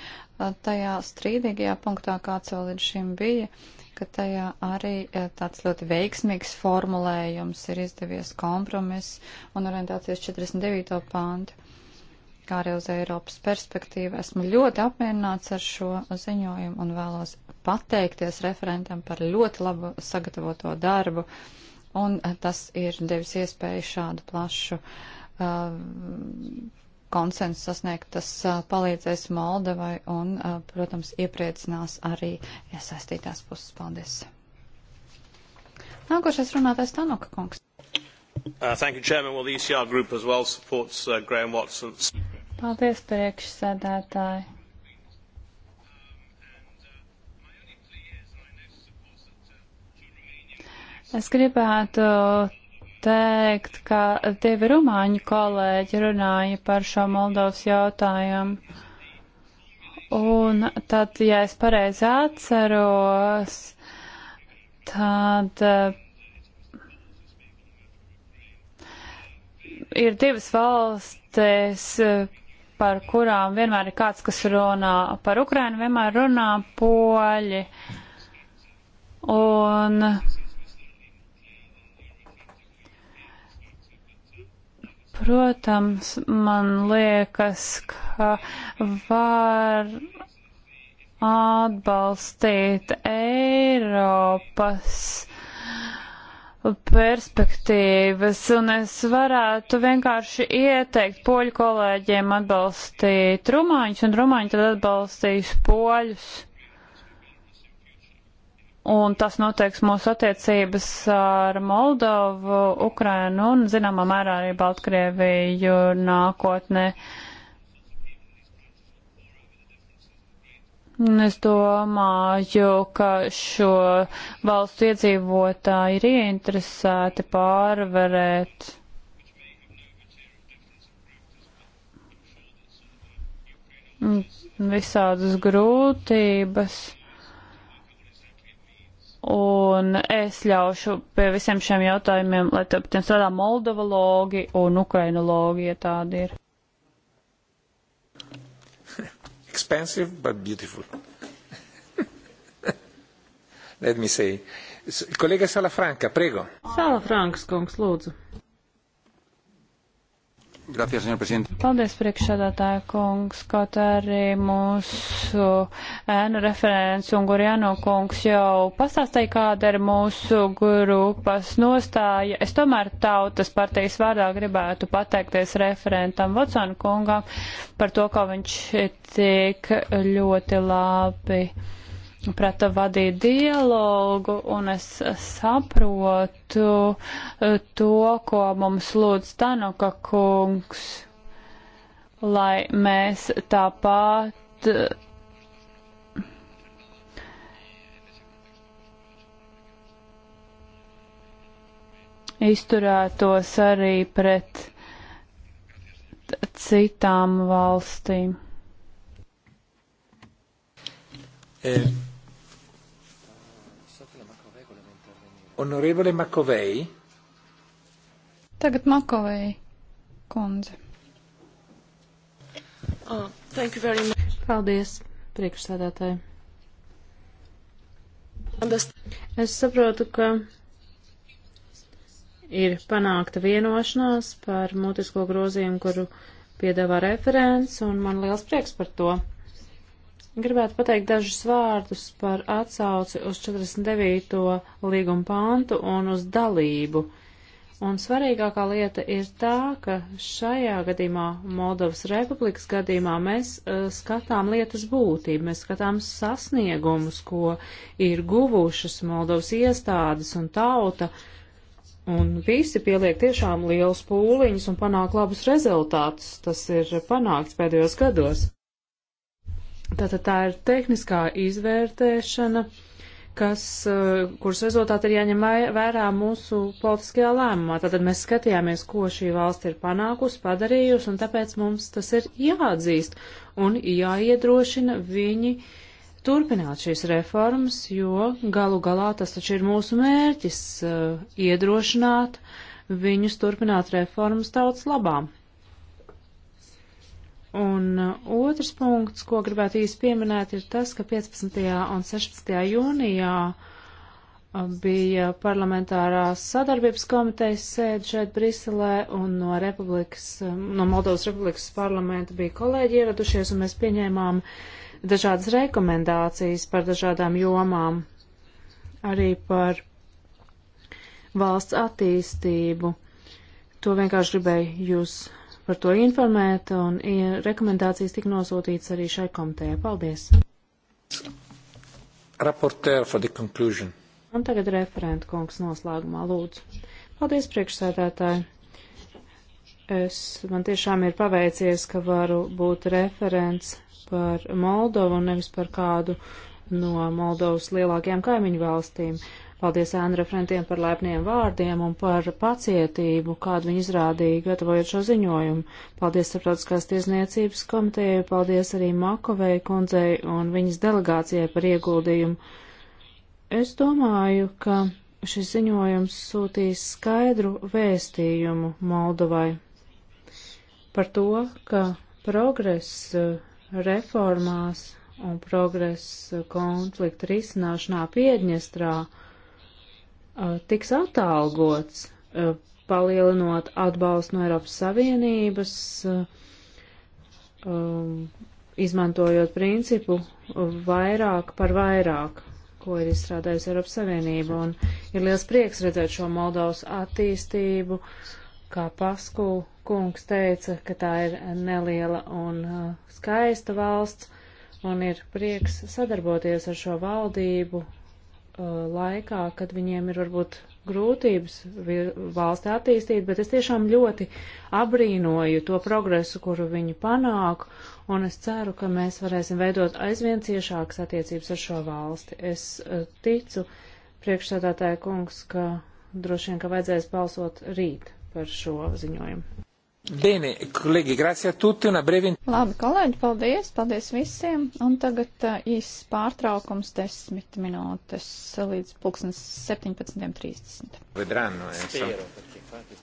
tajā strīdīgajā punktā, kāds jau līdz šim bija, ka tajā arī tāds ļoti veiksmīgs formulējums ir izdevies kompromiss un orientācijas 49. pāntu. Kā arī uz Eiropas perspektīvu esmu ļoti apmierināts ar šo ziņojumu un vēlos pateikties referentam par ļoti labu sagatavoto darbu. Un tas ir devis iespēju šādu plašu uh, konsensus sasniegt, tas palīdzēs Moldovai un, protams, iepriecinās arī iesaistītās puses. Paldies! Nākošais runātais Tanoka kungs. Uh, thank you, Chairman. Well, the ECR group as well supports uh, Graham Watson's. Paldies, priekšsēdētāji. Es gribētu teikt, ka divi rumāņu kolēģi runāja par šo Moldovas jautājumu. Un tad, ja es pareizi atceros, tad eh, ir divas valstis, eh, par kurām vienmēr ir kāds, kas runā par Ukrainu, vienmēr runā poļi. Un Protams, man liekas, ka var atbalstīt Eiropas perspektīvas, un es varētu vienkārši ieteikt poļu kolēģiem atbalstīt rumāņus, un rumāņi tad atbalstīs poļus un tas noteiks mūsu attiecības ar Moldovu, Ukrainu un, zināmā mērā, arī Baltkrieviju nākotnē. Un es domāju, ka šo valstu iedzīvotāji ir ieinteresēti pārvarēt. Visādas grūtības. Un es ļaušu pie visiem šiem jautājumiem, lai te tiem strādā moldovologi un ukrainologi, ja tādi ir. Expensive, but beautiful. Let me say. Kolēģis Salafranka, prego. Salafrankas kungs, lūdzu. Gracias, señor presidente. Paldies, priekšsādātāja kungs, kaut arī mūsu ēnu referents un Gurjano kungs jau pastāstīja, kāda ir mūsu grupas nostāja. Es tomēr tautas partijas vārdā gribētu pateikties referentam Vocanu kungam par to, ka viņš tik ļoti labi prata vadīt dialogu, un es saprotu eh, to, ko mums lūdz Tanuka kungs, lai mēs tāpat eh, izturētos arī pret citām valstīm. E Onorevole Makovei. Tagad Makovei kundze. Oh, thank you very much. Paldies, priekšsēdētāji. Es saprotu, ka ir panākta vienošanās par mutisko grozījumu, kuru piedāvā referents, un man liels prieks par to. Gribētu pateikt dažus vārdus par atsauci uz 49. līguma pantu un uz dalību. Un svarīgākā lieta ir tā, ka šajā gadījumā, Moldovas republikas gadījumā, mēs uh, skatām lietas būtību, mēs skatām sasniegumus, ko ir guvušas Moldovas iestādes un tauta, un visi pieliek tiešām liels pūliņus un panāk labus rezultātus. Tas ir panākts pēdējos gados. Tātad tā ir tehniskā izvērtēšana, kas, eh, kuras rezultāti ir jāņem vērā mūsu politiskajā lēmumā. Tātad mēs skatījāmies, ko šī valsts ir panākusi, padarījusi, un tāpēc mums tas ir jāatzīst un jāiedrošina viņi turpināt šīs reformas, jo galu galā tas taču ir mūsu mērķis eh, iedrošināt viņus turpināt reformas tautas labām. Un uh, otrs punkts, ko gribētu īsti pieminēt, ir tas, ka 15. un 16. jūnijā uh, bija parlamentārās sadarbības komitejas sēde šeit Briselē un no, Republikas, uh, no Moldovas Republikas parlamenta bija kolēģi ieradušies un mēs pieņēmām dažādas rekomendācijas par dažādām jomām, arī par valsts attīstību. To vienkārši gribēju jūs par to informēt, un rekomendācijas tika nosūtītas arī šai komitē. Paldies! Raportēr for the conclusion. Un tagad referenta kungs noslēgumā lūdzu. Paldies, priekšsēdētāji! Es, man tiešām ir paveicies, ka varu būt referents par Moldovu un nevis par kādu no Moldovas lielākajām kaimiņu valstīm. Uh, Paldies Ēnu referentiem par laipniem vārdiem un par pacietību, kādu viņi izrādīja, gatavojot šo ziņojumu. Paldies Starptautiskās tiesniecības komitejai, paldies arī Makovei kundzei un viņas delegācijai par ieguldījumu. Es domāju, ka šis ziņojums sūtīs skaidru vēstījumu Moldovai par to, ka progress eh, reformās un progress eh, konflikta risināšanā Piedņestrā uh, tiks atalgots, palielinot atbalstu no Eiropas Savienības, izmantojot principu vairāk par vairāk, ko ir izstrādājusi Eiropas Savienība. Un ir liels prieks redzēt šo Moldovas attīstību, kā Pasku kungs teica, ka tā ir neliela un skaista valsts, un ir prieks sadarboties ar šo valdību Uh, laikā, kad viņiem ir varbūt grūtības valsti attīstīt, bet es tiešām ļoti abrīnoju to progresu, kuru viņi panāk, un es ceru, ka mēs varēsim veidot aizvien ciešākas attiecības ar šo valsti. Es uh, ticu, priekšsādātāja kungs, ka droši vien, ka vajadzēs balsot rīt par šo ziņojumu. Bene, kolēģi, grazie a tutti, una breve... Labi, kolēģi, paldies, paldies visiem, un tagad uh, eh, īsts pārtraukums desmit minūtes līdz pulksnes 17.30. Vedranno, eh? Spero, perché fate...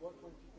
What would you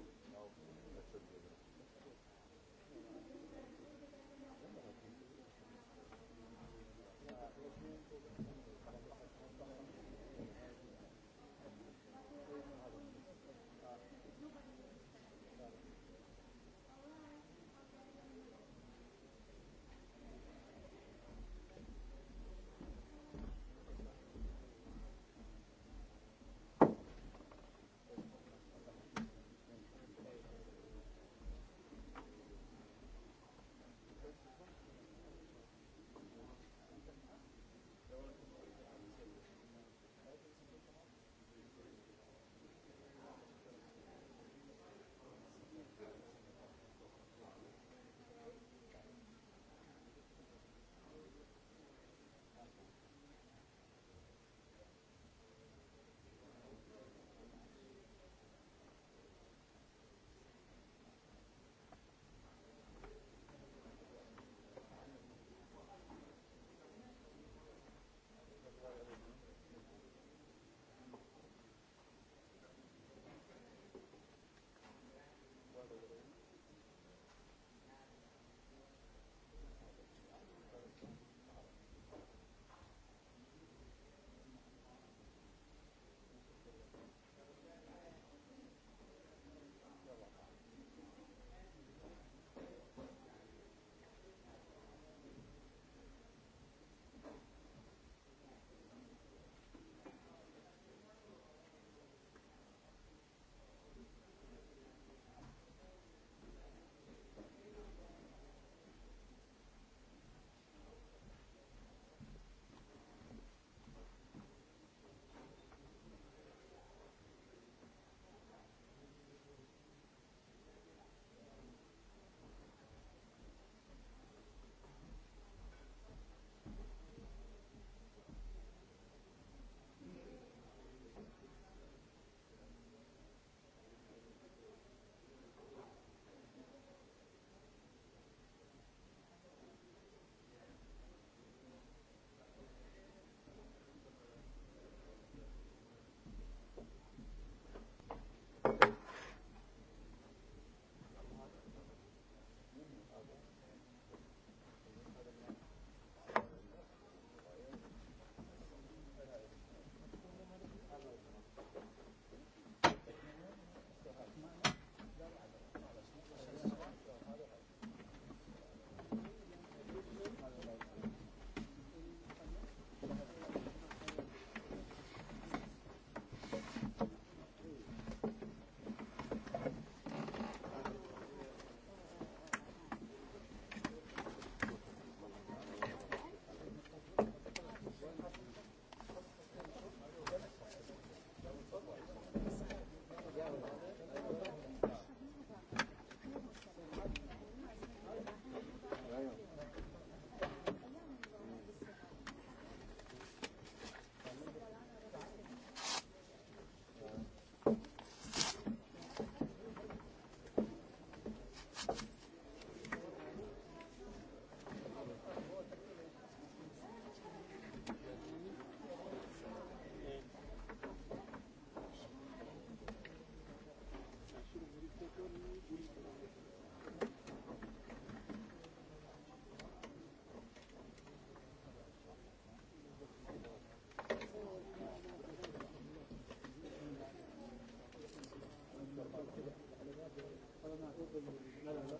organizirati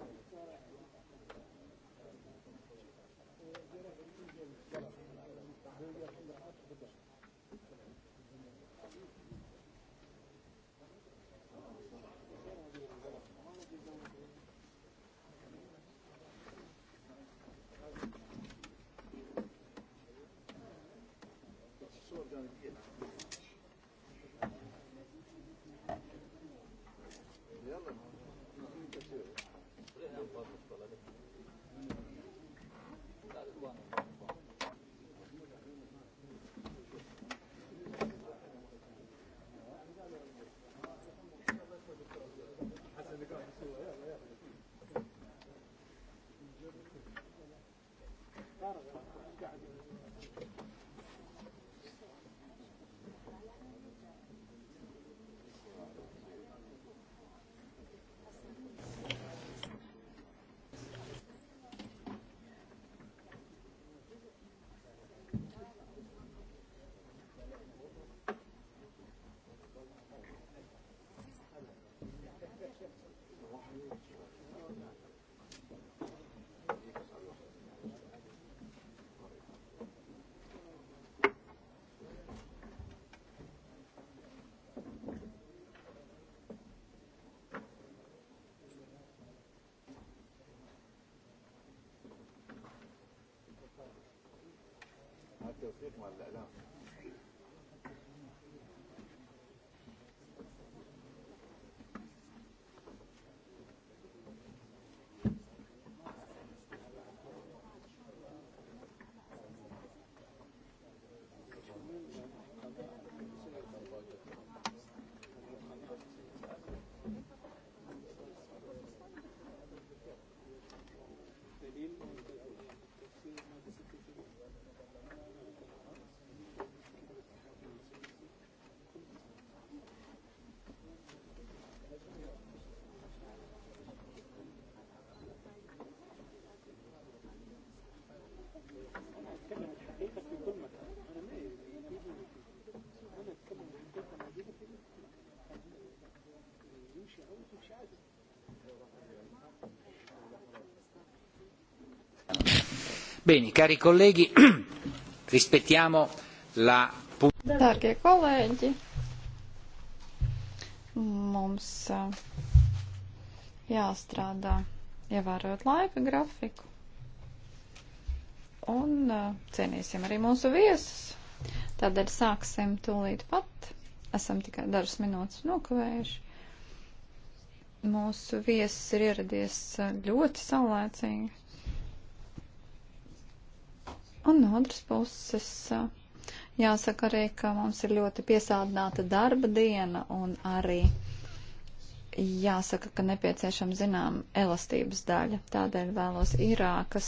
التوفيق مع الاعلام Bene, cari colleghi, rispettiamo la. Darbie kolēģi, mums eh, jāstrādā ievērot laika grafiku un eh, cienīsim arī mūsu viesus. Tādēļ sāksim tūlīt pat. Esam tikai dažas minūtes nokavējuši. Mūsu viesis ir ieradies eh, ļoti saulēcīgi. Un no otras puses, jāsaka arī, ka mums ir ļoti piesādināta darba diena un arī jāsaka, ka nepieciešama zinām elastības daļa. Tādēļ vēlos Irākas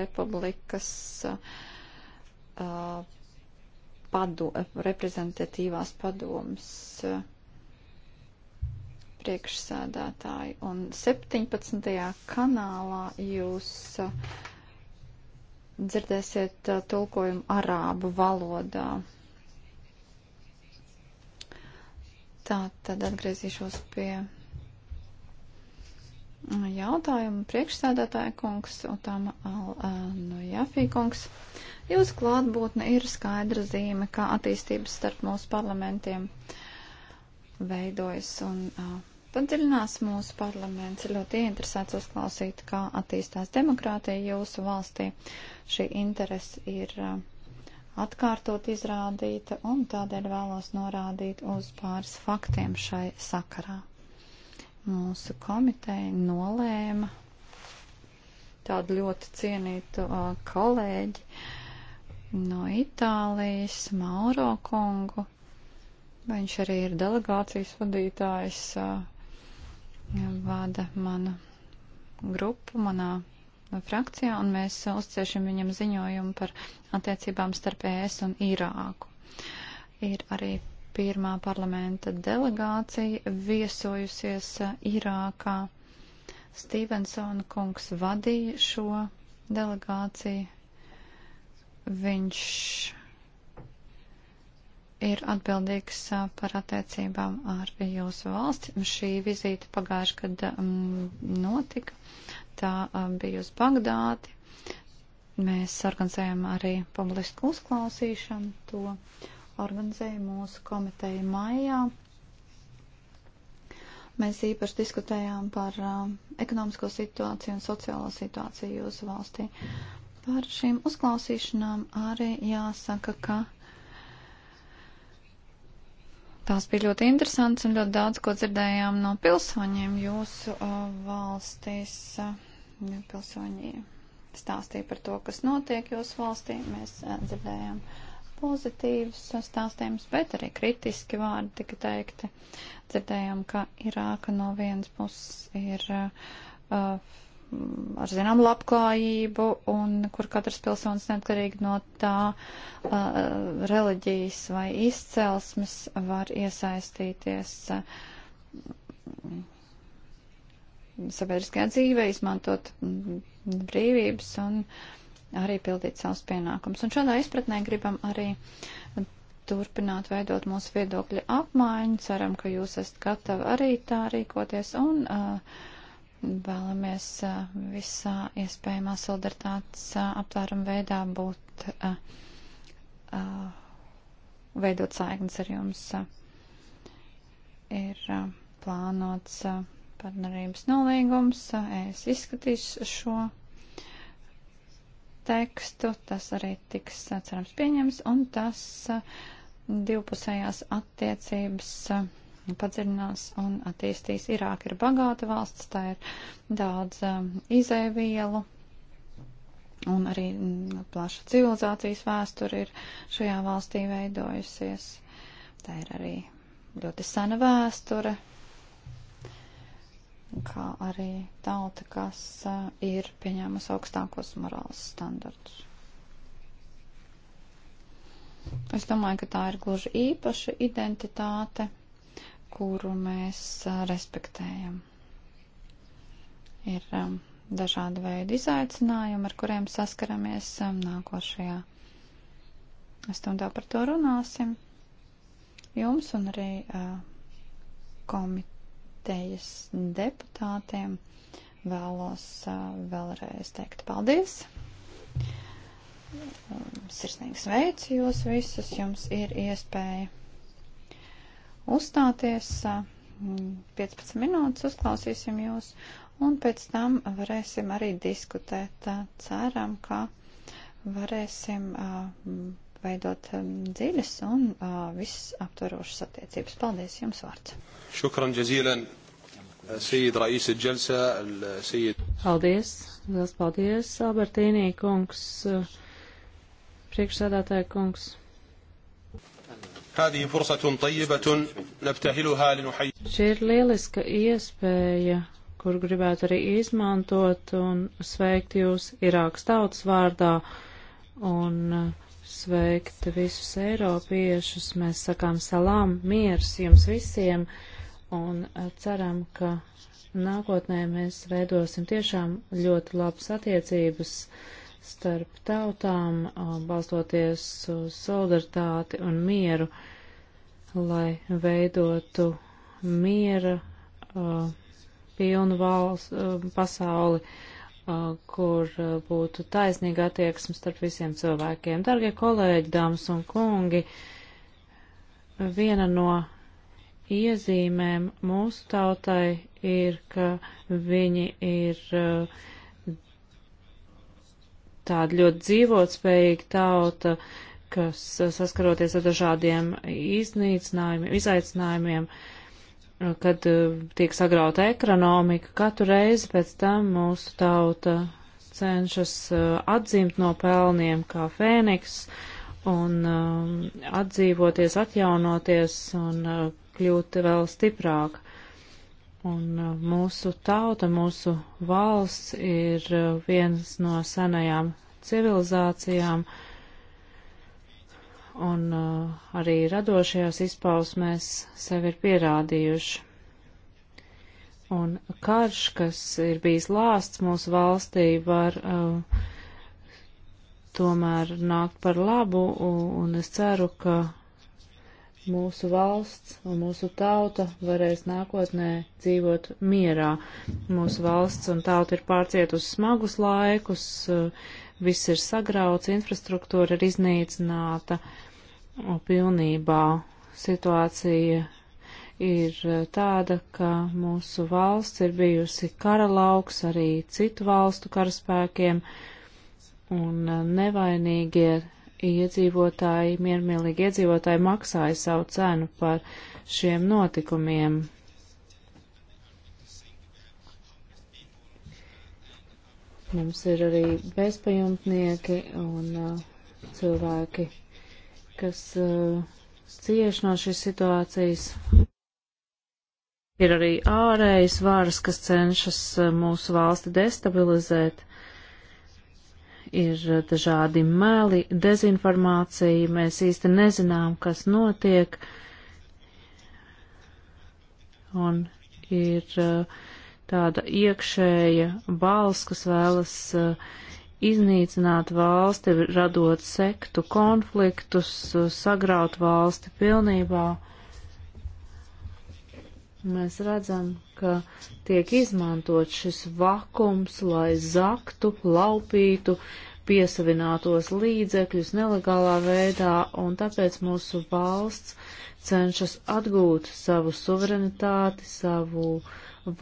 republikas uh, padu, reprezentatīvās padomas uh, priekšsēdētāji. Un 17. kanālā jūs. Uh, dzirdēsiet uh, tulkojumu arābu valodā. Tā tad atgriezīšos pie uh, jautājumu priekšsēdētāja kungs, Otama Al-Nujafī kungs. Jūsu klātbūtne ir skaidra zīme, kā attīstības starp mūsu parlamentiem veidojas un uh, Padziļinās mūsu parlaments ļoti interesēts uzklausīt, kā attīstās demokrātija jūsu valstī. Šī interese ir uh, atkārtot izrādīta un tādēļ vēlos norādīt uz pāris faktiem šai sakarā. Mūsu komiteja nolēma tādu ļoti cienītu uh, kolēģi no Itālijas, Mauro Kongu. Viņš arī ir delegācijas vadītājs. Uh, vada manu grupu manā frakcijā, un mēs uzciešam viņam ziņojumu par attiecībām starp ES un Irāku. Ir arī pirmā parlamenta delegācija viesojusies Irākā. Stevensona kungs vadīja šo delegāciju. Viņš ir atbildīgs par attiecībām ar jūsu valsti. Šī vizīte pagājuši, kad notika, tā bija uz Bagdāti. Mēs organizējam arī publisku uzklausīšanu, to organizēja mūsu komiteja maijā. Mēs īpaši diskutējām par ekonomisko situāciju un sociālo situāciju jūsu valstī. Par šīm uzklausīšanām arī jāsaka, ka Tās bija ļoti interesants un ļoti daudz, ko dzirdējām no pilsoņiem jūsu uh, valstīs. Uh, pilsoņi stāstīja par to, kas notiek jūsu valstī. Mēs uh, dzirdējām pozitīvus stāstījumus, bet arī kritiski vārdi tika teikti. Dzirdējām, ka Irāka no vienas puses ir. Uh, uh ar zinām labklājību un kur katrs pilsonis neatkarīgi no tā uh, reliģijas vai izcelsmes var iesaistīties uh, sabiedriskajā dzīvē, izmantot brīvības un arī pildīt savus pienākumus. Un šādā izpratnē gribam arī turpināt veidot mūsu viedokļu apmaiņu. Ceram, ka jūs esat gatavi arī tā rīkoties un uh, Vēlamies visā iespējamā solidaritātes aptvērumu veidā būt, veidot saiknes ar jums. Ir plānots partnerības nolīgums. Es izskatīšu šo tekstu, tas arī tiks, cerams, pieņems, un tas divpusējās attiecības padziļinās un attīstīs. Irāka ir bagāta valsts, tā ir daudz um, izēvielu un arī mm, plaša civilizācijas vēsture ir šajā valstī veidojusies. Tā ir arī ļoti sena vēsture, kā arī tauta, kas uh, ir pieņēmusi augstākos morāls standartus. Es domāju, ka tā ir gluži īpaša identitāte kuru mēs respektējam. Ir dažādi veidi izaicinājumi, ar kuriem saskaramies nākošajā stundā par to runāsim. Jums un arī komitejas deputātiem vēlos vēlreiz teikt paldies. Sirsnīgi sveicu jūs visus, jums ir iespēja uzstāties. 15 minūtes uzklausīsim jūs, un pēc tam varēsim arī diskutēt. Ceram, ka varēsim veidot dziļas un viss aptvarošas attiecības. Paldies jums vārds. Šukran džazīlen, Sīd Raīs Dželsa, Sīd. Paldies, liels paldies, Albertīnī kungs, priekšsēdētāja kungs. Hādī fursatun tayyibatun nabtahiluhā linuhayy. Šī ir lieliska iespēja, kur gribētu arī izmantot un sveikt jūs Irākas tautas vārdā un uh, sveikt visus eiropiešus. Mēs sakām salām, miers jums visiem un uh, ceram, ka nākotnē mēs veidosim tiešām ļoti labas attiecības starp tautām, balstoties uz solidaritāti un mieru, lai veidotu miera pilnu valsts pasauli, kur būtu taisnīga attieksme starp visiem cilvēkiem. Dargie kolēģi, dāmas un kungi, viena no iezīmēm mūsu tautai ir, ka viņi ir uh, tāda ļoti dzīvotspējīga tauta, kas eh, saskaroties ar dažādiem iznīcinājumiem, izaicinājumiem, eh, kad eh, tiek sagrauta ekonomika, katru reizi pēc tam mūsu tauta cenšas atdzimt no pelniem kā fēniks un atdzīvoties, atjaunoties un kļūt vēl stiprāk. Un uh, mūsu tauta, mūsu valsts ir uh, viens no senajām civilizācijām, un uh, arī radošajās izpausmēs sevi ir pierādījuši. Un karš, kas ir bijis lāsts mūsu valstī, var uh, tomēr nākt par labu, un es ceru, ka mūsu valsts un mūsu tauta varēs nākotnē dzīvot mierā. Mūsu valsts un tauta ir pārcietusi smagus laikus, viss ir sagrauts, infrastruktūra ir iznīcināta un pilnībā situācija ir tāda, ka mūsu valsts ir bijusi kara lauks arī citu valstu karaspēkiem un nevainīgie iedzīvotāji, miermīlīgi iedzīvotāji maksāja savu cenu par šiem notikumiem. Mums ir arī bezpajumtnieki un uh, cilvēki, kas uh, cieš no šīs situācijas. Ir arī ārējas varas, kas cenšas uh, mūsu valsti destabilizēt ir dažādi meli, dezinformācija, mēs īsti nezinām, kas notiek, un ir uh, tāda iekšēja balss, kas vēlas uh, iznīcināt valsti, radot sektu konfliktus, uh, sagraut valsti pilnībā. Mēs redzam, ka tiek izmantot šis vakums, lai zaktu, laupītu, piesavinātos līdzekļus nelegālā veidā, un tāpēc mūsu valsts cenšas atgūt savu suverenitāti, savu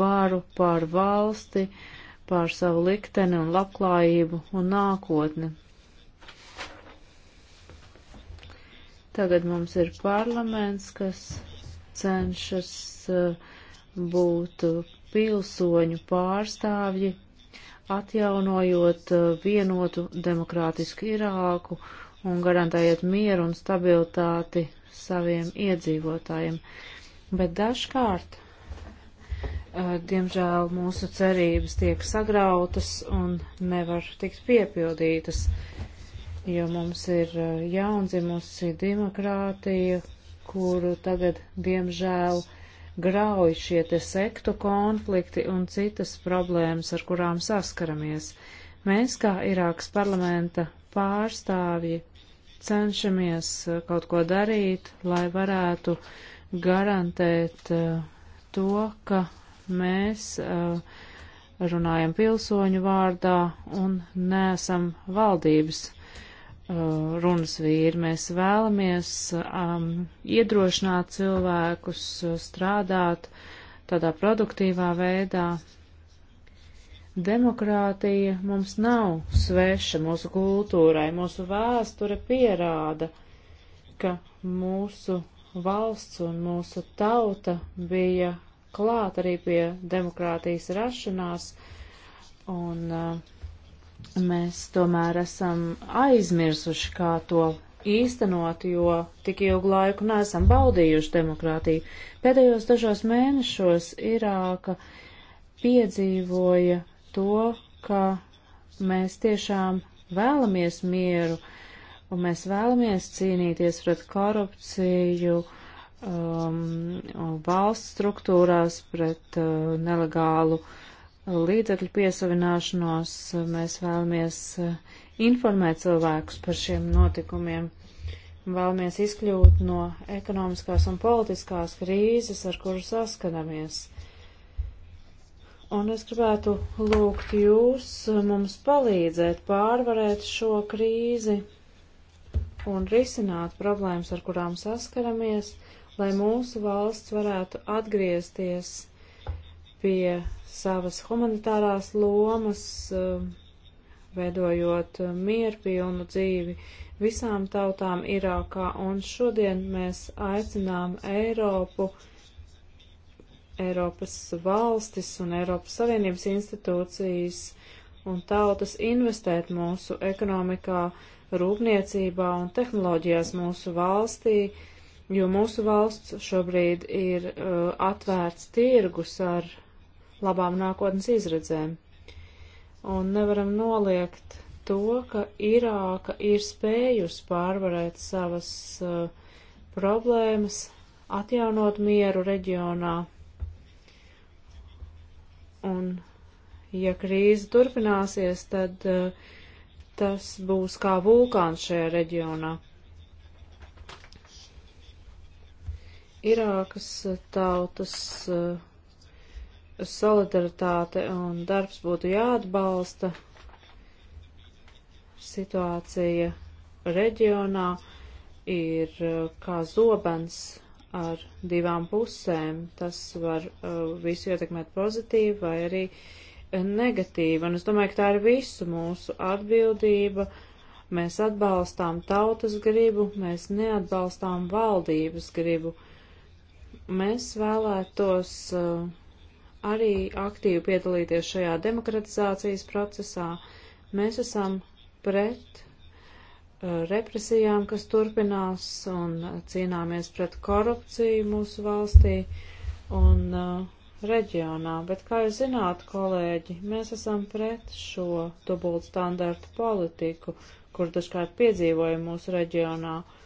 varu pār valsti, pār savu likteni un labklājību un nākotni. Tagad mums ir parlaments, kas cenšas eh, būt pilsoņu pārstāvji, atjaunojot eh, vienotu demokrātisku Irāku un garantējot mieru un stabilitāti saviem iedzīvotājiem. Bet dažkārt, eh, diemžēl, mūsu cerības tiek sagrautas un nevar tikt piepildītas, jo mums ir jaundzimusi demokrātija, kuru tagad, diemžēl, grauj šie te sektu konflikti un citas problēmas, ar kurām saskaramies. Mēs, kā Irākas parlamenta pārstāvji, cenšamies eh, kaut ko darīt, lai varētu garantēt uh, to, ka mēs uh, runājam pilsoņu vārdā un neesam valdības Uh, runas vīri. Mēs vēlamies um, iedrošināt cilvēkus uh, strādāt tādā produktīvā veidā. Demokrātija mums nav sveša mūsu kultūrai, mūsu vēsture pierāda, ka mūsu valsts un mūsu tauta bija klāt arī pie demokrātijas rašanās, un uh, mēs tomēr esam aizmirsuši, kā to īstenot, jo tik ilgu laiku neesam baudījuši demokrātiju. Pēdējos dažos mēnešos Irāka piedzīvoja to, ka mēs tiešām vēlamies mieru un mēs vēlamies cīnīties pret korupciju um, valsts struktūrās, pret uh, nelegālu uh, līdzekļu piesavināšanos. Mēs vēlamies eh, informēt cilvēkus par šiem notikumiem. Vēlamies izkļūt no ekonomiskās un politiskās krīzes, ar kuru saskaramies. Un es gribētu lūgt jūs eh, mums palīdzēt pārvarēt šo krīzi un risināt problēmas, ar kurām saskaramies, lai mūsu valsts varētu atgriezties pie savas humanitārās lomas, um, veidojot um, mierpilnu dzīvi visām tautām Irākā, un šodien mēs aicinām Eiropu, Eiropas valstis un Eiropas Savienības institūcijas un tautas investēt mūsu ekonomikā, rūpniecībā un tehnoloģijās mūsu valstī, jo mūsu valsts šobrīd ir uh, atvērts tirgus ar labām nākotnes izredzēm. Un nevaram noliegt to, ka Irāka ir spējusi pārvarēt savas uh, problēmas, atjaunot mieru reģionā. Un, ja krīze turpināsies, tad uh, tas būs kā vulkāns šajā reģionā. Irākas uh, tautas uh, solidaritāte un darbs būtu jāatbalsta situācija reģionā ir uh, kā zobens ar divām pusēm. Tas var uh, visu ietekmēt pozitīvi vai arī uh, negatīvi. Un es domāju, ka tā ir visu mūsu atbildība. Mēs atbalstām tautas gribu, mēs neatbalstām valdības gribu. Mēs vēlētos uh, arī aktīvi piedalīties šajā demokratizācijas procesā. Mēs esam pret uh, represijām, kas turpinās, un uh, cīnāmies pret korupciju mūsu valstī un uh, reģionā. Bet, kā jūs zināt, kolēģi, mēs esam pret šo dubultstandartu politiku, kur dažkārt piedzīvojam mūsu reģionā. Uh,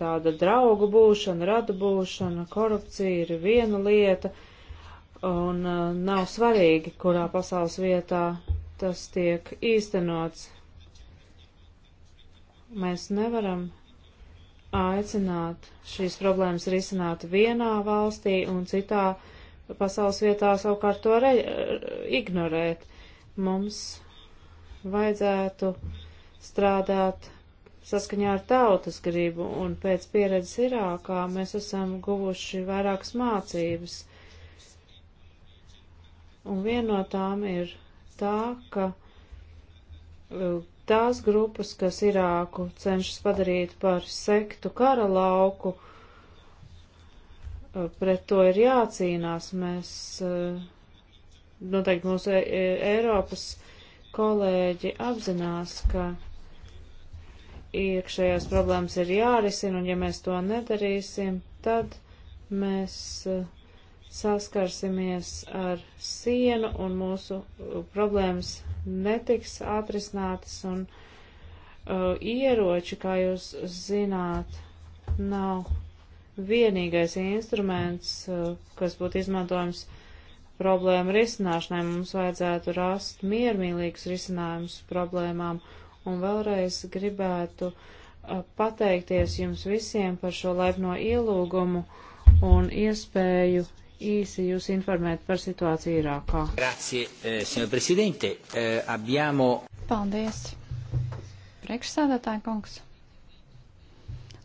tāda draugu būšana, radu būšana, korupcija ir viena lieta, un uh, nav svarīgi, kurā pasaules vietā tas tiek īstenots. Mēs nevaram aicināt šīs problēmas risināt vienā valstī un citā pasaules vietā savukārt to re, ignorēt. Mums vajadzētu strādāt saskaņā ar tautas gribu, un pēc pieredzes Irākā mēs esam guvuši vairākas mācības. Un viena no tām ir tā, ka e, tās grupas, kas Irāku cenšas padarīt par sektu kara lauku, e, pret to ir jācīnās. Mēs e, noteikti mūsu Eiropas kolēģi apzinās, ka iekšējās problēmas ir jārisina, un ja mēs to nedarīsim, tad mēs eh, saskarsimies ar sienu un mūsu eh, problēmas netiks atrisinātas un uh, ieroči, kā jūs zināt, nav vienīgais instruments, uh, kas būtu izmantojams problēmu risināšanai. Mums vajadzētu rast miermīlīgus risinājumus problēmām un vēlreiz gribētu uh, pateikties jums visiem par šo laipno ielūgumu un iespēju īsi jūs informēt par situāciju Irākā. Grazie, eh, signor Presidente. Eh, abbiamo... Paldies, priekšsēdētāji kungs.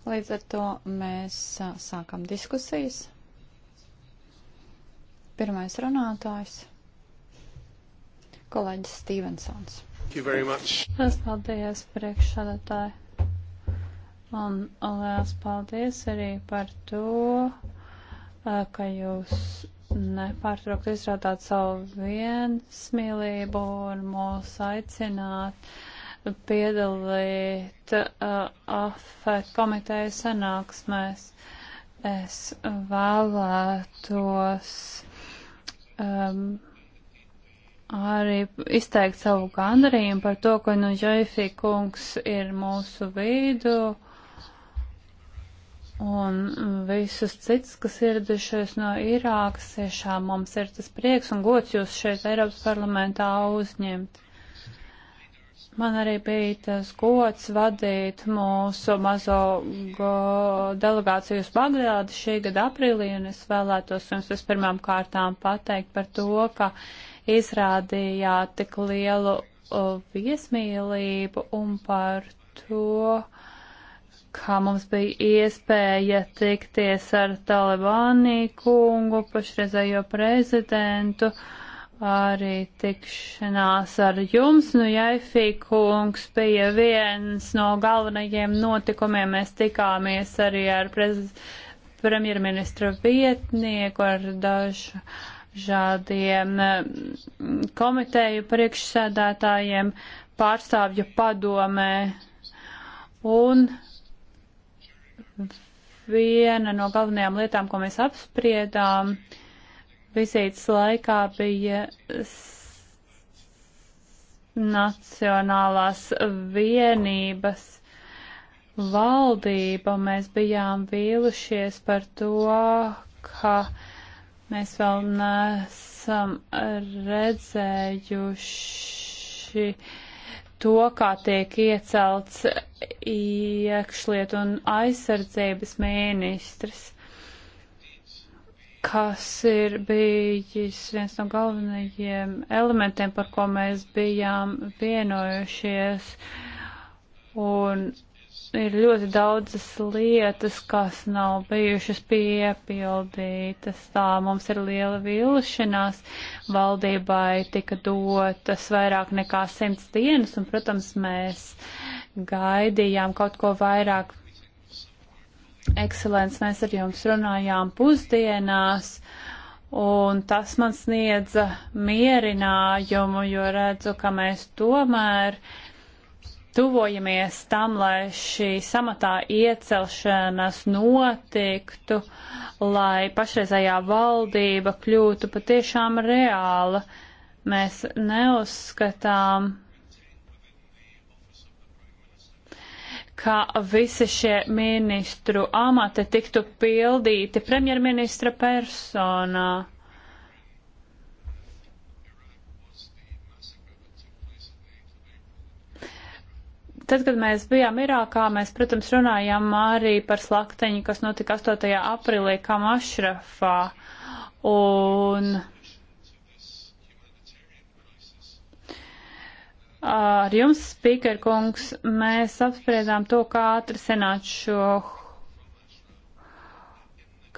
Līdz ar to mēs eh, sākam diskusijas. Pirmais runātājs - kolēģis Stevensons. Liels paldies, priekšsādātāji. Un liels paldies arī par to, eh, ka jūs nepārtraukt izrādāt savu viensmīlību un mūs aicināt piedalīt uh, AFET komiteju sanāksmēs. Es vēlētos um, arī izteikt savu gandarījumu par to, ka nu Joifī kungs ir mūsu vīdu un visus cits, kas ieradušies no Irākas, tiešām mums ir tas prieks un gods jūs šeit Eiropas parlamentā uzņemt. Man arī bija tas gods vadīt mūsu mazo delegāciju uz Bagdādi šī gada aprīlī, un es vēlētos jums vispirmām kārtām pateikt par to, ka uh, izrādījāt tik lielu viesmīlību un par to, kā mums bija iespēja tikties ar Talibānī kungu, pašreizējo prezidentu, arī tikšanās ar jums. Nu, Jaifī kungs bija viens no galvenajiem notikumiem. Mēs tikāmies arī ar prez... premjerministra vietnieku, ar dažu žādiem mm, komiteju priekšsēdētājiem, pārstāvju padomē. Un viena no galvenajām lietām, ko mēs apspriedām vizītes laikā, bija Nacionālās vienības valdība. Mēs bijām vīlušies par to, ka uh, Mēs vēl nesam redzējuši to, kā tiek iecelts iekšliet un aizsardzības ministrs, kas ir bijis viens no galvenajiem elementiem, par ko mēs bijām vienojušies. Un ir ļoti daudzas lietas, kas nav bijušas piepildītas. Tā mums ir liela vilšanās. Valdībai tika dotas vairāk nekā simts dienas, un, protams, mēs gaidījām kaut ko vairāk. Ekscelents, mēs ar jums runājām pusdienās. Un tas man sniedza mierinājumu, jo redzu, ka mēs tomēr uh, tuvojamies tam, lai šī samatā iecelšanas notiktu, lai pašreizējā valdība kļūtu patiešām reāla. Mēs neuzskatām, ka visi šie ministru amati tiktu pildīti premjerministra personā. Tad, kad mēs bijām Irākā, mēs, protams, runājām arī par slakteņu, kas notika 8. aprilī Kamašrafā. Un ar jums, speaker kungs, mēs apspriedām to, kā atrisināt šo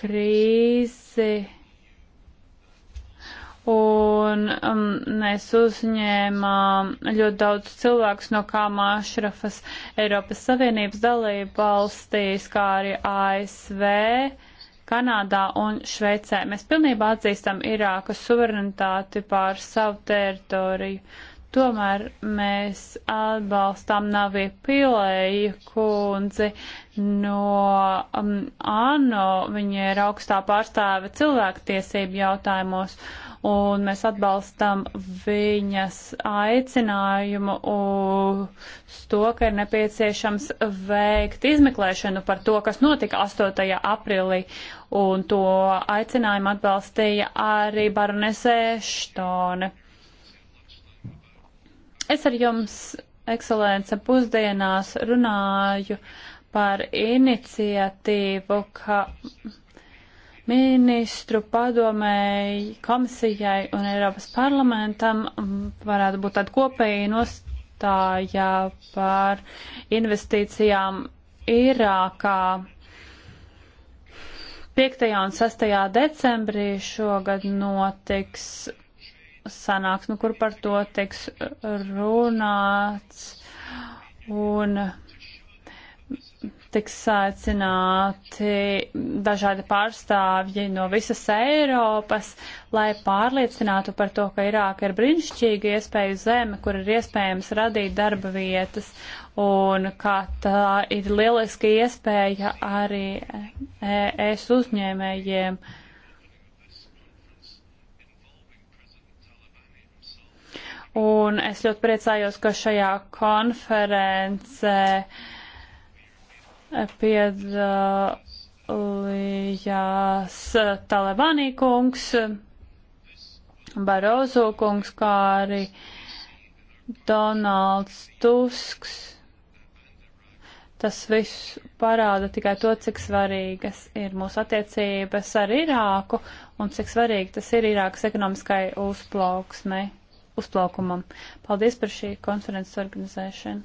krīzi Un um, mēs uzņēmām ļoti daudz cilvēkus no Kāmā Šrafas Eiropas Savienības dalību valstīs, kā arī ASV. Kanādā un Šveicē. Mēs pilnībā atzīstam Irākas suverenitāti pār savu teritoriju. Tomēr mēs atbalstām Navie Pilēju kundzi no um, ANO, viņa ir augstā pārstāve cilvēktiesību jautājumos, un mēs atbalstam viņas aicinājumu uz to, ka ir nepieciešams veikt izmeklēšanu par to, kas notika 8. aprilī, un to aicinājumu atbalstīja arī baronese Štone. Es ar jums, ekscelence, pusdienās runāju par iniciatīvu, ka ministru padomēji, komisijai un Eiropas parlamentam varētu būt tāda kopēja nostāja par investīcijām Irākā. 5. un 6. decembrī šogad notiks sanāksme, nu, kur par to tiks runāts. Un tiks aicināti dažādi pārstāvji no visas Eiropas, lai pārliecinātu par to, ka Irāka ir brīnišķīga iespēju zeme, kur ir iespējams radīt darba vietas, un ka tā ir lieliska iespēja arī es uzņēmējiem. Un es ļoti priecājos, ka šajā konferencē uh, piedalījās Talebanī kungs, Barozo kungs, kā arī Donalds Tusks. Tas viss parāda tikai to, cik svarīgas ir mūsu attiecības ar Irāku un cik svarīgi tas ir Irākas ekonomiskai uzplauksmei, uzplaukumam. Paldies par šī konferences organizēšanu.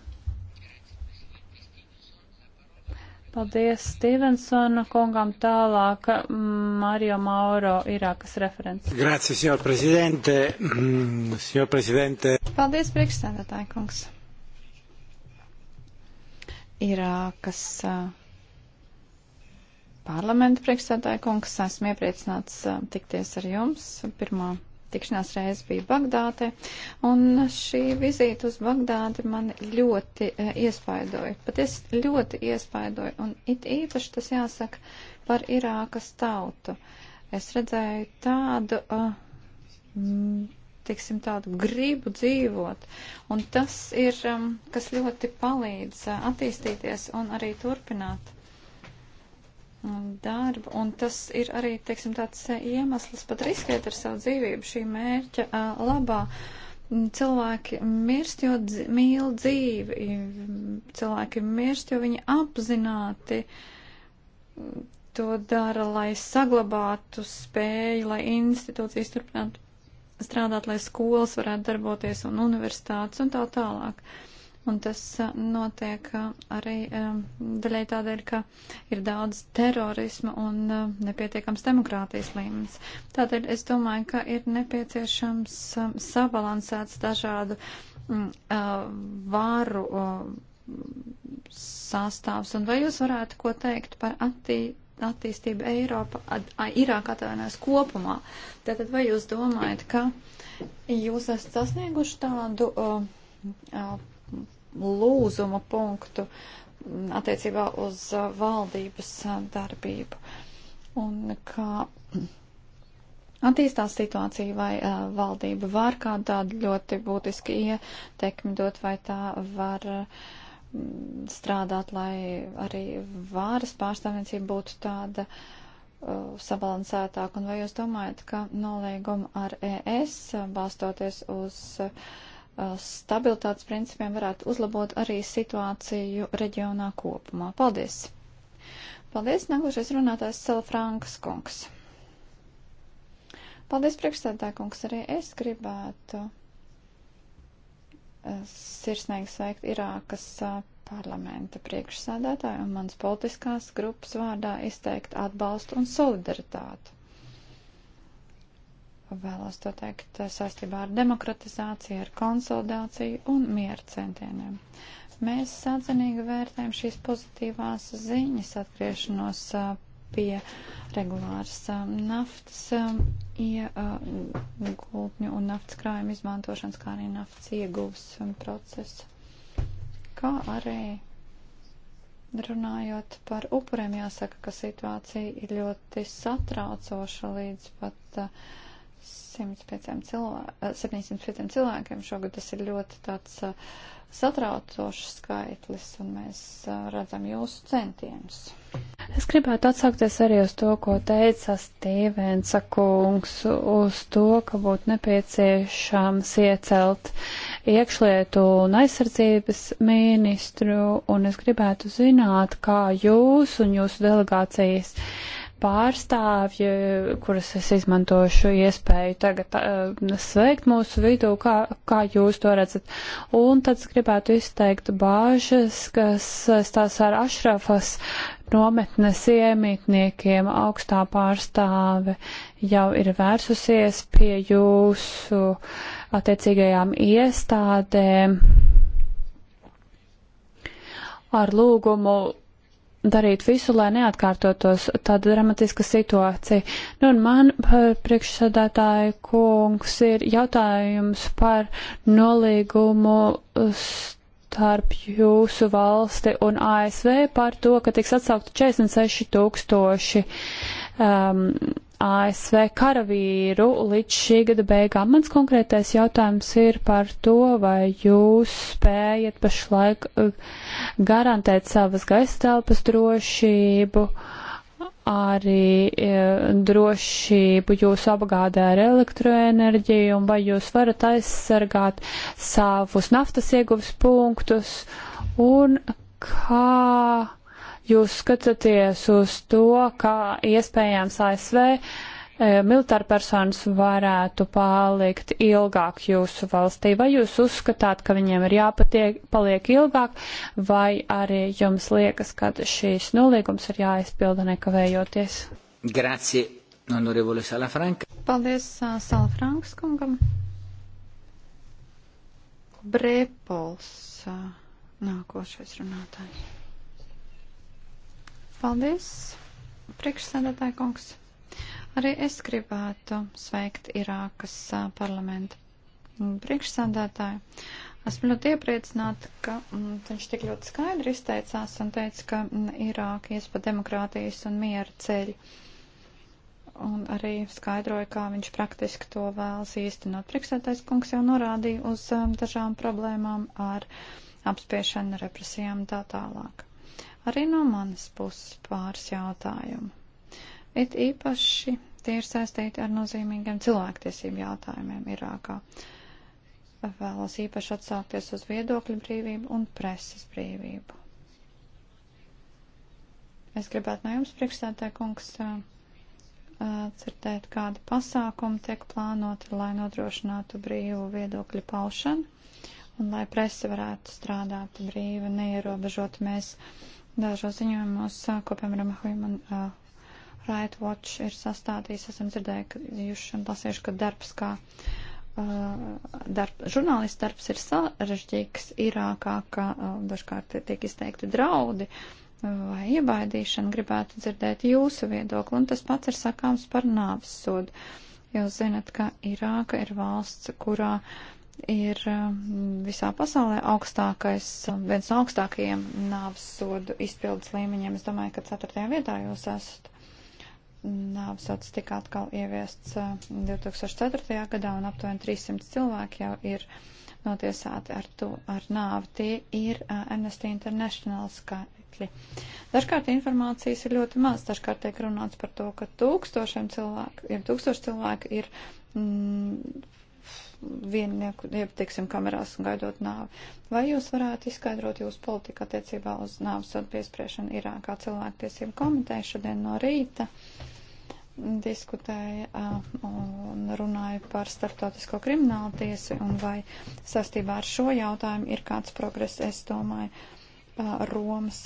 Paldies Stevensona kungam tālāk. Mario Mauro Irākas referents. Grazie, signor Presidente. Mm, signor Presidente. Paldies, priekšstādātāji kungs. Irākas parlamenta priekšstādātāji kungs, esmu iepriecināts tikties ar jums. Pirmā tikšanās reize bija Bagdāte, un šī vizīte uz Bagdāti man ļoti uh, iespaidoja. Paties ļoti iespaidoja, un it īpaši tas jāsaka par Irākas tautu. Es redzēju tādu, uh, tiksim, tādu gribu dzīvot, un tas ir, um, kas ļoti palīdz uh, attīstīties un arī turpināt darbu, un tas ir arī, teiksim, tāds eh, iemesls pat riskēt ar savu dzīvību šī mērķa eh, labā. Cilvēki mirst, jo dz mīl dzīvi, cilvēki mirst, jo viņi apzināti mm, to dara, lai saglabātu spēju, lai institūcijas turpinātu strādāt, lai skolas varētu darboties un universitātes un tā tālāk. Uh, Un tas notiek arī daļai tādēļ, ka ir daudz terorisma un nepietiekams demokrātijas līmenis. Tādēļ es domāju, ka ir nepieciešams sabalansēts dažādu varu sastāvs. Un vai jūs varētu ko teikt par attīstību? attīstība Eiropa, Irāk atvainojas kopumā. Tātad vai jūs domājat, ka jūs esat sasnieguši tādu uh, uh, lūzuma punktu attiecībā uz uh, valdības uh, darbību. Un kā attīstās situācija, vai uh, valdība var kādu tādu ļoti būtiski ietekmi dot, vai tā var mm, strādāt, lai arī vāras pārstāvniecība būtu tāda uh, sabalansētāka. Un vai jūs domājat, ka nolīguma ar ES, balstoties uz uh, Uh, stabilitātes principiem varētu uzlabot arī situāciju reģionā kopumā. Paldies! Paldies, nākošais runātājs Sela Frankas kungs. Paldies, priekšstādātā kungs, arī es gribētu uh, sirsnīgi sveikt Irākas uh, parlamenta priekšsādātāju un mans politiskās grupas vārdā izteikt atbalstu un solidaritāti. Vēlos to teikt eh, saistībā ar demokratizāciju, ar konsolidāciju un mieru centieniem. Mēs sadzinīgi vērtējam šīs pozitīvās ziņas atgriešanos eh, pie regulāras eh, naftas iegultņu un naftas krājuma izmantošanas, kā arī naftas ieguvs procesa. Kā arī runājot par upuriem, jāsaka, ka situācija ir ļoti satraucoša līdz pat uh, 105 cilvē, 705 cilvēkiem šogad tas ir ļoti tāds uh, satraucošs skaitlis, un mēs uh, redzam jūsu centienus. Es gribētu atsaukties arī uz to, ko teica Stīvensa kungs, uz to, ka būtu nepieciešams iecelt iekšlietu un aizsardzības ministru, un es gribētu zināt, kā jūs un jūsu delegācijas uh, pārstāvji, kuras es izmantošu iespēju tagad uh, sveikt mūsu vidū, kā, kā jūs to redzat. Un tad es gribētu izteikt bāžas, kas stās ar Ašrafas nometnes iemītniekiem augstā pārstāve jau ir vērsusies pie jūsu attiecīgajām iestādēm ar lūgumu darīt visu, lai neatkārtotos tāda dramatiska situācija. Nu, un man priekšsādātāja kungs ir jautājums par nolīgumu starp jūsu valsti un ASV par to, ka tiks atsaukti 46 tūkstoši um, ASV karavīru līdz šī gada beigām. Mans konkrētais jautājums ir par to, vai jūs spējat pašlaik eh, garantēt savas gaisa telpas drošību, arī eh, drošību jūsu apgādē ar elektroenerģiju, un vai jūs varat aizsargāt savus naftas ieguves punktus, un kā jūs skatāties uz to, kā iespējams ASV e, militāra personas varētu palikt ilgāk jūsu valstī? Vai jūs uzskatāt, ka viņiem ir jāpatiek paliek ilgāk, vai arī jums liekas, ka šīs nolīgums ir jāizpilda nekavējoties? Grazie, honorevole Salafranka. Paldies, Salafranks kungam. Brepols nākošais runātājs. Paldies, priekšsēdētāji kungs. Arī es gribētu sveikt Irākas parlamentu priekšsēdētāju. Esmu ļoti iepriecināta, ka mm, viņš tik ļoti skaidri izteicās un teica, ka mm, Irāka ies pa demokrātijas un miera ceļu. Un arī skaidroja, kā viņš praktiski to vēlas īstenot. Priekšsētais kungs jau norādīja uz dažām problēmām ar apspiešanu, represijām un tā tālāk. Arī no manas puses pāris jautājumu. It īpaši tie ir saistīti ar nozīmīgiem cilvēktiesību jautājumiem Irākā. Vēlos īpaši atsaukties uz viedokļu brīvību un preses brīvību. Es gribētu no jums, priekšstādē kungs, dzirdēt, kādi pasākumi tiek plānoti, lai nodrošinātu brīvu viedokļu paušanu un lai presa varētu strādāt brīvi, neierobežot mēs. Uh, dažos ziņojumos, ko, piemēram, Human uh, Right Watch ir sastādījis, esam dzirdējuši un lasījuši, ka darbs kā uh, darb, žurnālists darbs ir sarežģīgs Irākā, ka uh, dažkārt tiek izteikti draudi vai iebaidīšana, gribētu dzirdēt jūsu viedokli, un tas pats ir sakāms par nāves sodu. Jūs zinat, ka Irāka ir valsts, kurā uh, ir um, visā pasaulē augstākais, um, viens no augstākajiem nāves sodu izpildes līmeņiem. Es domāju, ka ceturtajā vietā jūs esat. Nāves sods tika atkal ieviests 2004. Uh, gadā un aptuveni 300 cilvēki jau ir notiesāti ar, to, ar nāvi. Tie ir uh, Amnesty International skaitļi. Dažkārt informācijas ir ļoti maz, dažkārt tiek runāts par to, ka tūkstošiem cilvēku, ja tūkstoši cilvēku ir mm, viennieku, jeb, teiksim, kamerās un gaidot nāvi. Vai jūs varētu izskaidrot jūsu politiku attiecībā uz nāvis sodu piespriešanu Irākā cilvēktiesību komiteja šodien no rīta? diskutēja un runāja par starptautisko kriminālu tiesi un vai sastībā ar šo jautājumu ir kāds progress, es domāju, Romas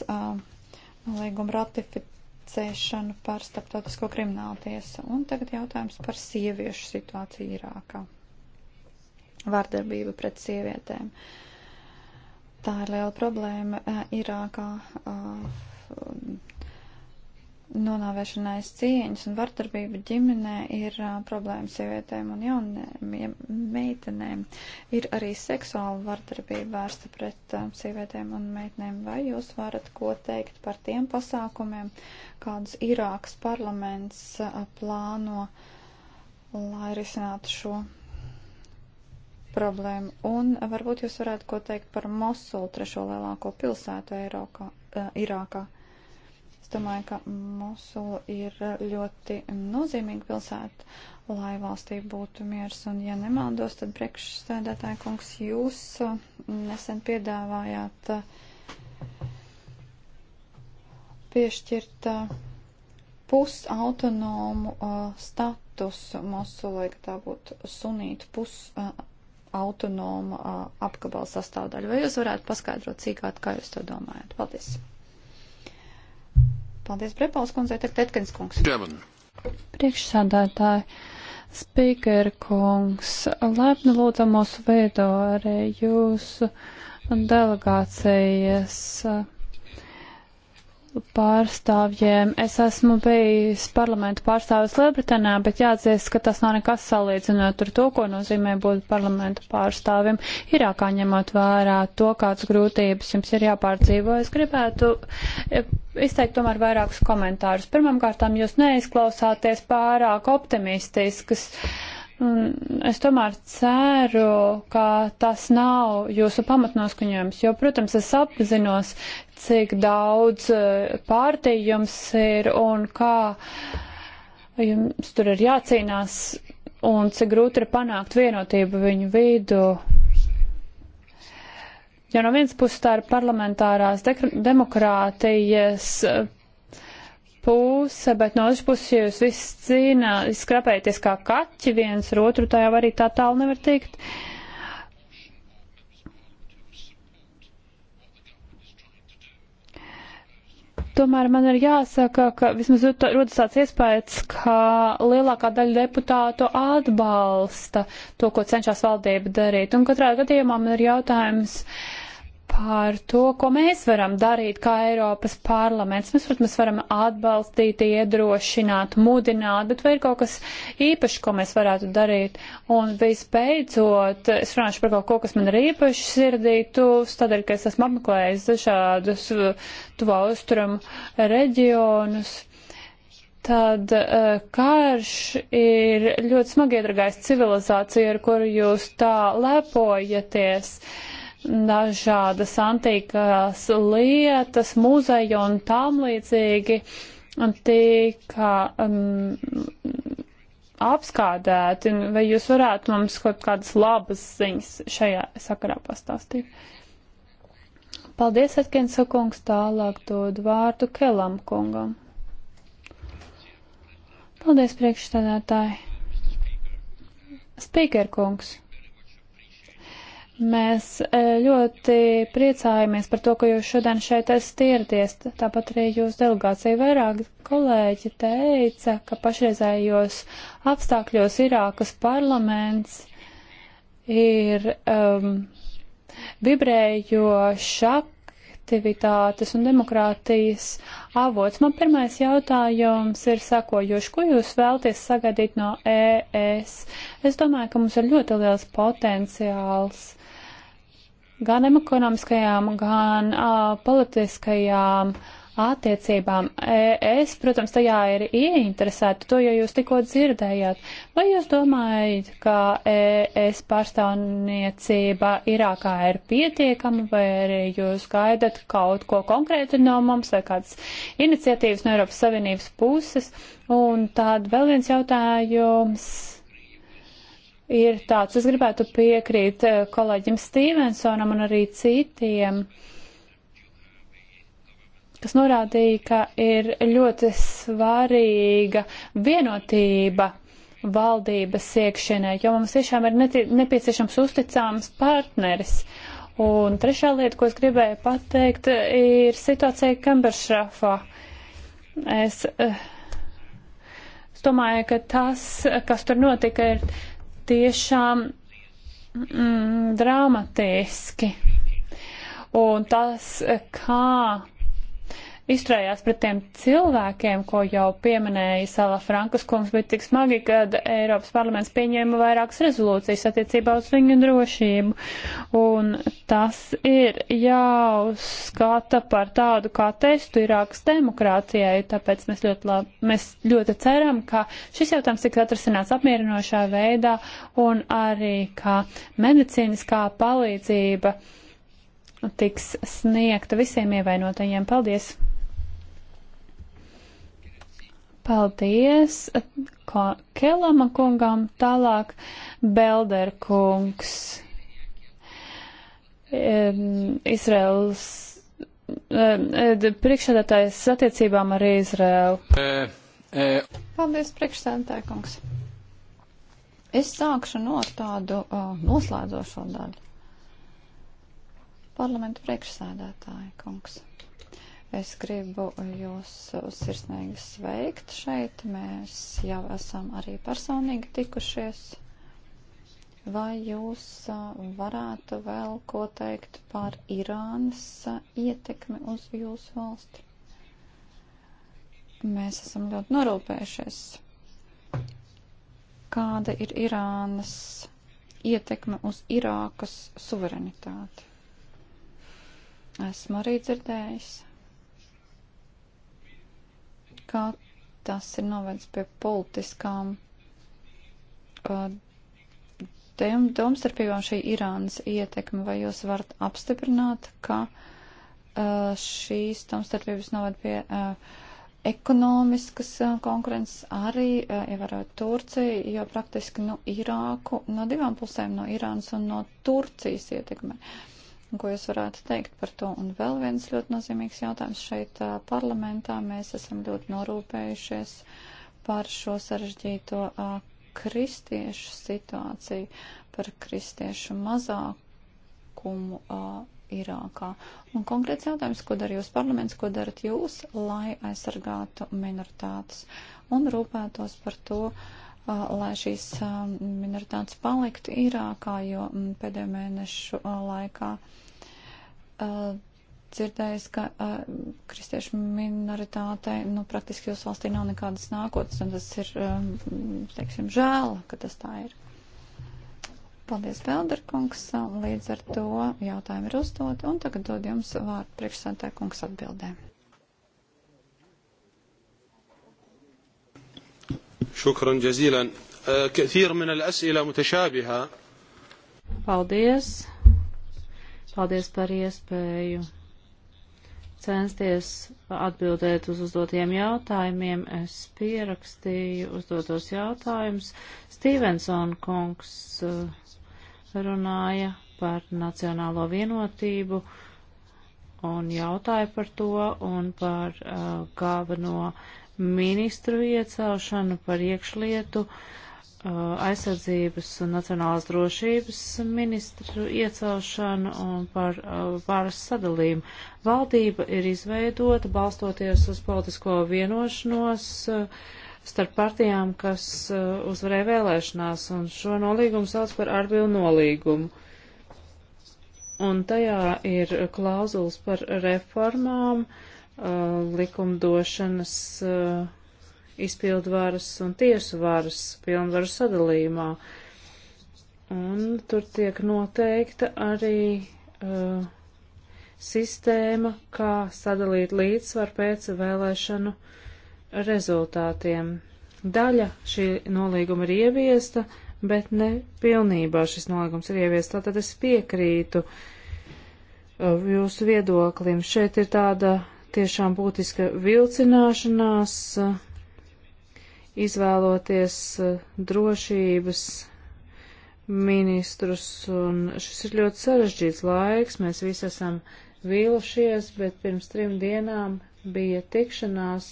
līguma ratificēšanu par starptautisko kriminālu tiesu. Un tagad jautājums par sieviešu situāciju Irākā vārdarbība pret sievietēm. Tā ir liela problēma eh, Irākā eh, nonāvēšanais cieņas un vardarbība ģimenē ir uh, problēma sievietēm un jauniem ja meitenēm. Ir arī seksuāla vardarbība vērsta pret uh, sievietēm un meitenēm. Vai jūs varat ko teikt par tiem pasākumiem, kādus Irākas parlaments uh, plāno, lai risinātu šo problēma. Un varbūt jūs varētu ko teikt par Mosulu, trešo lielāko pilsētu Eiropā, uh, eh, Irākā. Es domāju, ka Mosula ir ļoti nozīmīga pilsēta, lai valstī būtu miers. Un, ja nemaldos, tad priekšsēdētāja kungs, jūs uh, nesen piedāvājāt uh, piešķirt uh, pusautonomu uh, statusu Mosulai, ka tā būtu sunītu pus. Uh, autonoma uh, apgabala sastāvdaļa. Vai jūs varētu paskaidrot sīkāk, kā jūs to domājat? Paldies. Paldies, Brepals kundzei, tagad Tetkins kungs. Džeman. Priekšsādātāji, spīker kungs, laipni lūdzam mūsu veido arī jūsu delegācijas. Uh, pārstāvjiem. Es esmu bijis parlamentu pārstāvis Lielbritānijā, bet jāatzīst, ka tas nav nekas salīdzinot ar to, ko nozīmē būt parlamentu pārstāvim. Irākā ņemot vērā to, kādas grūtības jums ir jāpārdzīvo, es gribētu e, izteikt tomēr vairākus komentārus. Pirmkārtām, jūs neizklausāties pārāk optimistisks. Uh, Un es tomēr ceru, ka tas nav jūsu pamatnoskaņojums, jo, protams, es apzinos, cik daudz e, pārtīju jums ir un kā jums tur ir jācīnās un cik grūti ir panākt vienotību viņu vidu. Jo no vienas puses tā ir parlamentārās demokrātijas e, puse, bet no otras puses, ja jūs viss cīnā, skrapēties kā kaķi viens ar otru, tā jau arī tā tālu nevar tikt. Tomēr man ir jāsaka, ka vismaz rodas tāds iespējas, ka lielākā daļa deputātu atbalsta to, ko cenšas valdība darīt. Un katrā gadījumā man ir jautājums. Uh, par to, ko mēs varam darīt kā Eiropas parlaments. Mēs, protams, varam atbalstīt, iedrošināt, mudināt, bet vai ir kaut kas īpašs, ko mēs varētu darīt? Un visbeidzot, es runāšu par kaut ko, kas man ir īpaši sirdī, tuvs, tādēļ, ka es esmu apmeklējis dažādus tuvā austrumu reģionus. Tad uh, karš ir ļoti smagi iedragājis civilizāciju, ar kuru jūs tā lepojaties. Uh, dažādas antīkās lietas, muzeju un tam līdzīgi tika um, apskādēti. Vai jūs varētu mums kaut kādas labas ziņas šajā sakarā pastāstīt? Paldies, Atkinsa kungs, tālāk dod vārdu Kelam kungam. Paldies, priekšstādātāji. Spīker kungs. Mēs e, ļoti priecājamies par to, ka jūs šodien šeit esat ieradies. Tāpat arī jūsu delegācija vairāk kolēģi teica, ka pašreizējos apstākļos Irākas parlaments ir um, vibrējoša aktivitātes un demokrātijas avots. Man pirmais jautājums ir sakojoši, ko jūs vēlties sagaidīt no ES? Es domāju, ka mums ir ļoti liels potenciāls gan ekonomiskajām, gan uh, politiskajām attiecībām. E, es, protams, tajā ir ieinteresēta, to jau jūs tikko dzirdējāt. Vai jūs domājat, ka es pārstāvniecība Irākā ir pietiekama, vai arī jūs gaidat kaut ko konkrētu no mums, vai kādas iniciatīvas no Eiropas Savienības puses? Un tād vēl viens jautājums ir tāds. Es gribētu piekrīt eh, kolēģim Stevensonam un arī citiem, kas norādīja, ka ir ļoti svarīga vienotība valdības iekšienē, jo mums tiešām ir nepieciešams uzticāms partneris. Un trešā lieta, ko es gribēju pateikt, ir situācija Kemberšrafā. Es, eh, es domāju, ka tas, kas tur notika, ir tiešām mm, dramatiski. Un tas, kā izturējās pret tiem cilvēkiem, ko jau pieminēja Sala Frankas kungs, bija tik smagi, kad Eiropas parlaments pieņēma vairākas rezolūcijas attiecībā uz viņu drošību. Un tas ir jāuzskata par tādu kā testu Irākas demokrātijai, tāpēc mēs ļoti, labi, mēs ļoti ceram, ka šis jautājums tiks atrasināts apmierinošā veidā un arī, ka medicīniskā palīdzība tiks sniegta visiem ievainotajiem. Paldies! Paldies Ko Kelama kungam, tālāk Belder kungs. Izraels priekšsēdētājs attiecībām ar Izraelu. E, e. Paldies, priekšsēdētāj kungs. Es sākšu no tādu uh, noslēdzošo daļu. Parlamentu priekšsēdētāja kungs. Es gribu jūs sirsnīgi sveikt šeit. Mēs jau esam arī personīgi tikušies. Vai jūs varētu vēl ko teikt par Irānas ietekmi uz jūsu valsti? Mēs esam ļoti norūpējušies. Kāda ir Irānas ietekme uz Irākas suverenitāti? Esmu arī dzirdējis kā tas ir novedis pie politiskām uh, domstarpībām šī Irānas ietekme, vai jūs varat apstiprināt, ka uh, šīs domstarpības noved pie uh, ekonomiskas uh, konkurences arī, uh, ievērot Turciju, jo praktiski no Irāku, no divām pusēm, no Irānas un no Turcijas ietekme. Uh, Un ko jūs varētu teikt par to? Un vēl viens ļoti nozīmīgs jautājums šeit parlamentā. Mēs esam ļoti norūpējušies par šo sarežģīto kristiešu situāciju, par kristiešu mazākumu Irākā. Un konkrēts jautājums, ko dara jūs parlaments, ko darat jūs, lai aizsargātu minoritātes un rūpētos par to, lai šīs minoritātes paliktu Irākā, jo pēdējo mēnešu laikā uh, uh, dzirdējis, ka uh, kristiešu minoritātei nu, praktiski jūsu valstī nav nekādas nākotnes, un tas ir, um, teiksim, žēl, ka tas tā ir. Paldies, Velderkungs. Līdz ar to jautājumi ir uzdot, un tagad dod jums vārdu priekšsēdētāja kungs atbildē. شكرا جزيلا كثير من الأسئلة متشابهة Paldies. Paldies par iespēju censties atbildēt uz uzdotajiem jautājumiem. Es pierakstīju uzdotos jautājumus. Stevenson kungs eh, runāja par nacionālo vienotību un jautāja par to un par uh, galveno ministru iecelšanu, par iekšlietu uh, Uh, aizsardzības un nacionālās drošības ministru iecelšanu un par varas uh, sadalījumu. Valdība ir izveidota balstoties uz politisko vienošanos uh, starp partijām, kas uzvarēja vēlēšanās, un šo nolīgumu sauc par Arbilu nolīgumu. Un tajā ir klauzulas par reformām, likumdošanas izpildu varas un tiesu varas pilnvaru sadalījumā. Un tur tiek noteikta arī uh, sistēma, kā sadalīt līdzsvaru pēc vēlēšanu rezultātiem. Daļa šī nolīguma ir ieviesta, bet ne pilnībā šis nolīgums ir ieviests. Tātad es piekrītu uh, jūsu viedoklim. Šeit ir tāda tiešām būtiska vilcināšanās. Uh, izvēloties eh, drošības ministrus, un šis ir ļoti sarežģīts laiks, mēs visi esam vīlušies, bet pirms trim dienām bija tikšanās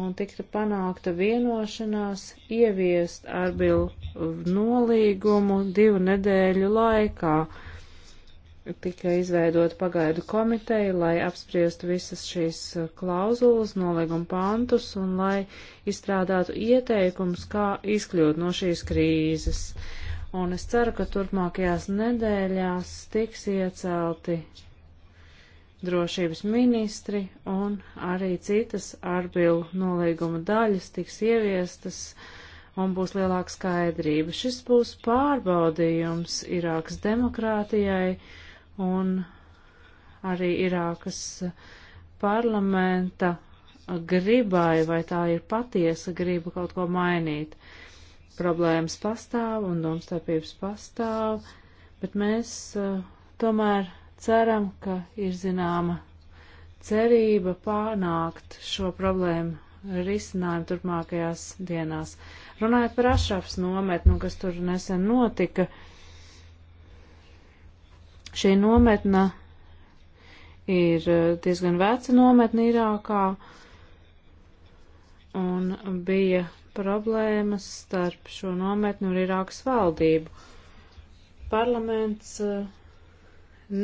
un tika panākta vienošanās ieviest arbilu nolīgumu divu nedēļu laikā tika izveidota pagaidu komiteja, lai apspriestu visas šīs uh, klauzulas, nolīguma pantus un lai izstrādātu ieteikums, kā izkļūt no šīs krīzes. Un es ceru, ka turpmākajās nedēļās tiks iecelti drošības ministri un arī citas ārbildu nolīguma daļas tiks ieviestas un būs lielāka skaidrība. Šis būs pārbaudījums Irākas demokrātijai un arī Irākas parlamenta gribai, vai tā ir patiesa griba kaut ko mainīt. Problēmas pastāv un domstarpības pastāv, bet mēs uh, tomēr ceram, ka ir zināma cerība pārnākt šo problēmu risinājumu turpmākajās dienās. Runājot par Ašrafs nometnu, kas tur nesen notika, uh, Šī nometne ir eh, diezgan veca nometne Irākā un bija problēmas starp šo nometni un Irākas valdību. Parlaments eh,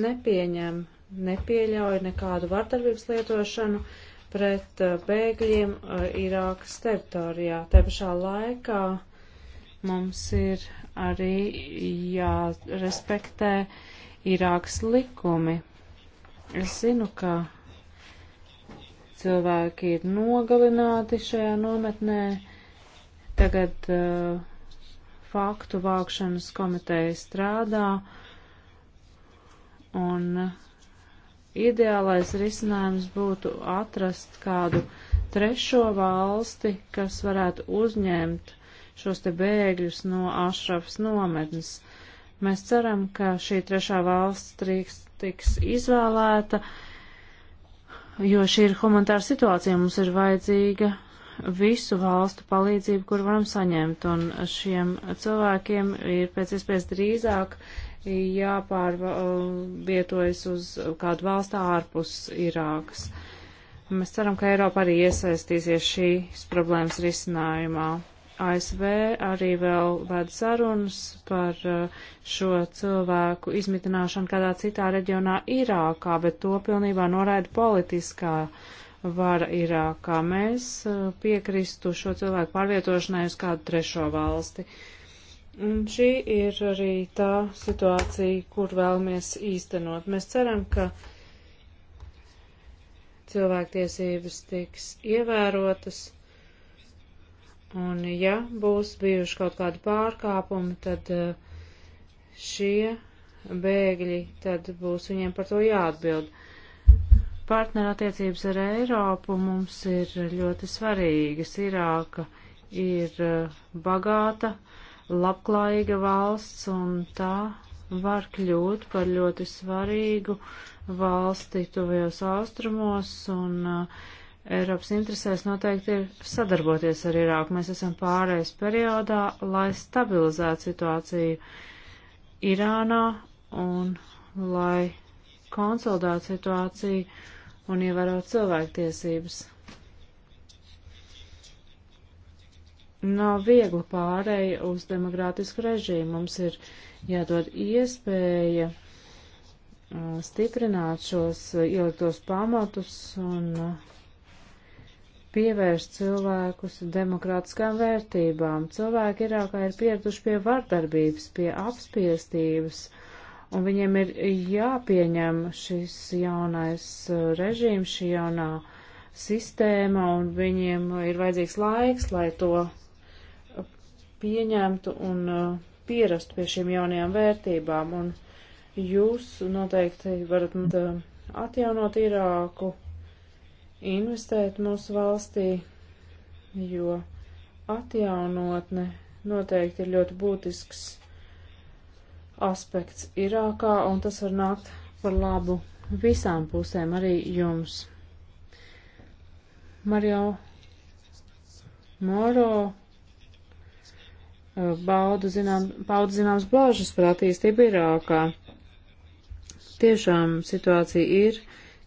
nepieņem, nepieļauj nekādu vardarbības lietošanu pret eh, bēgļiem Irākas teritorijā. Te pašā laikā mums ir arī jārespektē uh, Irākas likumi. Es zinu, ka cilvēki ir nogalināti šajā nometnē. Tagad uh, faktu vākšanas komiteja strādā, un uh, ideālais risinājums būtu atrast kādu trešo valsti, kas varētu uzņemt šos te bēgļus no Ašrafs nometnes. Mēs ceram, ka šī trešā valsts trīks, tiks izvēlēta, jo šī ir humanitāra situācija. Mums ir vajadzīga visu valstu palīdzību, kur varam saņemt, un šiem cilvēkiem ir pēc iespējas drīzāk jāpārvietojas um, uz kādu valstu ārpus Irākas. Mēs ceram, ka Eiropa arī iesaistīsies šīs problēmas risinājumā. ASV arī vēl ved sarunas par uh, šo cilvēku izmitināšanu kādā citā reģionā Irākā, bet to pilnībā noraida politiskā vara Irākā. Mēs uh, piekristu šo cilvēku pārvietošanai uz kādu trešo valsti. Un šī ir arī tā situācija, kur vēlamies īstenot. Mēs ceram, ka cilvēktiesības tiks ievērotas Un ja būs bijuši kaut kādi pārkāpumi, tad eh, šie bēgļi, tad būs viņiem par to jāatbild. Partnerattiecības ar Eiropu mums ir ļoti svarīgas. Irāka ir eh, bagāta, labklājīga valsts un tā var kļūt par ļoti svarīgu valsti tuvajos austrumos un uh, Eiropas interesēs noteikti ir sadarboties ar Irāku. Mēs esam pārējais periodā, lai stabilizētu situāciju Irānā un lai konsolidētu situāciju un ievērotu cilvēktiesības. Nav viegli pārēja uz demokrātisku režīmu. Mums ir jādod iespēja uh, stiprināt šos uh, ieliktos pamatus un uh, pievērst cilvēkus demokrātiskām vērtībām. Cilvēki Irākā ir pieraduši pie vardarbības, pie apspiestības, un viņiem ir jāpieņem šis jaunais uh, režīms, šī jaunā sistēma, un viņiem ir vajadzīgs laiks, lai to pieņemtu un uh, pierastu pie šīm jaunajām vērtībām. Un jūs noteikti varat uh, atjaunot Irāku investēt mūsu valstī, jo atjaunotne noteikti ir ļoti būtisks aspekts Irākā, un tas var nākt par labu visām pusēm, arī jums. Mario Moro eh, baudu zinām, paudu zināms bāžas par attīstību Irākā. Tiešām situācija ir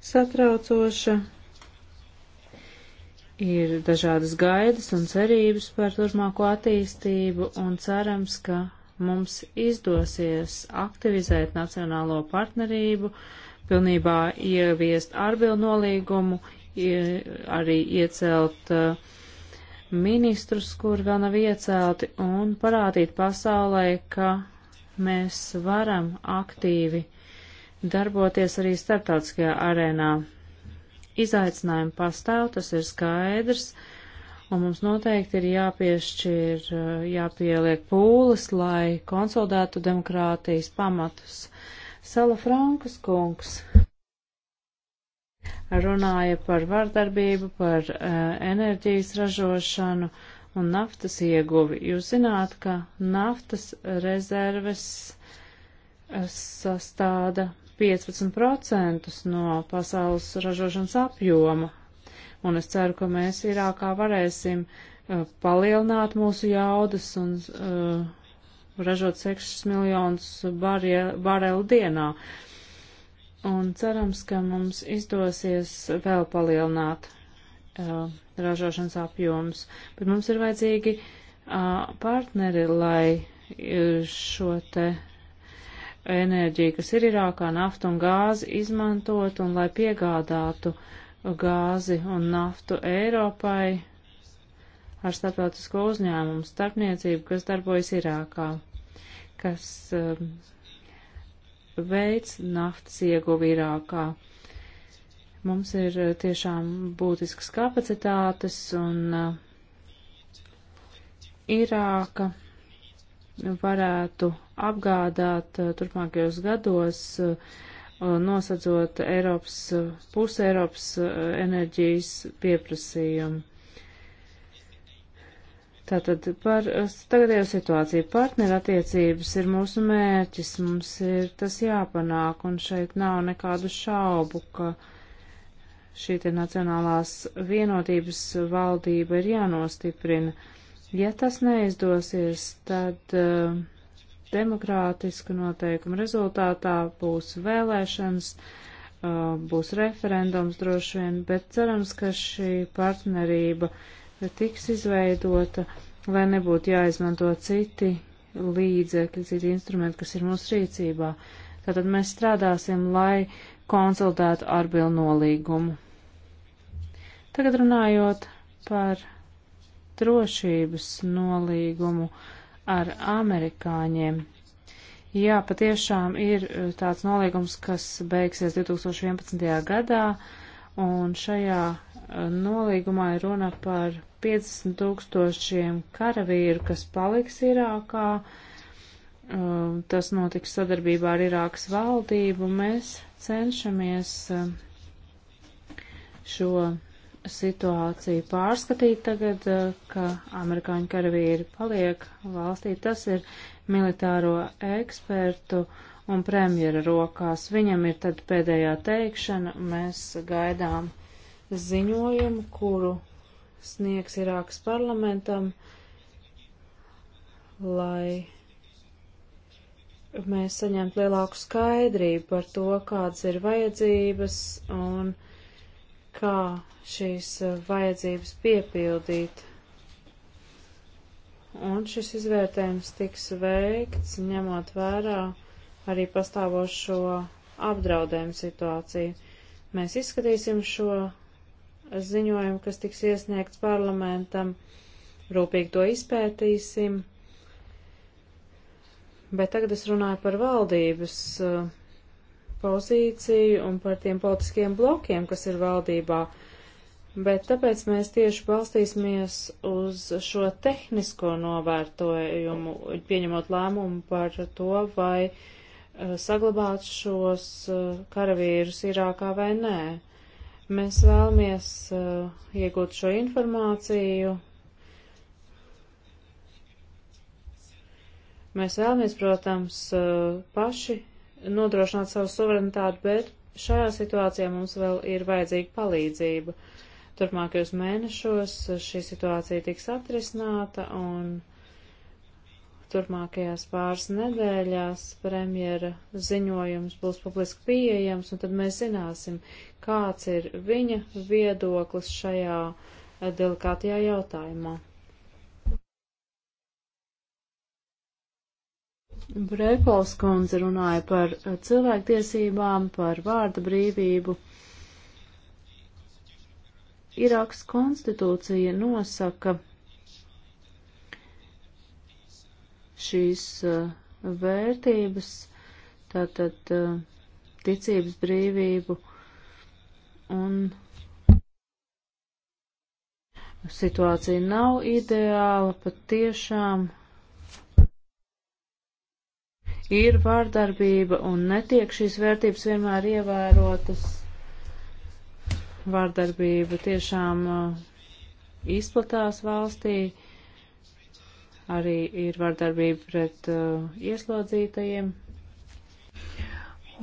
satraucoša, ir dažādas gaidas un cerības par turpmāko attīstību un cerams, ka mums izdosies aktivizēt nacionālo partnerību, pilnībā ieviest ārbildu nolīgumu, arī iecelt uh, ministrus, kur vēl nav iecelti, un parādīt pasaulē, ka mēs varam aktīvi darboties arī starptautiskajā arēnā. Izaicinājumi pastāv, tas ir skaidrs, un mums noteikti ir jāpiešķir, eh, jāpieliek pūles, lai konsolidētu demokrātijas pamatus. Sala Frankas kungs runāja par vardarbību, par eh, enerģijas ražošanu un naftas ieguvi. Jūs zināt, ka naftas rezerves eh, sastāda 15% no pasaules ražošanas apjoma. Un es ceru, ka mēs Irākā varēsim uh, palielināt mūsu jaudas un uh, ražot 6 miljonus barelu dienā. Un cerams, ka mums izdosies vēl palielināt uh, ražošanas apjoms. Bet mums ir vajadzīgi uh, partneri, lai uh, šo te enerģiju, kas ir Irākā, naftu un gāzi izmantot un lai piegādātu gāzi un naftu Eiropai ar starptautisko uzņēmumu starpniecību, kas darbojas Irākā, kas um, veids naftas ieguvi Irākā. Mums ir uh, tiešām būtiskas kapacitātes un uh, Irāka varētu apgādāt eh, turpmākajos gados, eh, nosacot Eiropas, eh, puse Eiropas enerģijas pieprasījumu. Tātad par tagadējo situāciju partnerattiecības ir mūsu mērķis, mums ir tas jāpanāk, un šeit nav nekādu šaubu, ka šī te nacionālās vienotības valdība ir jānostiprina. Ja tas neizdosies, tad uh, eh, demokrātisku noteikumu rezultātā būs vēlēšanas, uh, būs referendums droši vien, bet cerams, ka šī partnerība tiks izveidota, lai nebūtu jāizmanto citi līdzekļi, citi instrumenti, kas ir mūsu rīcībā. Tātad mēs strādāsim, lai konsultētu ar bilnolīgumu. Tagad runājot par drošības nolīgumu ar amerikāņiem. Jā, patiešām ir e, tāds nolīgums, kas beigsies 2011. gadā, un šajā e, nolīgumā ir runa par 50 tūkstošiem karavīru, kas paliks Irākā. E, tas notiks sadarbībā ar Irākas valdību. Mēs cenšamies šo situāciju pārskatīt tagad, eh, ka amerikāņu karavīri paliek valstī. Tas ir militāro ekspertu un premjera rokās. Viņam ir tad pēdējā teikšana. Mēs gaidām ziņojumu, kuru sniegs Irākas parlamentam, lai mēs saņemtu lielāku skaidrību par to, kādas ir vajadzības un kā šīs eh, vajadzības piepildīt. Un šis izvērtējums tiks veikts, ņemot vērā arī pastāvošo apdraudējumu situāciju. Mēs izskatīsim šo ziņojumu, kas tiks iesniegts parlamentam, rūpīgi to izpētīsim. Bet tagad es runāju par valdības uh, pozīciju un par tiem politiskiem blokiem, kas ir valdībā. Bet tāpēc mēs tieši balstīsimies uz šo tehnisko novērtojumu, pieņemot lēmumu par to, vai eh, saglabāt šos eh, karavīrus Irākā vai nē. Mēs vēlamies eh, iegūt šo informāciju. Mēs vēlamies, protams, paši nodrošināt savu suverenitāti, bet šajā situācijā mums vēl ir vajadzīga palīdzība. Turpmākajos mēnešos šī situācija tiks atrisināta un turpmākajās pāris nedēļās premjera ziņojums būs publiski pieejams, un tad mēs zināsim, kāds ir viņa viedoklis šajā delikātajā jautājumā. Brēkols kundze runāja par eh, cilvēktiesībām, par vārda brīvību. Irākas konstitūcija nosaka šīs eh, vērtības, tātad eh, ticības brīvību un situācija nav ideāla, pat tiešām ir vārdarbība un netiek šīs vērtības vienmēr ievērotas. Vārdarbība tiešām uh, izplatās valstī, arī ir vārdarbība pret uh, ieslodzītajiem.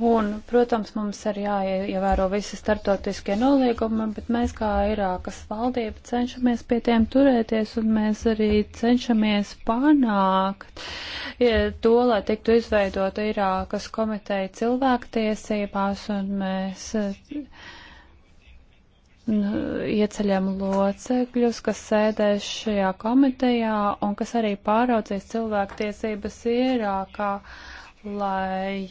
Un, protams, mums ir jāievēro visi startautiskie noliegumi, bet mēs kā Irākas valdība cenšamies pie tiem turēties, un mēs arī cenšamies panākt ja, to, lai tiktu izveidota Irākas komiteja cilvēktiesībās, un mēs nu, ieceļam locekļus, kas sēdēs šajā komitejā un kas arī pāraudzīs cilvēktiesības Irākā, lai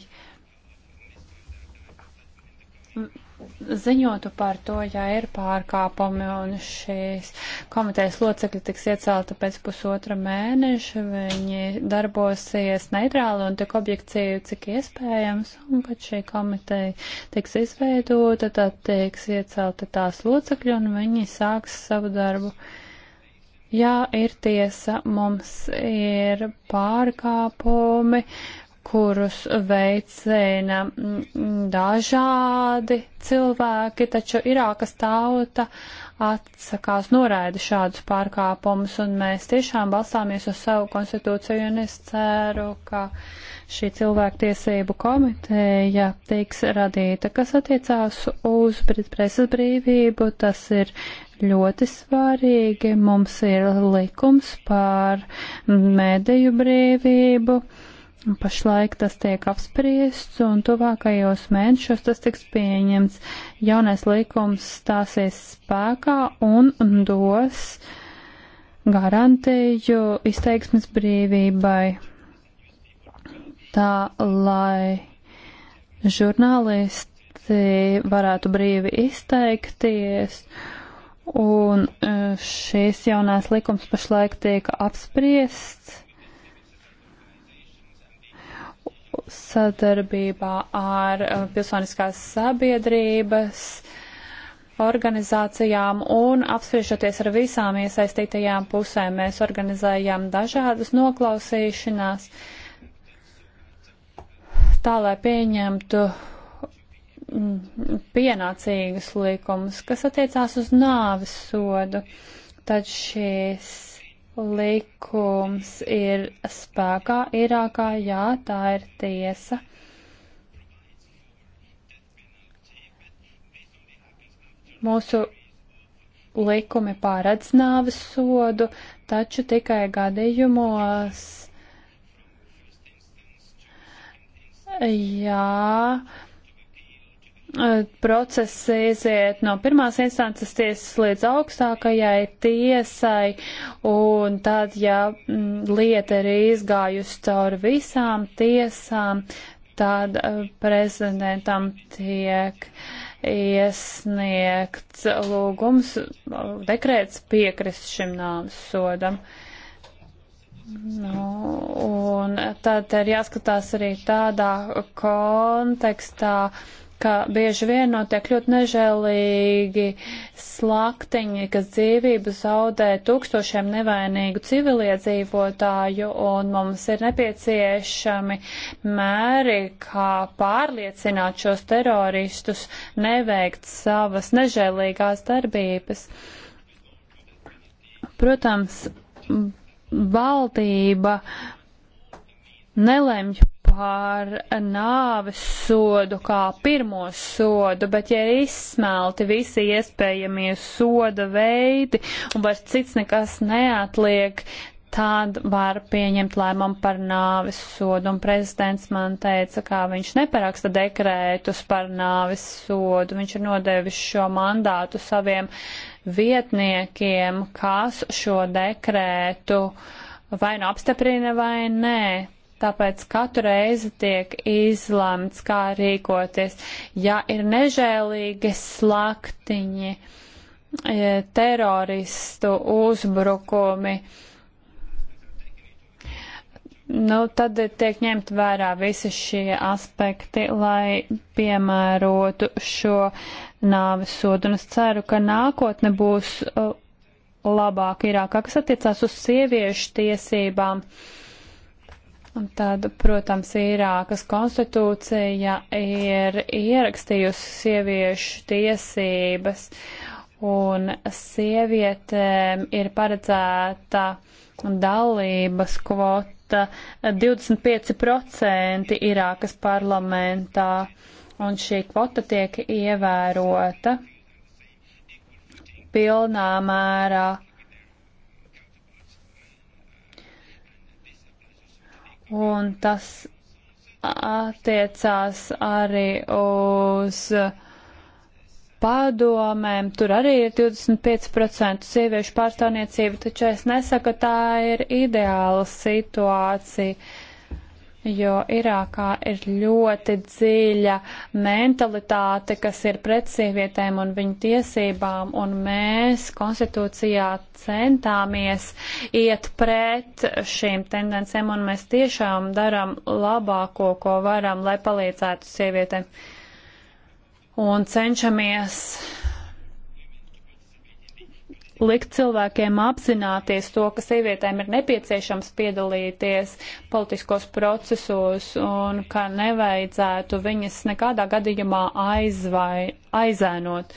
ziņotu par to, ja ir pārkāpumi un šīs komitejas locekļi tiks iecelta pēc pusotra mēneša, viņi darbosies neitrāli un tik objektīvi, cik iespējams, un kad šī komiteja tiks izveidota, tad tiks iecelta tās locekļi un viņi sāks savu darbu. Jā, ir tiesa, mums ir pārkāpumi. Uh, kurus veicina mm, mm, dažādi cilvēki, taču Irākas tauta atsakās noraida šādus pārkāpumus, un mēs tiešām balstāmies uz savu konstitūciju, un es ceru, ka šī cilvēktiesību komiteja tiks radīta, kas attiecās uz preses brīvību, tas ir ļoti svarīgi, mums ir likums par mediju brīvību Pašlaik tas tiek apspriests, un tuvākajos mēnešos tas tiks pieņemts. Jaunais likums stāsies spēkā un dos garantiju izteiksmes brīvībai, tā lai žurnālisti varētu brīvi izteikties. Un eh, šīs jaunās likums pašlaik tiek apspriests sadarbībā ar uh, pilsoniskās sabiedrības organizācijām un apspriežoties ar visām iesaistītajām pusēm. Mēs organizējām dažādas noklausīšanās tā, lai pieņemtu mm, pienācīgus likumus, kas attiecās uz nāves sodu. Tad šīs likums ir spēkā Irākā, jā, tā ir tiesa. Mūsu likumi paredz nāves sodu, taču tikai gadījumos, jā, Eh, process iziet no pirmās instances tiesas līdz augstākajai tiesai, un tad, ja mm, lieta ir izgājusi cauri visām tiesām, tad eh, prezidentam tiek iesniegts lūgums, eh, dekrēts piekrist šim nāves sodam. Nu, un tad ir jāskatās arī tādā kontekstā, uh, ka bieži vien notiek ļoti nežēlīgi slaktiņi, kas dzīvību zaudē tūkstošiem nevainīgu civiliedzīvotāju, un mums ir nepieciešami mēri, kā pārliecināt šos teroristus neveikt savas nežēlīgās darbības. Protams, valdība nelemj par nāves sodu kā pirmo sodu, bet ja ir izsmelti visi iespējamie soda veidi un vairs cits nekas neatliek, tad var pieņemt lēmumu par nāves sodu. Un prezidents man teica, ka viņš neparaksta dekrētus par nāves sodu. Viņš ir nodevis šo mandātu saviem vietniekiem, kas šo dekrētu vai nu apstiprina vai nē tāpēc katru reizi tiek izlemts, kā rīkoties. Ja ir nežēlīgi slaktiņi, e, teroristu uzbrukumi, nu, tad tiek ņemt vērā visi šie aspekti, lai piemērotu šo nāves sodu. Un es ceru, ka nākotne būs e, labāk Irākā, kas attiecās uz sieviešu tiesībām. Uh, Un tad, protams, Irākas konstitūcija ir ierakstījusi sieviešu tiesības, un sievietēm ir paredzēta dalības kvota 25% Irākas parlamentā, un šī kvota tiek ievērota pilnā mērā. un tas attiecās arī uz padomēm. Tur arī ir 25% sieviešu pārstāvniecība, taču es nesaku, ka tā ir ideāla situācija jo Irākā ir ļoti dziļa mentalitāte, kas ir pret sievietēm un viņu tiesībām, un mēs konstitūcijā centāmies iet pret šīm tendencēm, un mēs tiešām daram labāko, ko varam, lai palīdzētu sievietēm. Un cenšamies likt cilvēkiem apzināties to, ka sievietēm ir nepieciešams piedalīties politiskos procesos un ka nevajadzētu viņas nekādā gadījumā aizvai, aizēnot.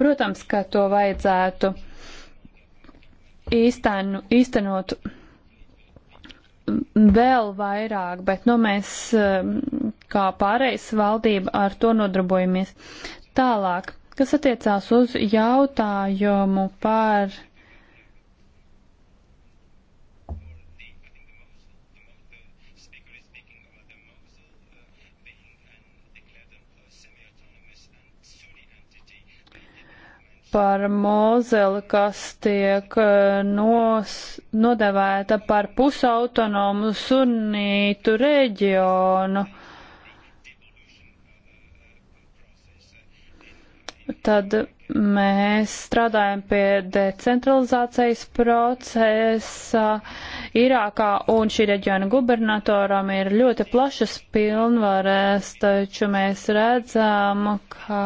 Protams, ka to vajadzētu īstenu, īstenot vēl vairāk, bet nu, mēs eh, kā pārējais valdība ar to nodarbojamies. Tālāk Kas attiecās uz jautājumu par par Mozeli, kas tiek eh, nos, nodevēta par pusautonomu sunītu reģionu. Uh, tad mēs strādājam pie decentralizācijas procesa Irākā, un šī reģiona gubernatoram ir ļoti plašas pilnvarēs, taču mēs redzam, ka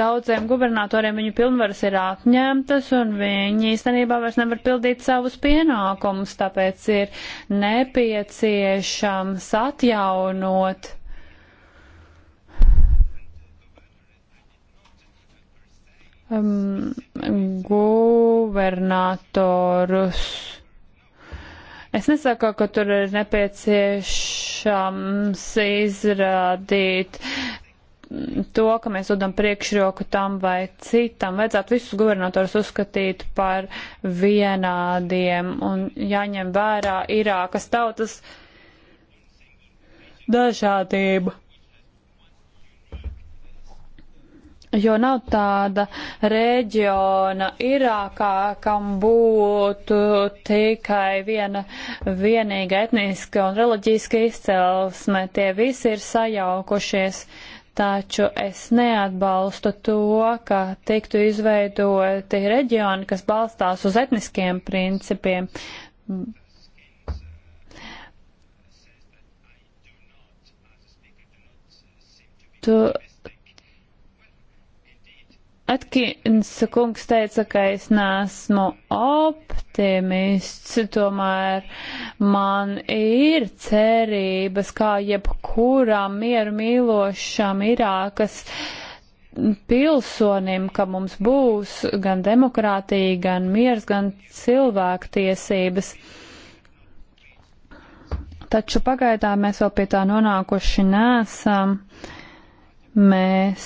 daudziem gubernatoriem viņu pilnvaras ir atņemtas, un viņi īstenībā vairs nevar pildīt savus pienākumus, tāpēc ir nepieciešams atjaunot um, guvernatorus. Es nesaku, ka tur ir nepieciešams izrādīt to, ka mēs dodam priekšroku tam vai citam. Vajadzētu visus guvernatorus uzskatīt par vienādiem un jāņem vērā Irākas tautas dažādību. jo nav tāda reģiona Irākā, kam būtu tikai viena vienīga etniska un reliģiska izcelsme. Tie visi ir sajaukušies, taču es neatbalstu to, ka tiktu izveidoti reģioni, kas balstās uz etniskiem principiem. Tu Atkins kungs teica, ka es nesmu optimists, tomēr man ir cerības, kā jebkuram mieru mīlošam Irākas pilsonim, ka mums būs gan demokrātija, gan miers, gan cilvēktiesības. Taču pagaidām mēs vēl pie tā nonākuši nesam. Uh, mēs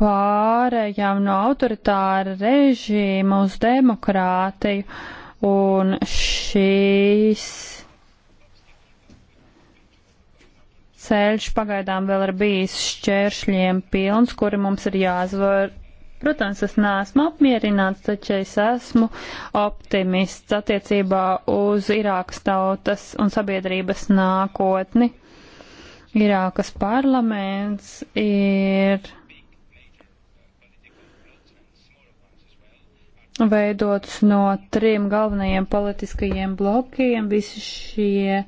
pārējām no autoritāra režīma uz demokrātiju, un šīs ceļš pagaidām vēl ir bijis šķēršļiem pilns, kuri mums ir jāzvar. Protams, es neesmu apmierināts, taču es esmu optimists attiecībā uz Irākas tautas un sabiedrības nākotni. Irākas parlaments ir veidots no trim galvenajiem politiskajiem blokiem. Visi šie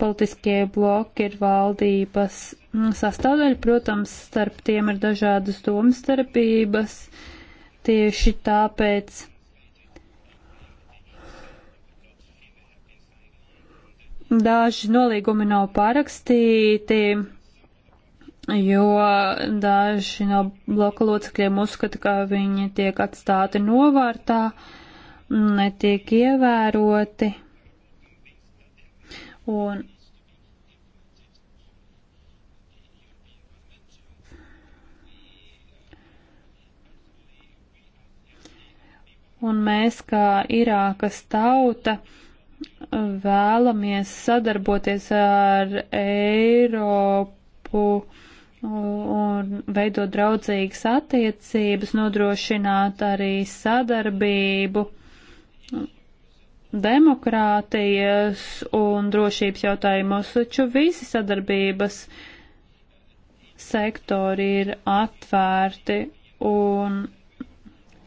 politiskie bloki ir valdības sastāvdaļa. Protams, starp tiem ir dažādas domstarpības. Tieši tāpēc Daži nolīgumi nav parakstīti, jo daži no bloka locekļiem uzskata, ka viņi tiek atstāti novārtā, netiek ievēroti. Un Un mēs, kā Irākas tauta, uh, vēlamies sadarboties ar Eiropu un veidot draudzīgas attiecības, nodrošināt arī sadarbību demokrātijas un drošības jautājumos, taču visi sadarbības sektori ir atvērti un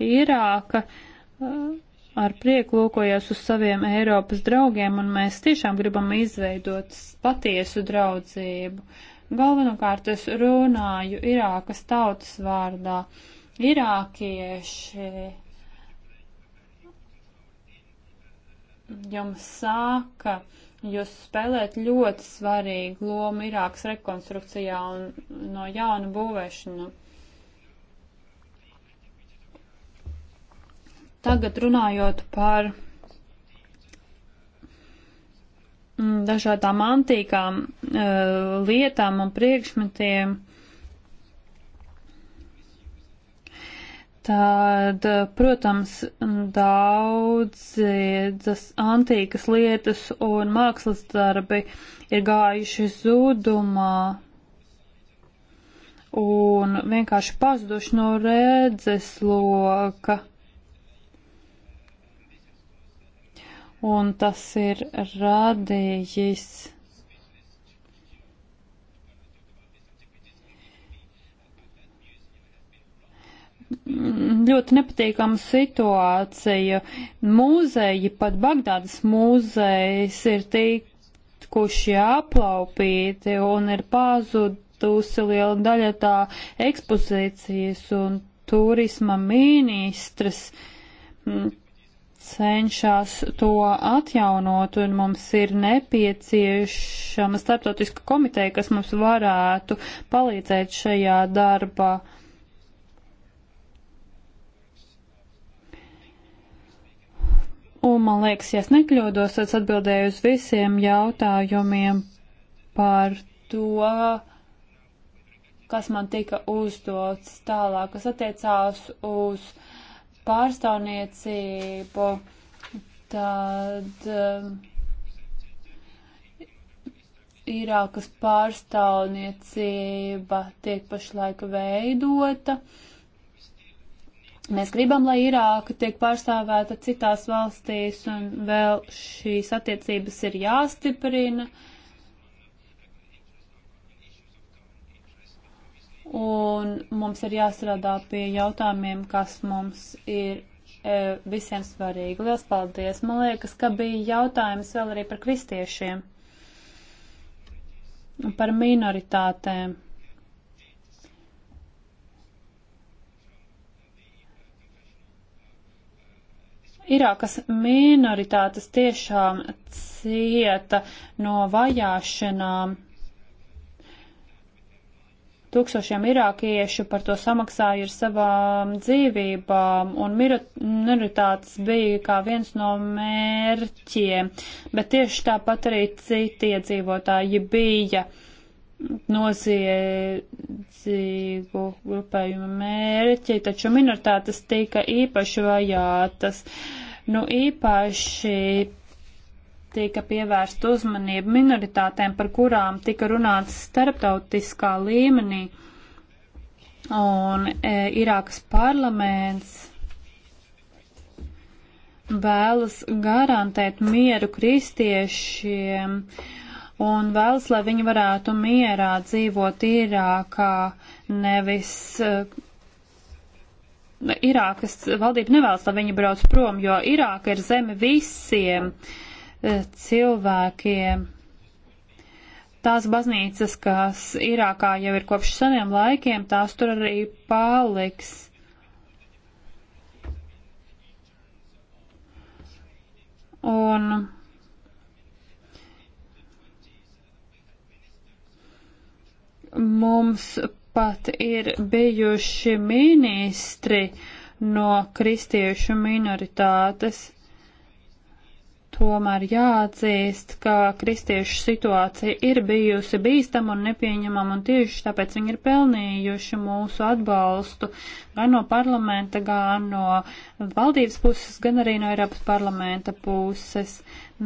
Irāka uh, ar prieku lūkojos uz saviem Eiropas draugiem, un mēs tiešām gribam izveidot patiesu draudzību. Galvenokārt es runāju Irākas tautas vārdā. Irākieši jums sāka, jūs spēlēt ļoti svarīgu lomu Irākas rekonstrukcijā un no jauna būvēšanu. Tagad runājot par mm, dažādām antīkām eh, lietām un priekšmetiem, tad, protams, daudzas antīkas lietas un mākslas darbi ir gājuši zudumā un vienkārši pazuduši no redzes loka. un tas ir radījis ļoti nepatīkama situācija. Mūzeji, pat Bagdādas mūzejs ir tikuši aplaupīti un ir pazudusi liela daļa tā ekspozīcijas un turisma ministrs mm, cenšas to atjaunot, un mums ir nepieciešama starptautiska komiteja, kas mums varētu palīdzēt šajā darbā. Un man liekas, ja es nekļūdos, es atbildēju uz visiem jautājumiem par to, kas man tika uzdots tālāk, kas attiecās uz uh, pārstāvniecību, tad um, Irākas pārstāvniecība tiek pašlaik veidota. Mēs gribam, lai Irāka tiek pārstāvēta citās valstīs, un vēl šīs attiecības ir jāstiprina. Uh, un mums ir jāstrādā pie jautājumiem, kas mums ir e, visiem svarīgi. Lielas paldies! Man liekas, ka bija jautājums vēl arī par kristiešiem un par minoritātēm. Irākas minoritātes tiešām cieta no vajāšanām tūkstošiem irākiešu par to samaksāja ar savām dzīvībām, un minoritātes bija kā viens no mērķiem, bet tieši tāpat arī citi iedzīvotāji bija noziedzīgu grupējumu mērķi, taču minoritātes tika īpaši vajātas. Nu, īpaši tika pievērsta uzmanība minoritātēm, par kurām tika runāts starptautiskā līmenī. Un e, Irākas parlaments vēlas garantēt mieru kristiešiem un vēlas, lai viņi varētu mierā dzīvot Irākā, nevis uh, Irākas valdība nevēlas, lai viņi brauc prom, jo Irāka ir zeme visiem. Uh, cilvēkiem. Tās baznīcas, kas Irākā jau ir kopš seniem laikiem, tās tur arī paliks. Un mums pat ir bijuši ministri no kristiešu minoritātes. Tomēr jāatzīst, ka kristiešu situācija ir bijusi bīstama un nepieņemama, un tieši tāpēc viņi ir pelnījuši mūsu atbalstu gan no parlamenta, gan no valdības puses, gan arī no Eiropas parlamenta puses.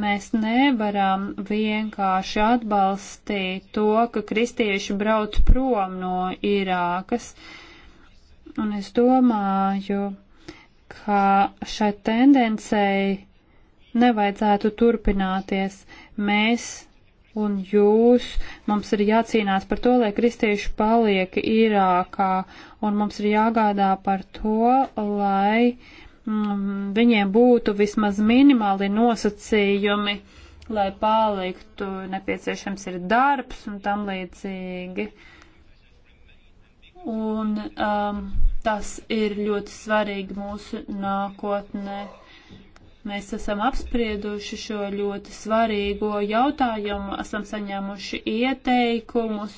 Mēs nevaram vienkārši atbalstīt to, ka kristieši brauc prom no Irākas. Un es domāju, ka šai tendencei nevajadzētu turpināties. Mēs un jūs, mums ir jācīnās par to, lai kristieši paliek Irākā, un mums ir jāgādā par to, lai mm, viņiem būtu vismaz minimāli nosacījumi, lai paliktu nepieciešams ir darbs un tam līdzīgi. Un um, tas ir ļoti svarīgi mūsu nākotnē. Mēs esam apsprieduši šo ļoti svarīgo jautājumu, esam saņēmuši ieteikumus,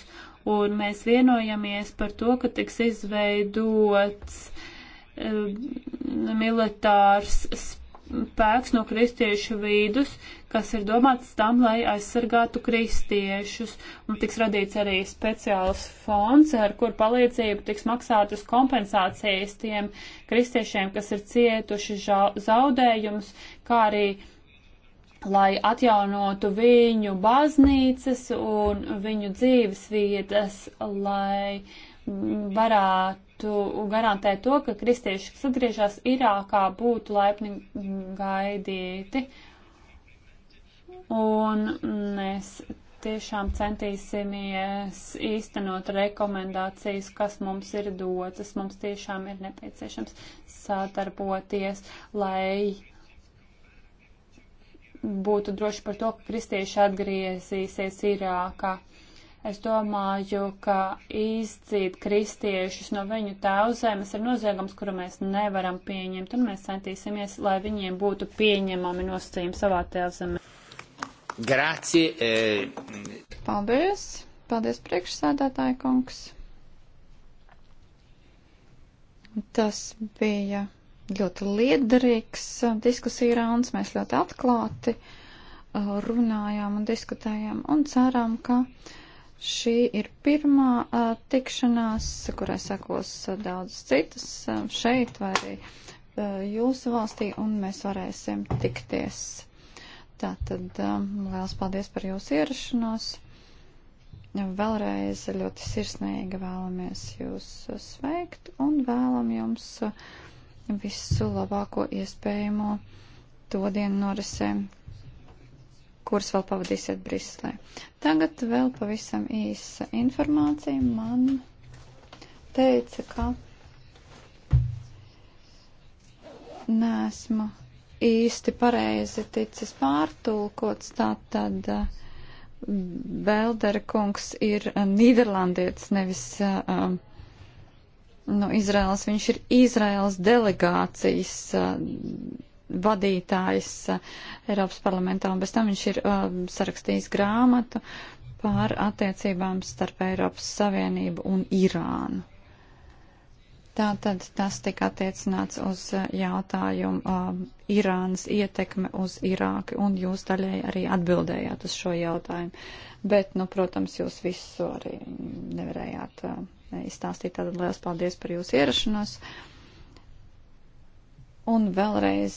un mēs vienojamies par to, ka tiks izveidots um, militārs spēks no kristiešu vīdus, kas ir domāts tam, lai aizsargātu kristiešus. Un tiks radīts arī speciāls fonds, ar kur palīdzību tiks maksātas kompensācijas tiem kristiešiem, kas ir cietuši zaudējumus, kā arī lai atjaunotu viņu baznīcas un viņu dzīves vietas, lai varētu garantēt to, ka kristieši, kas atgriežas Irākā, būtu laipni gaidīti. Uh, un mēs tiešām centīsimies īstenot rekomendācijas, kas mums ir dotas. Mums tiešām ir nepieciešams sadarboties, lai būtu droši par to, ka kristieši atgriezīsies Irākā. Es domāju, ka izcīt kristiešus no viņu tēvzemes ir noziegums, kuru mēs nevaram pieņemt, un mēs centīsimies, lai viņiem būtu pieņemami nosacījumi savā tēvzemē. Grāci. E... Eh, Paldies. Paldies, priekšsēdētāji kungs. Tas bija ļoti liederīgs eh, diskusija rauns. Mēs ļoti atklāti eh, runājām un diskutējām un ceram, ka šī ir pirmā tikšanās, kurai sekos daudz citas šeit vai arī jūsu valstī, un mēs varēsim tikties. Tātad um, liels paldies par jūsu ierašanos. Vēlreiz ļoti sirsnīgi vēlamies jūs uh, sveikt un vēlam jums uh, visu labāko iespējamo to dienu norisē, kuras vēl pavadīsiet Briselē. Tagad vēl pavisam īsa informācija. Man teica, ka nesmu īsti pareizi ticis pārtulkots, tātad eh, Beldera kungs ir eh, Nīderlandietis, nevis um, no Izraels. Viņš ir Izraels delegācijas uh, vadītājs uh, Eiropas parlamentā, un bez tam viņš ir uh, sarakstījis grāmatu pār attiecībām starp Eiropas Savienību un Irānu. Tātad tas tika attiecināts uz uh, jautājumu um, Irānas ietekme uz Irāku, un jūs daļai arī atbildējāt uz šo jautājumu. Bet, nu, protams, jūs visu arī nevarējāt uh, izstāstīt. Tātad liels paldies par jūsu ierašanos. Un vēlreiz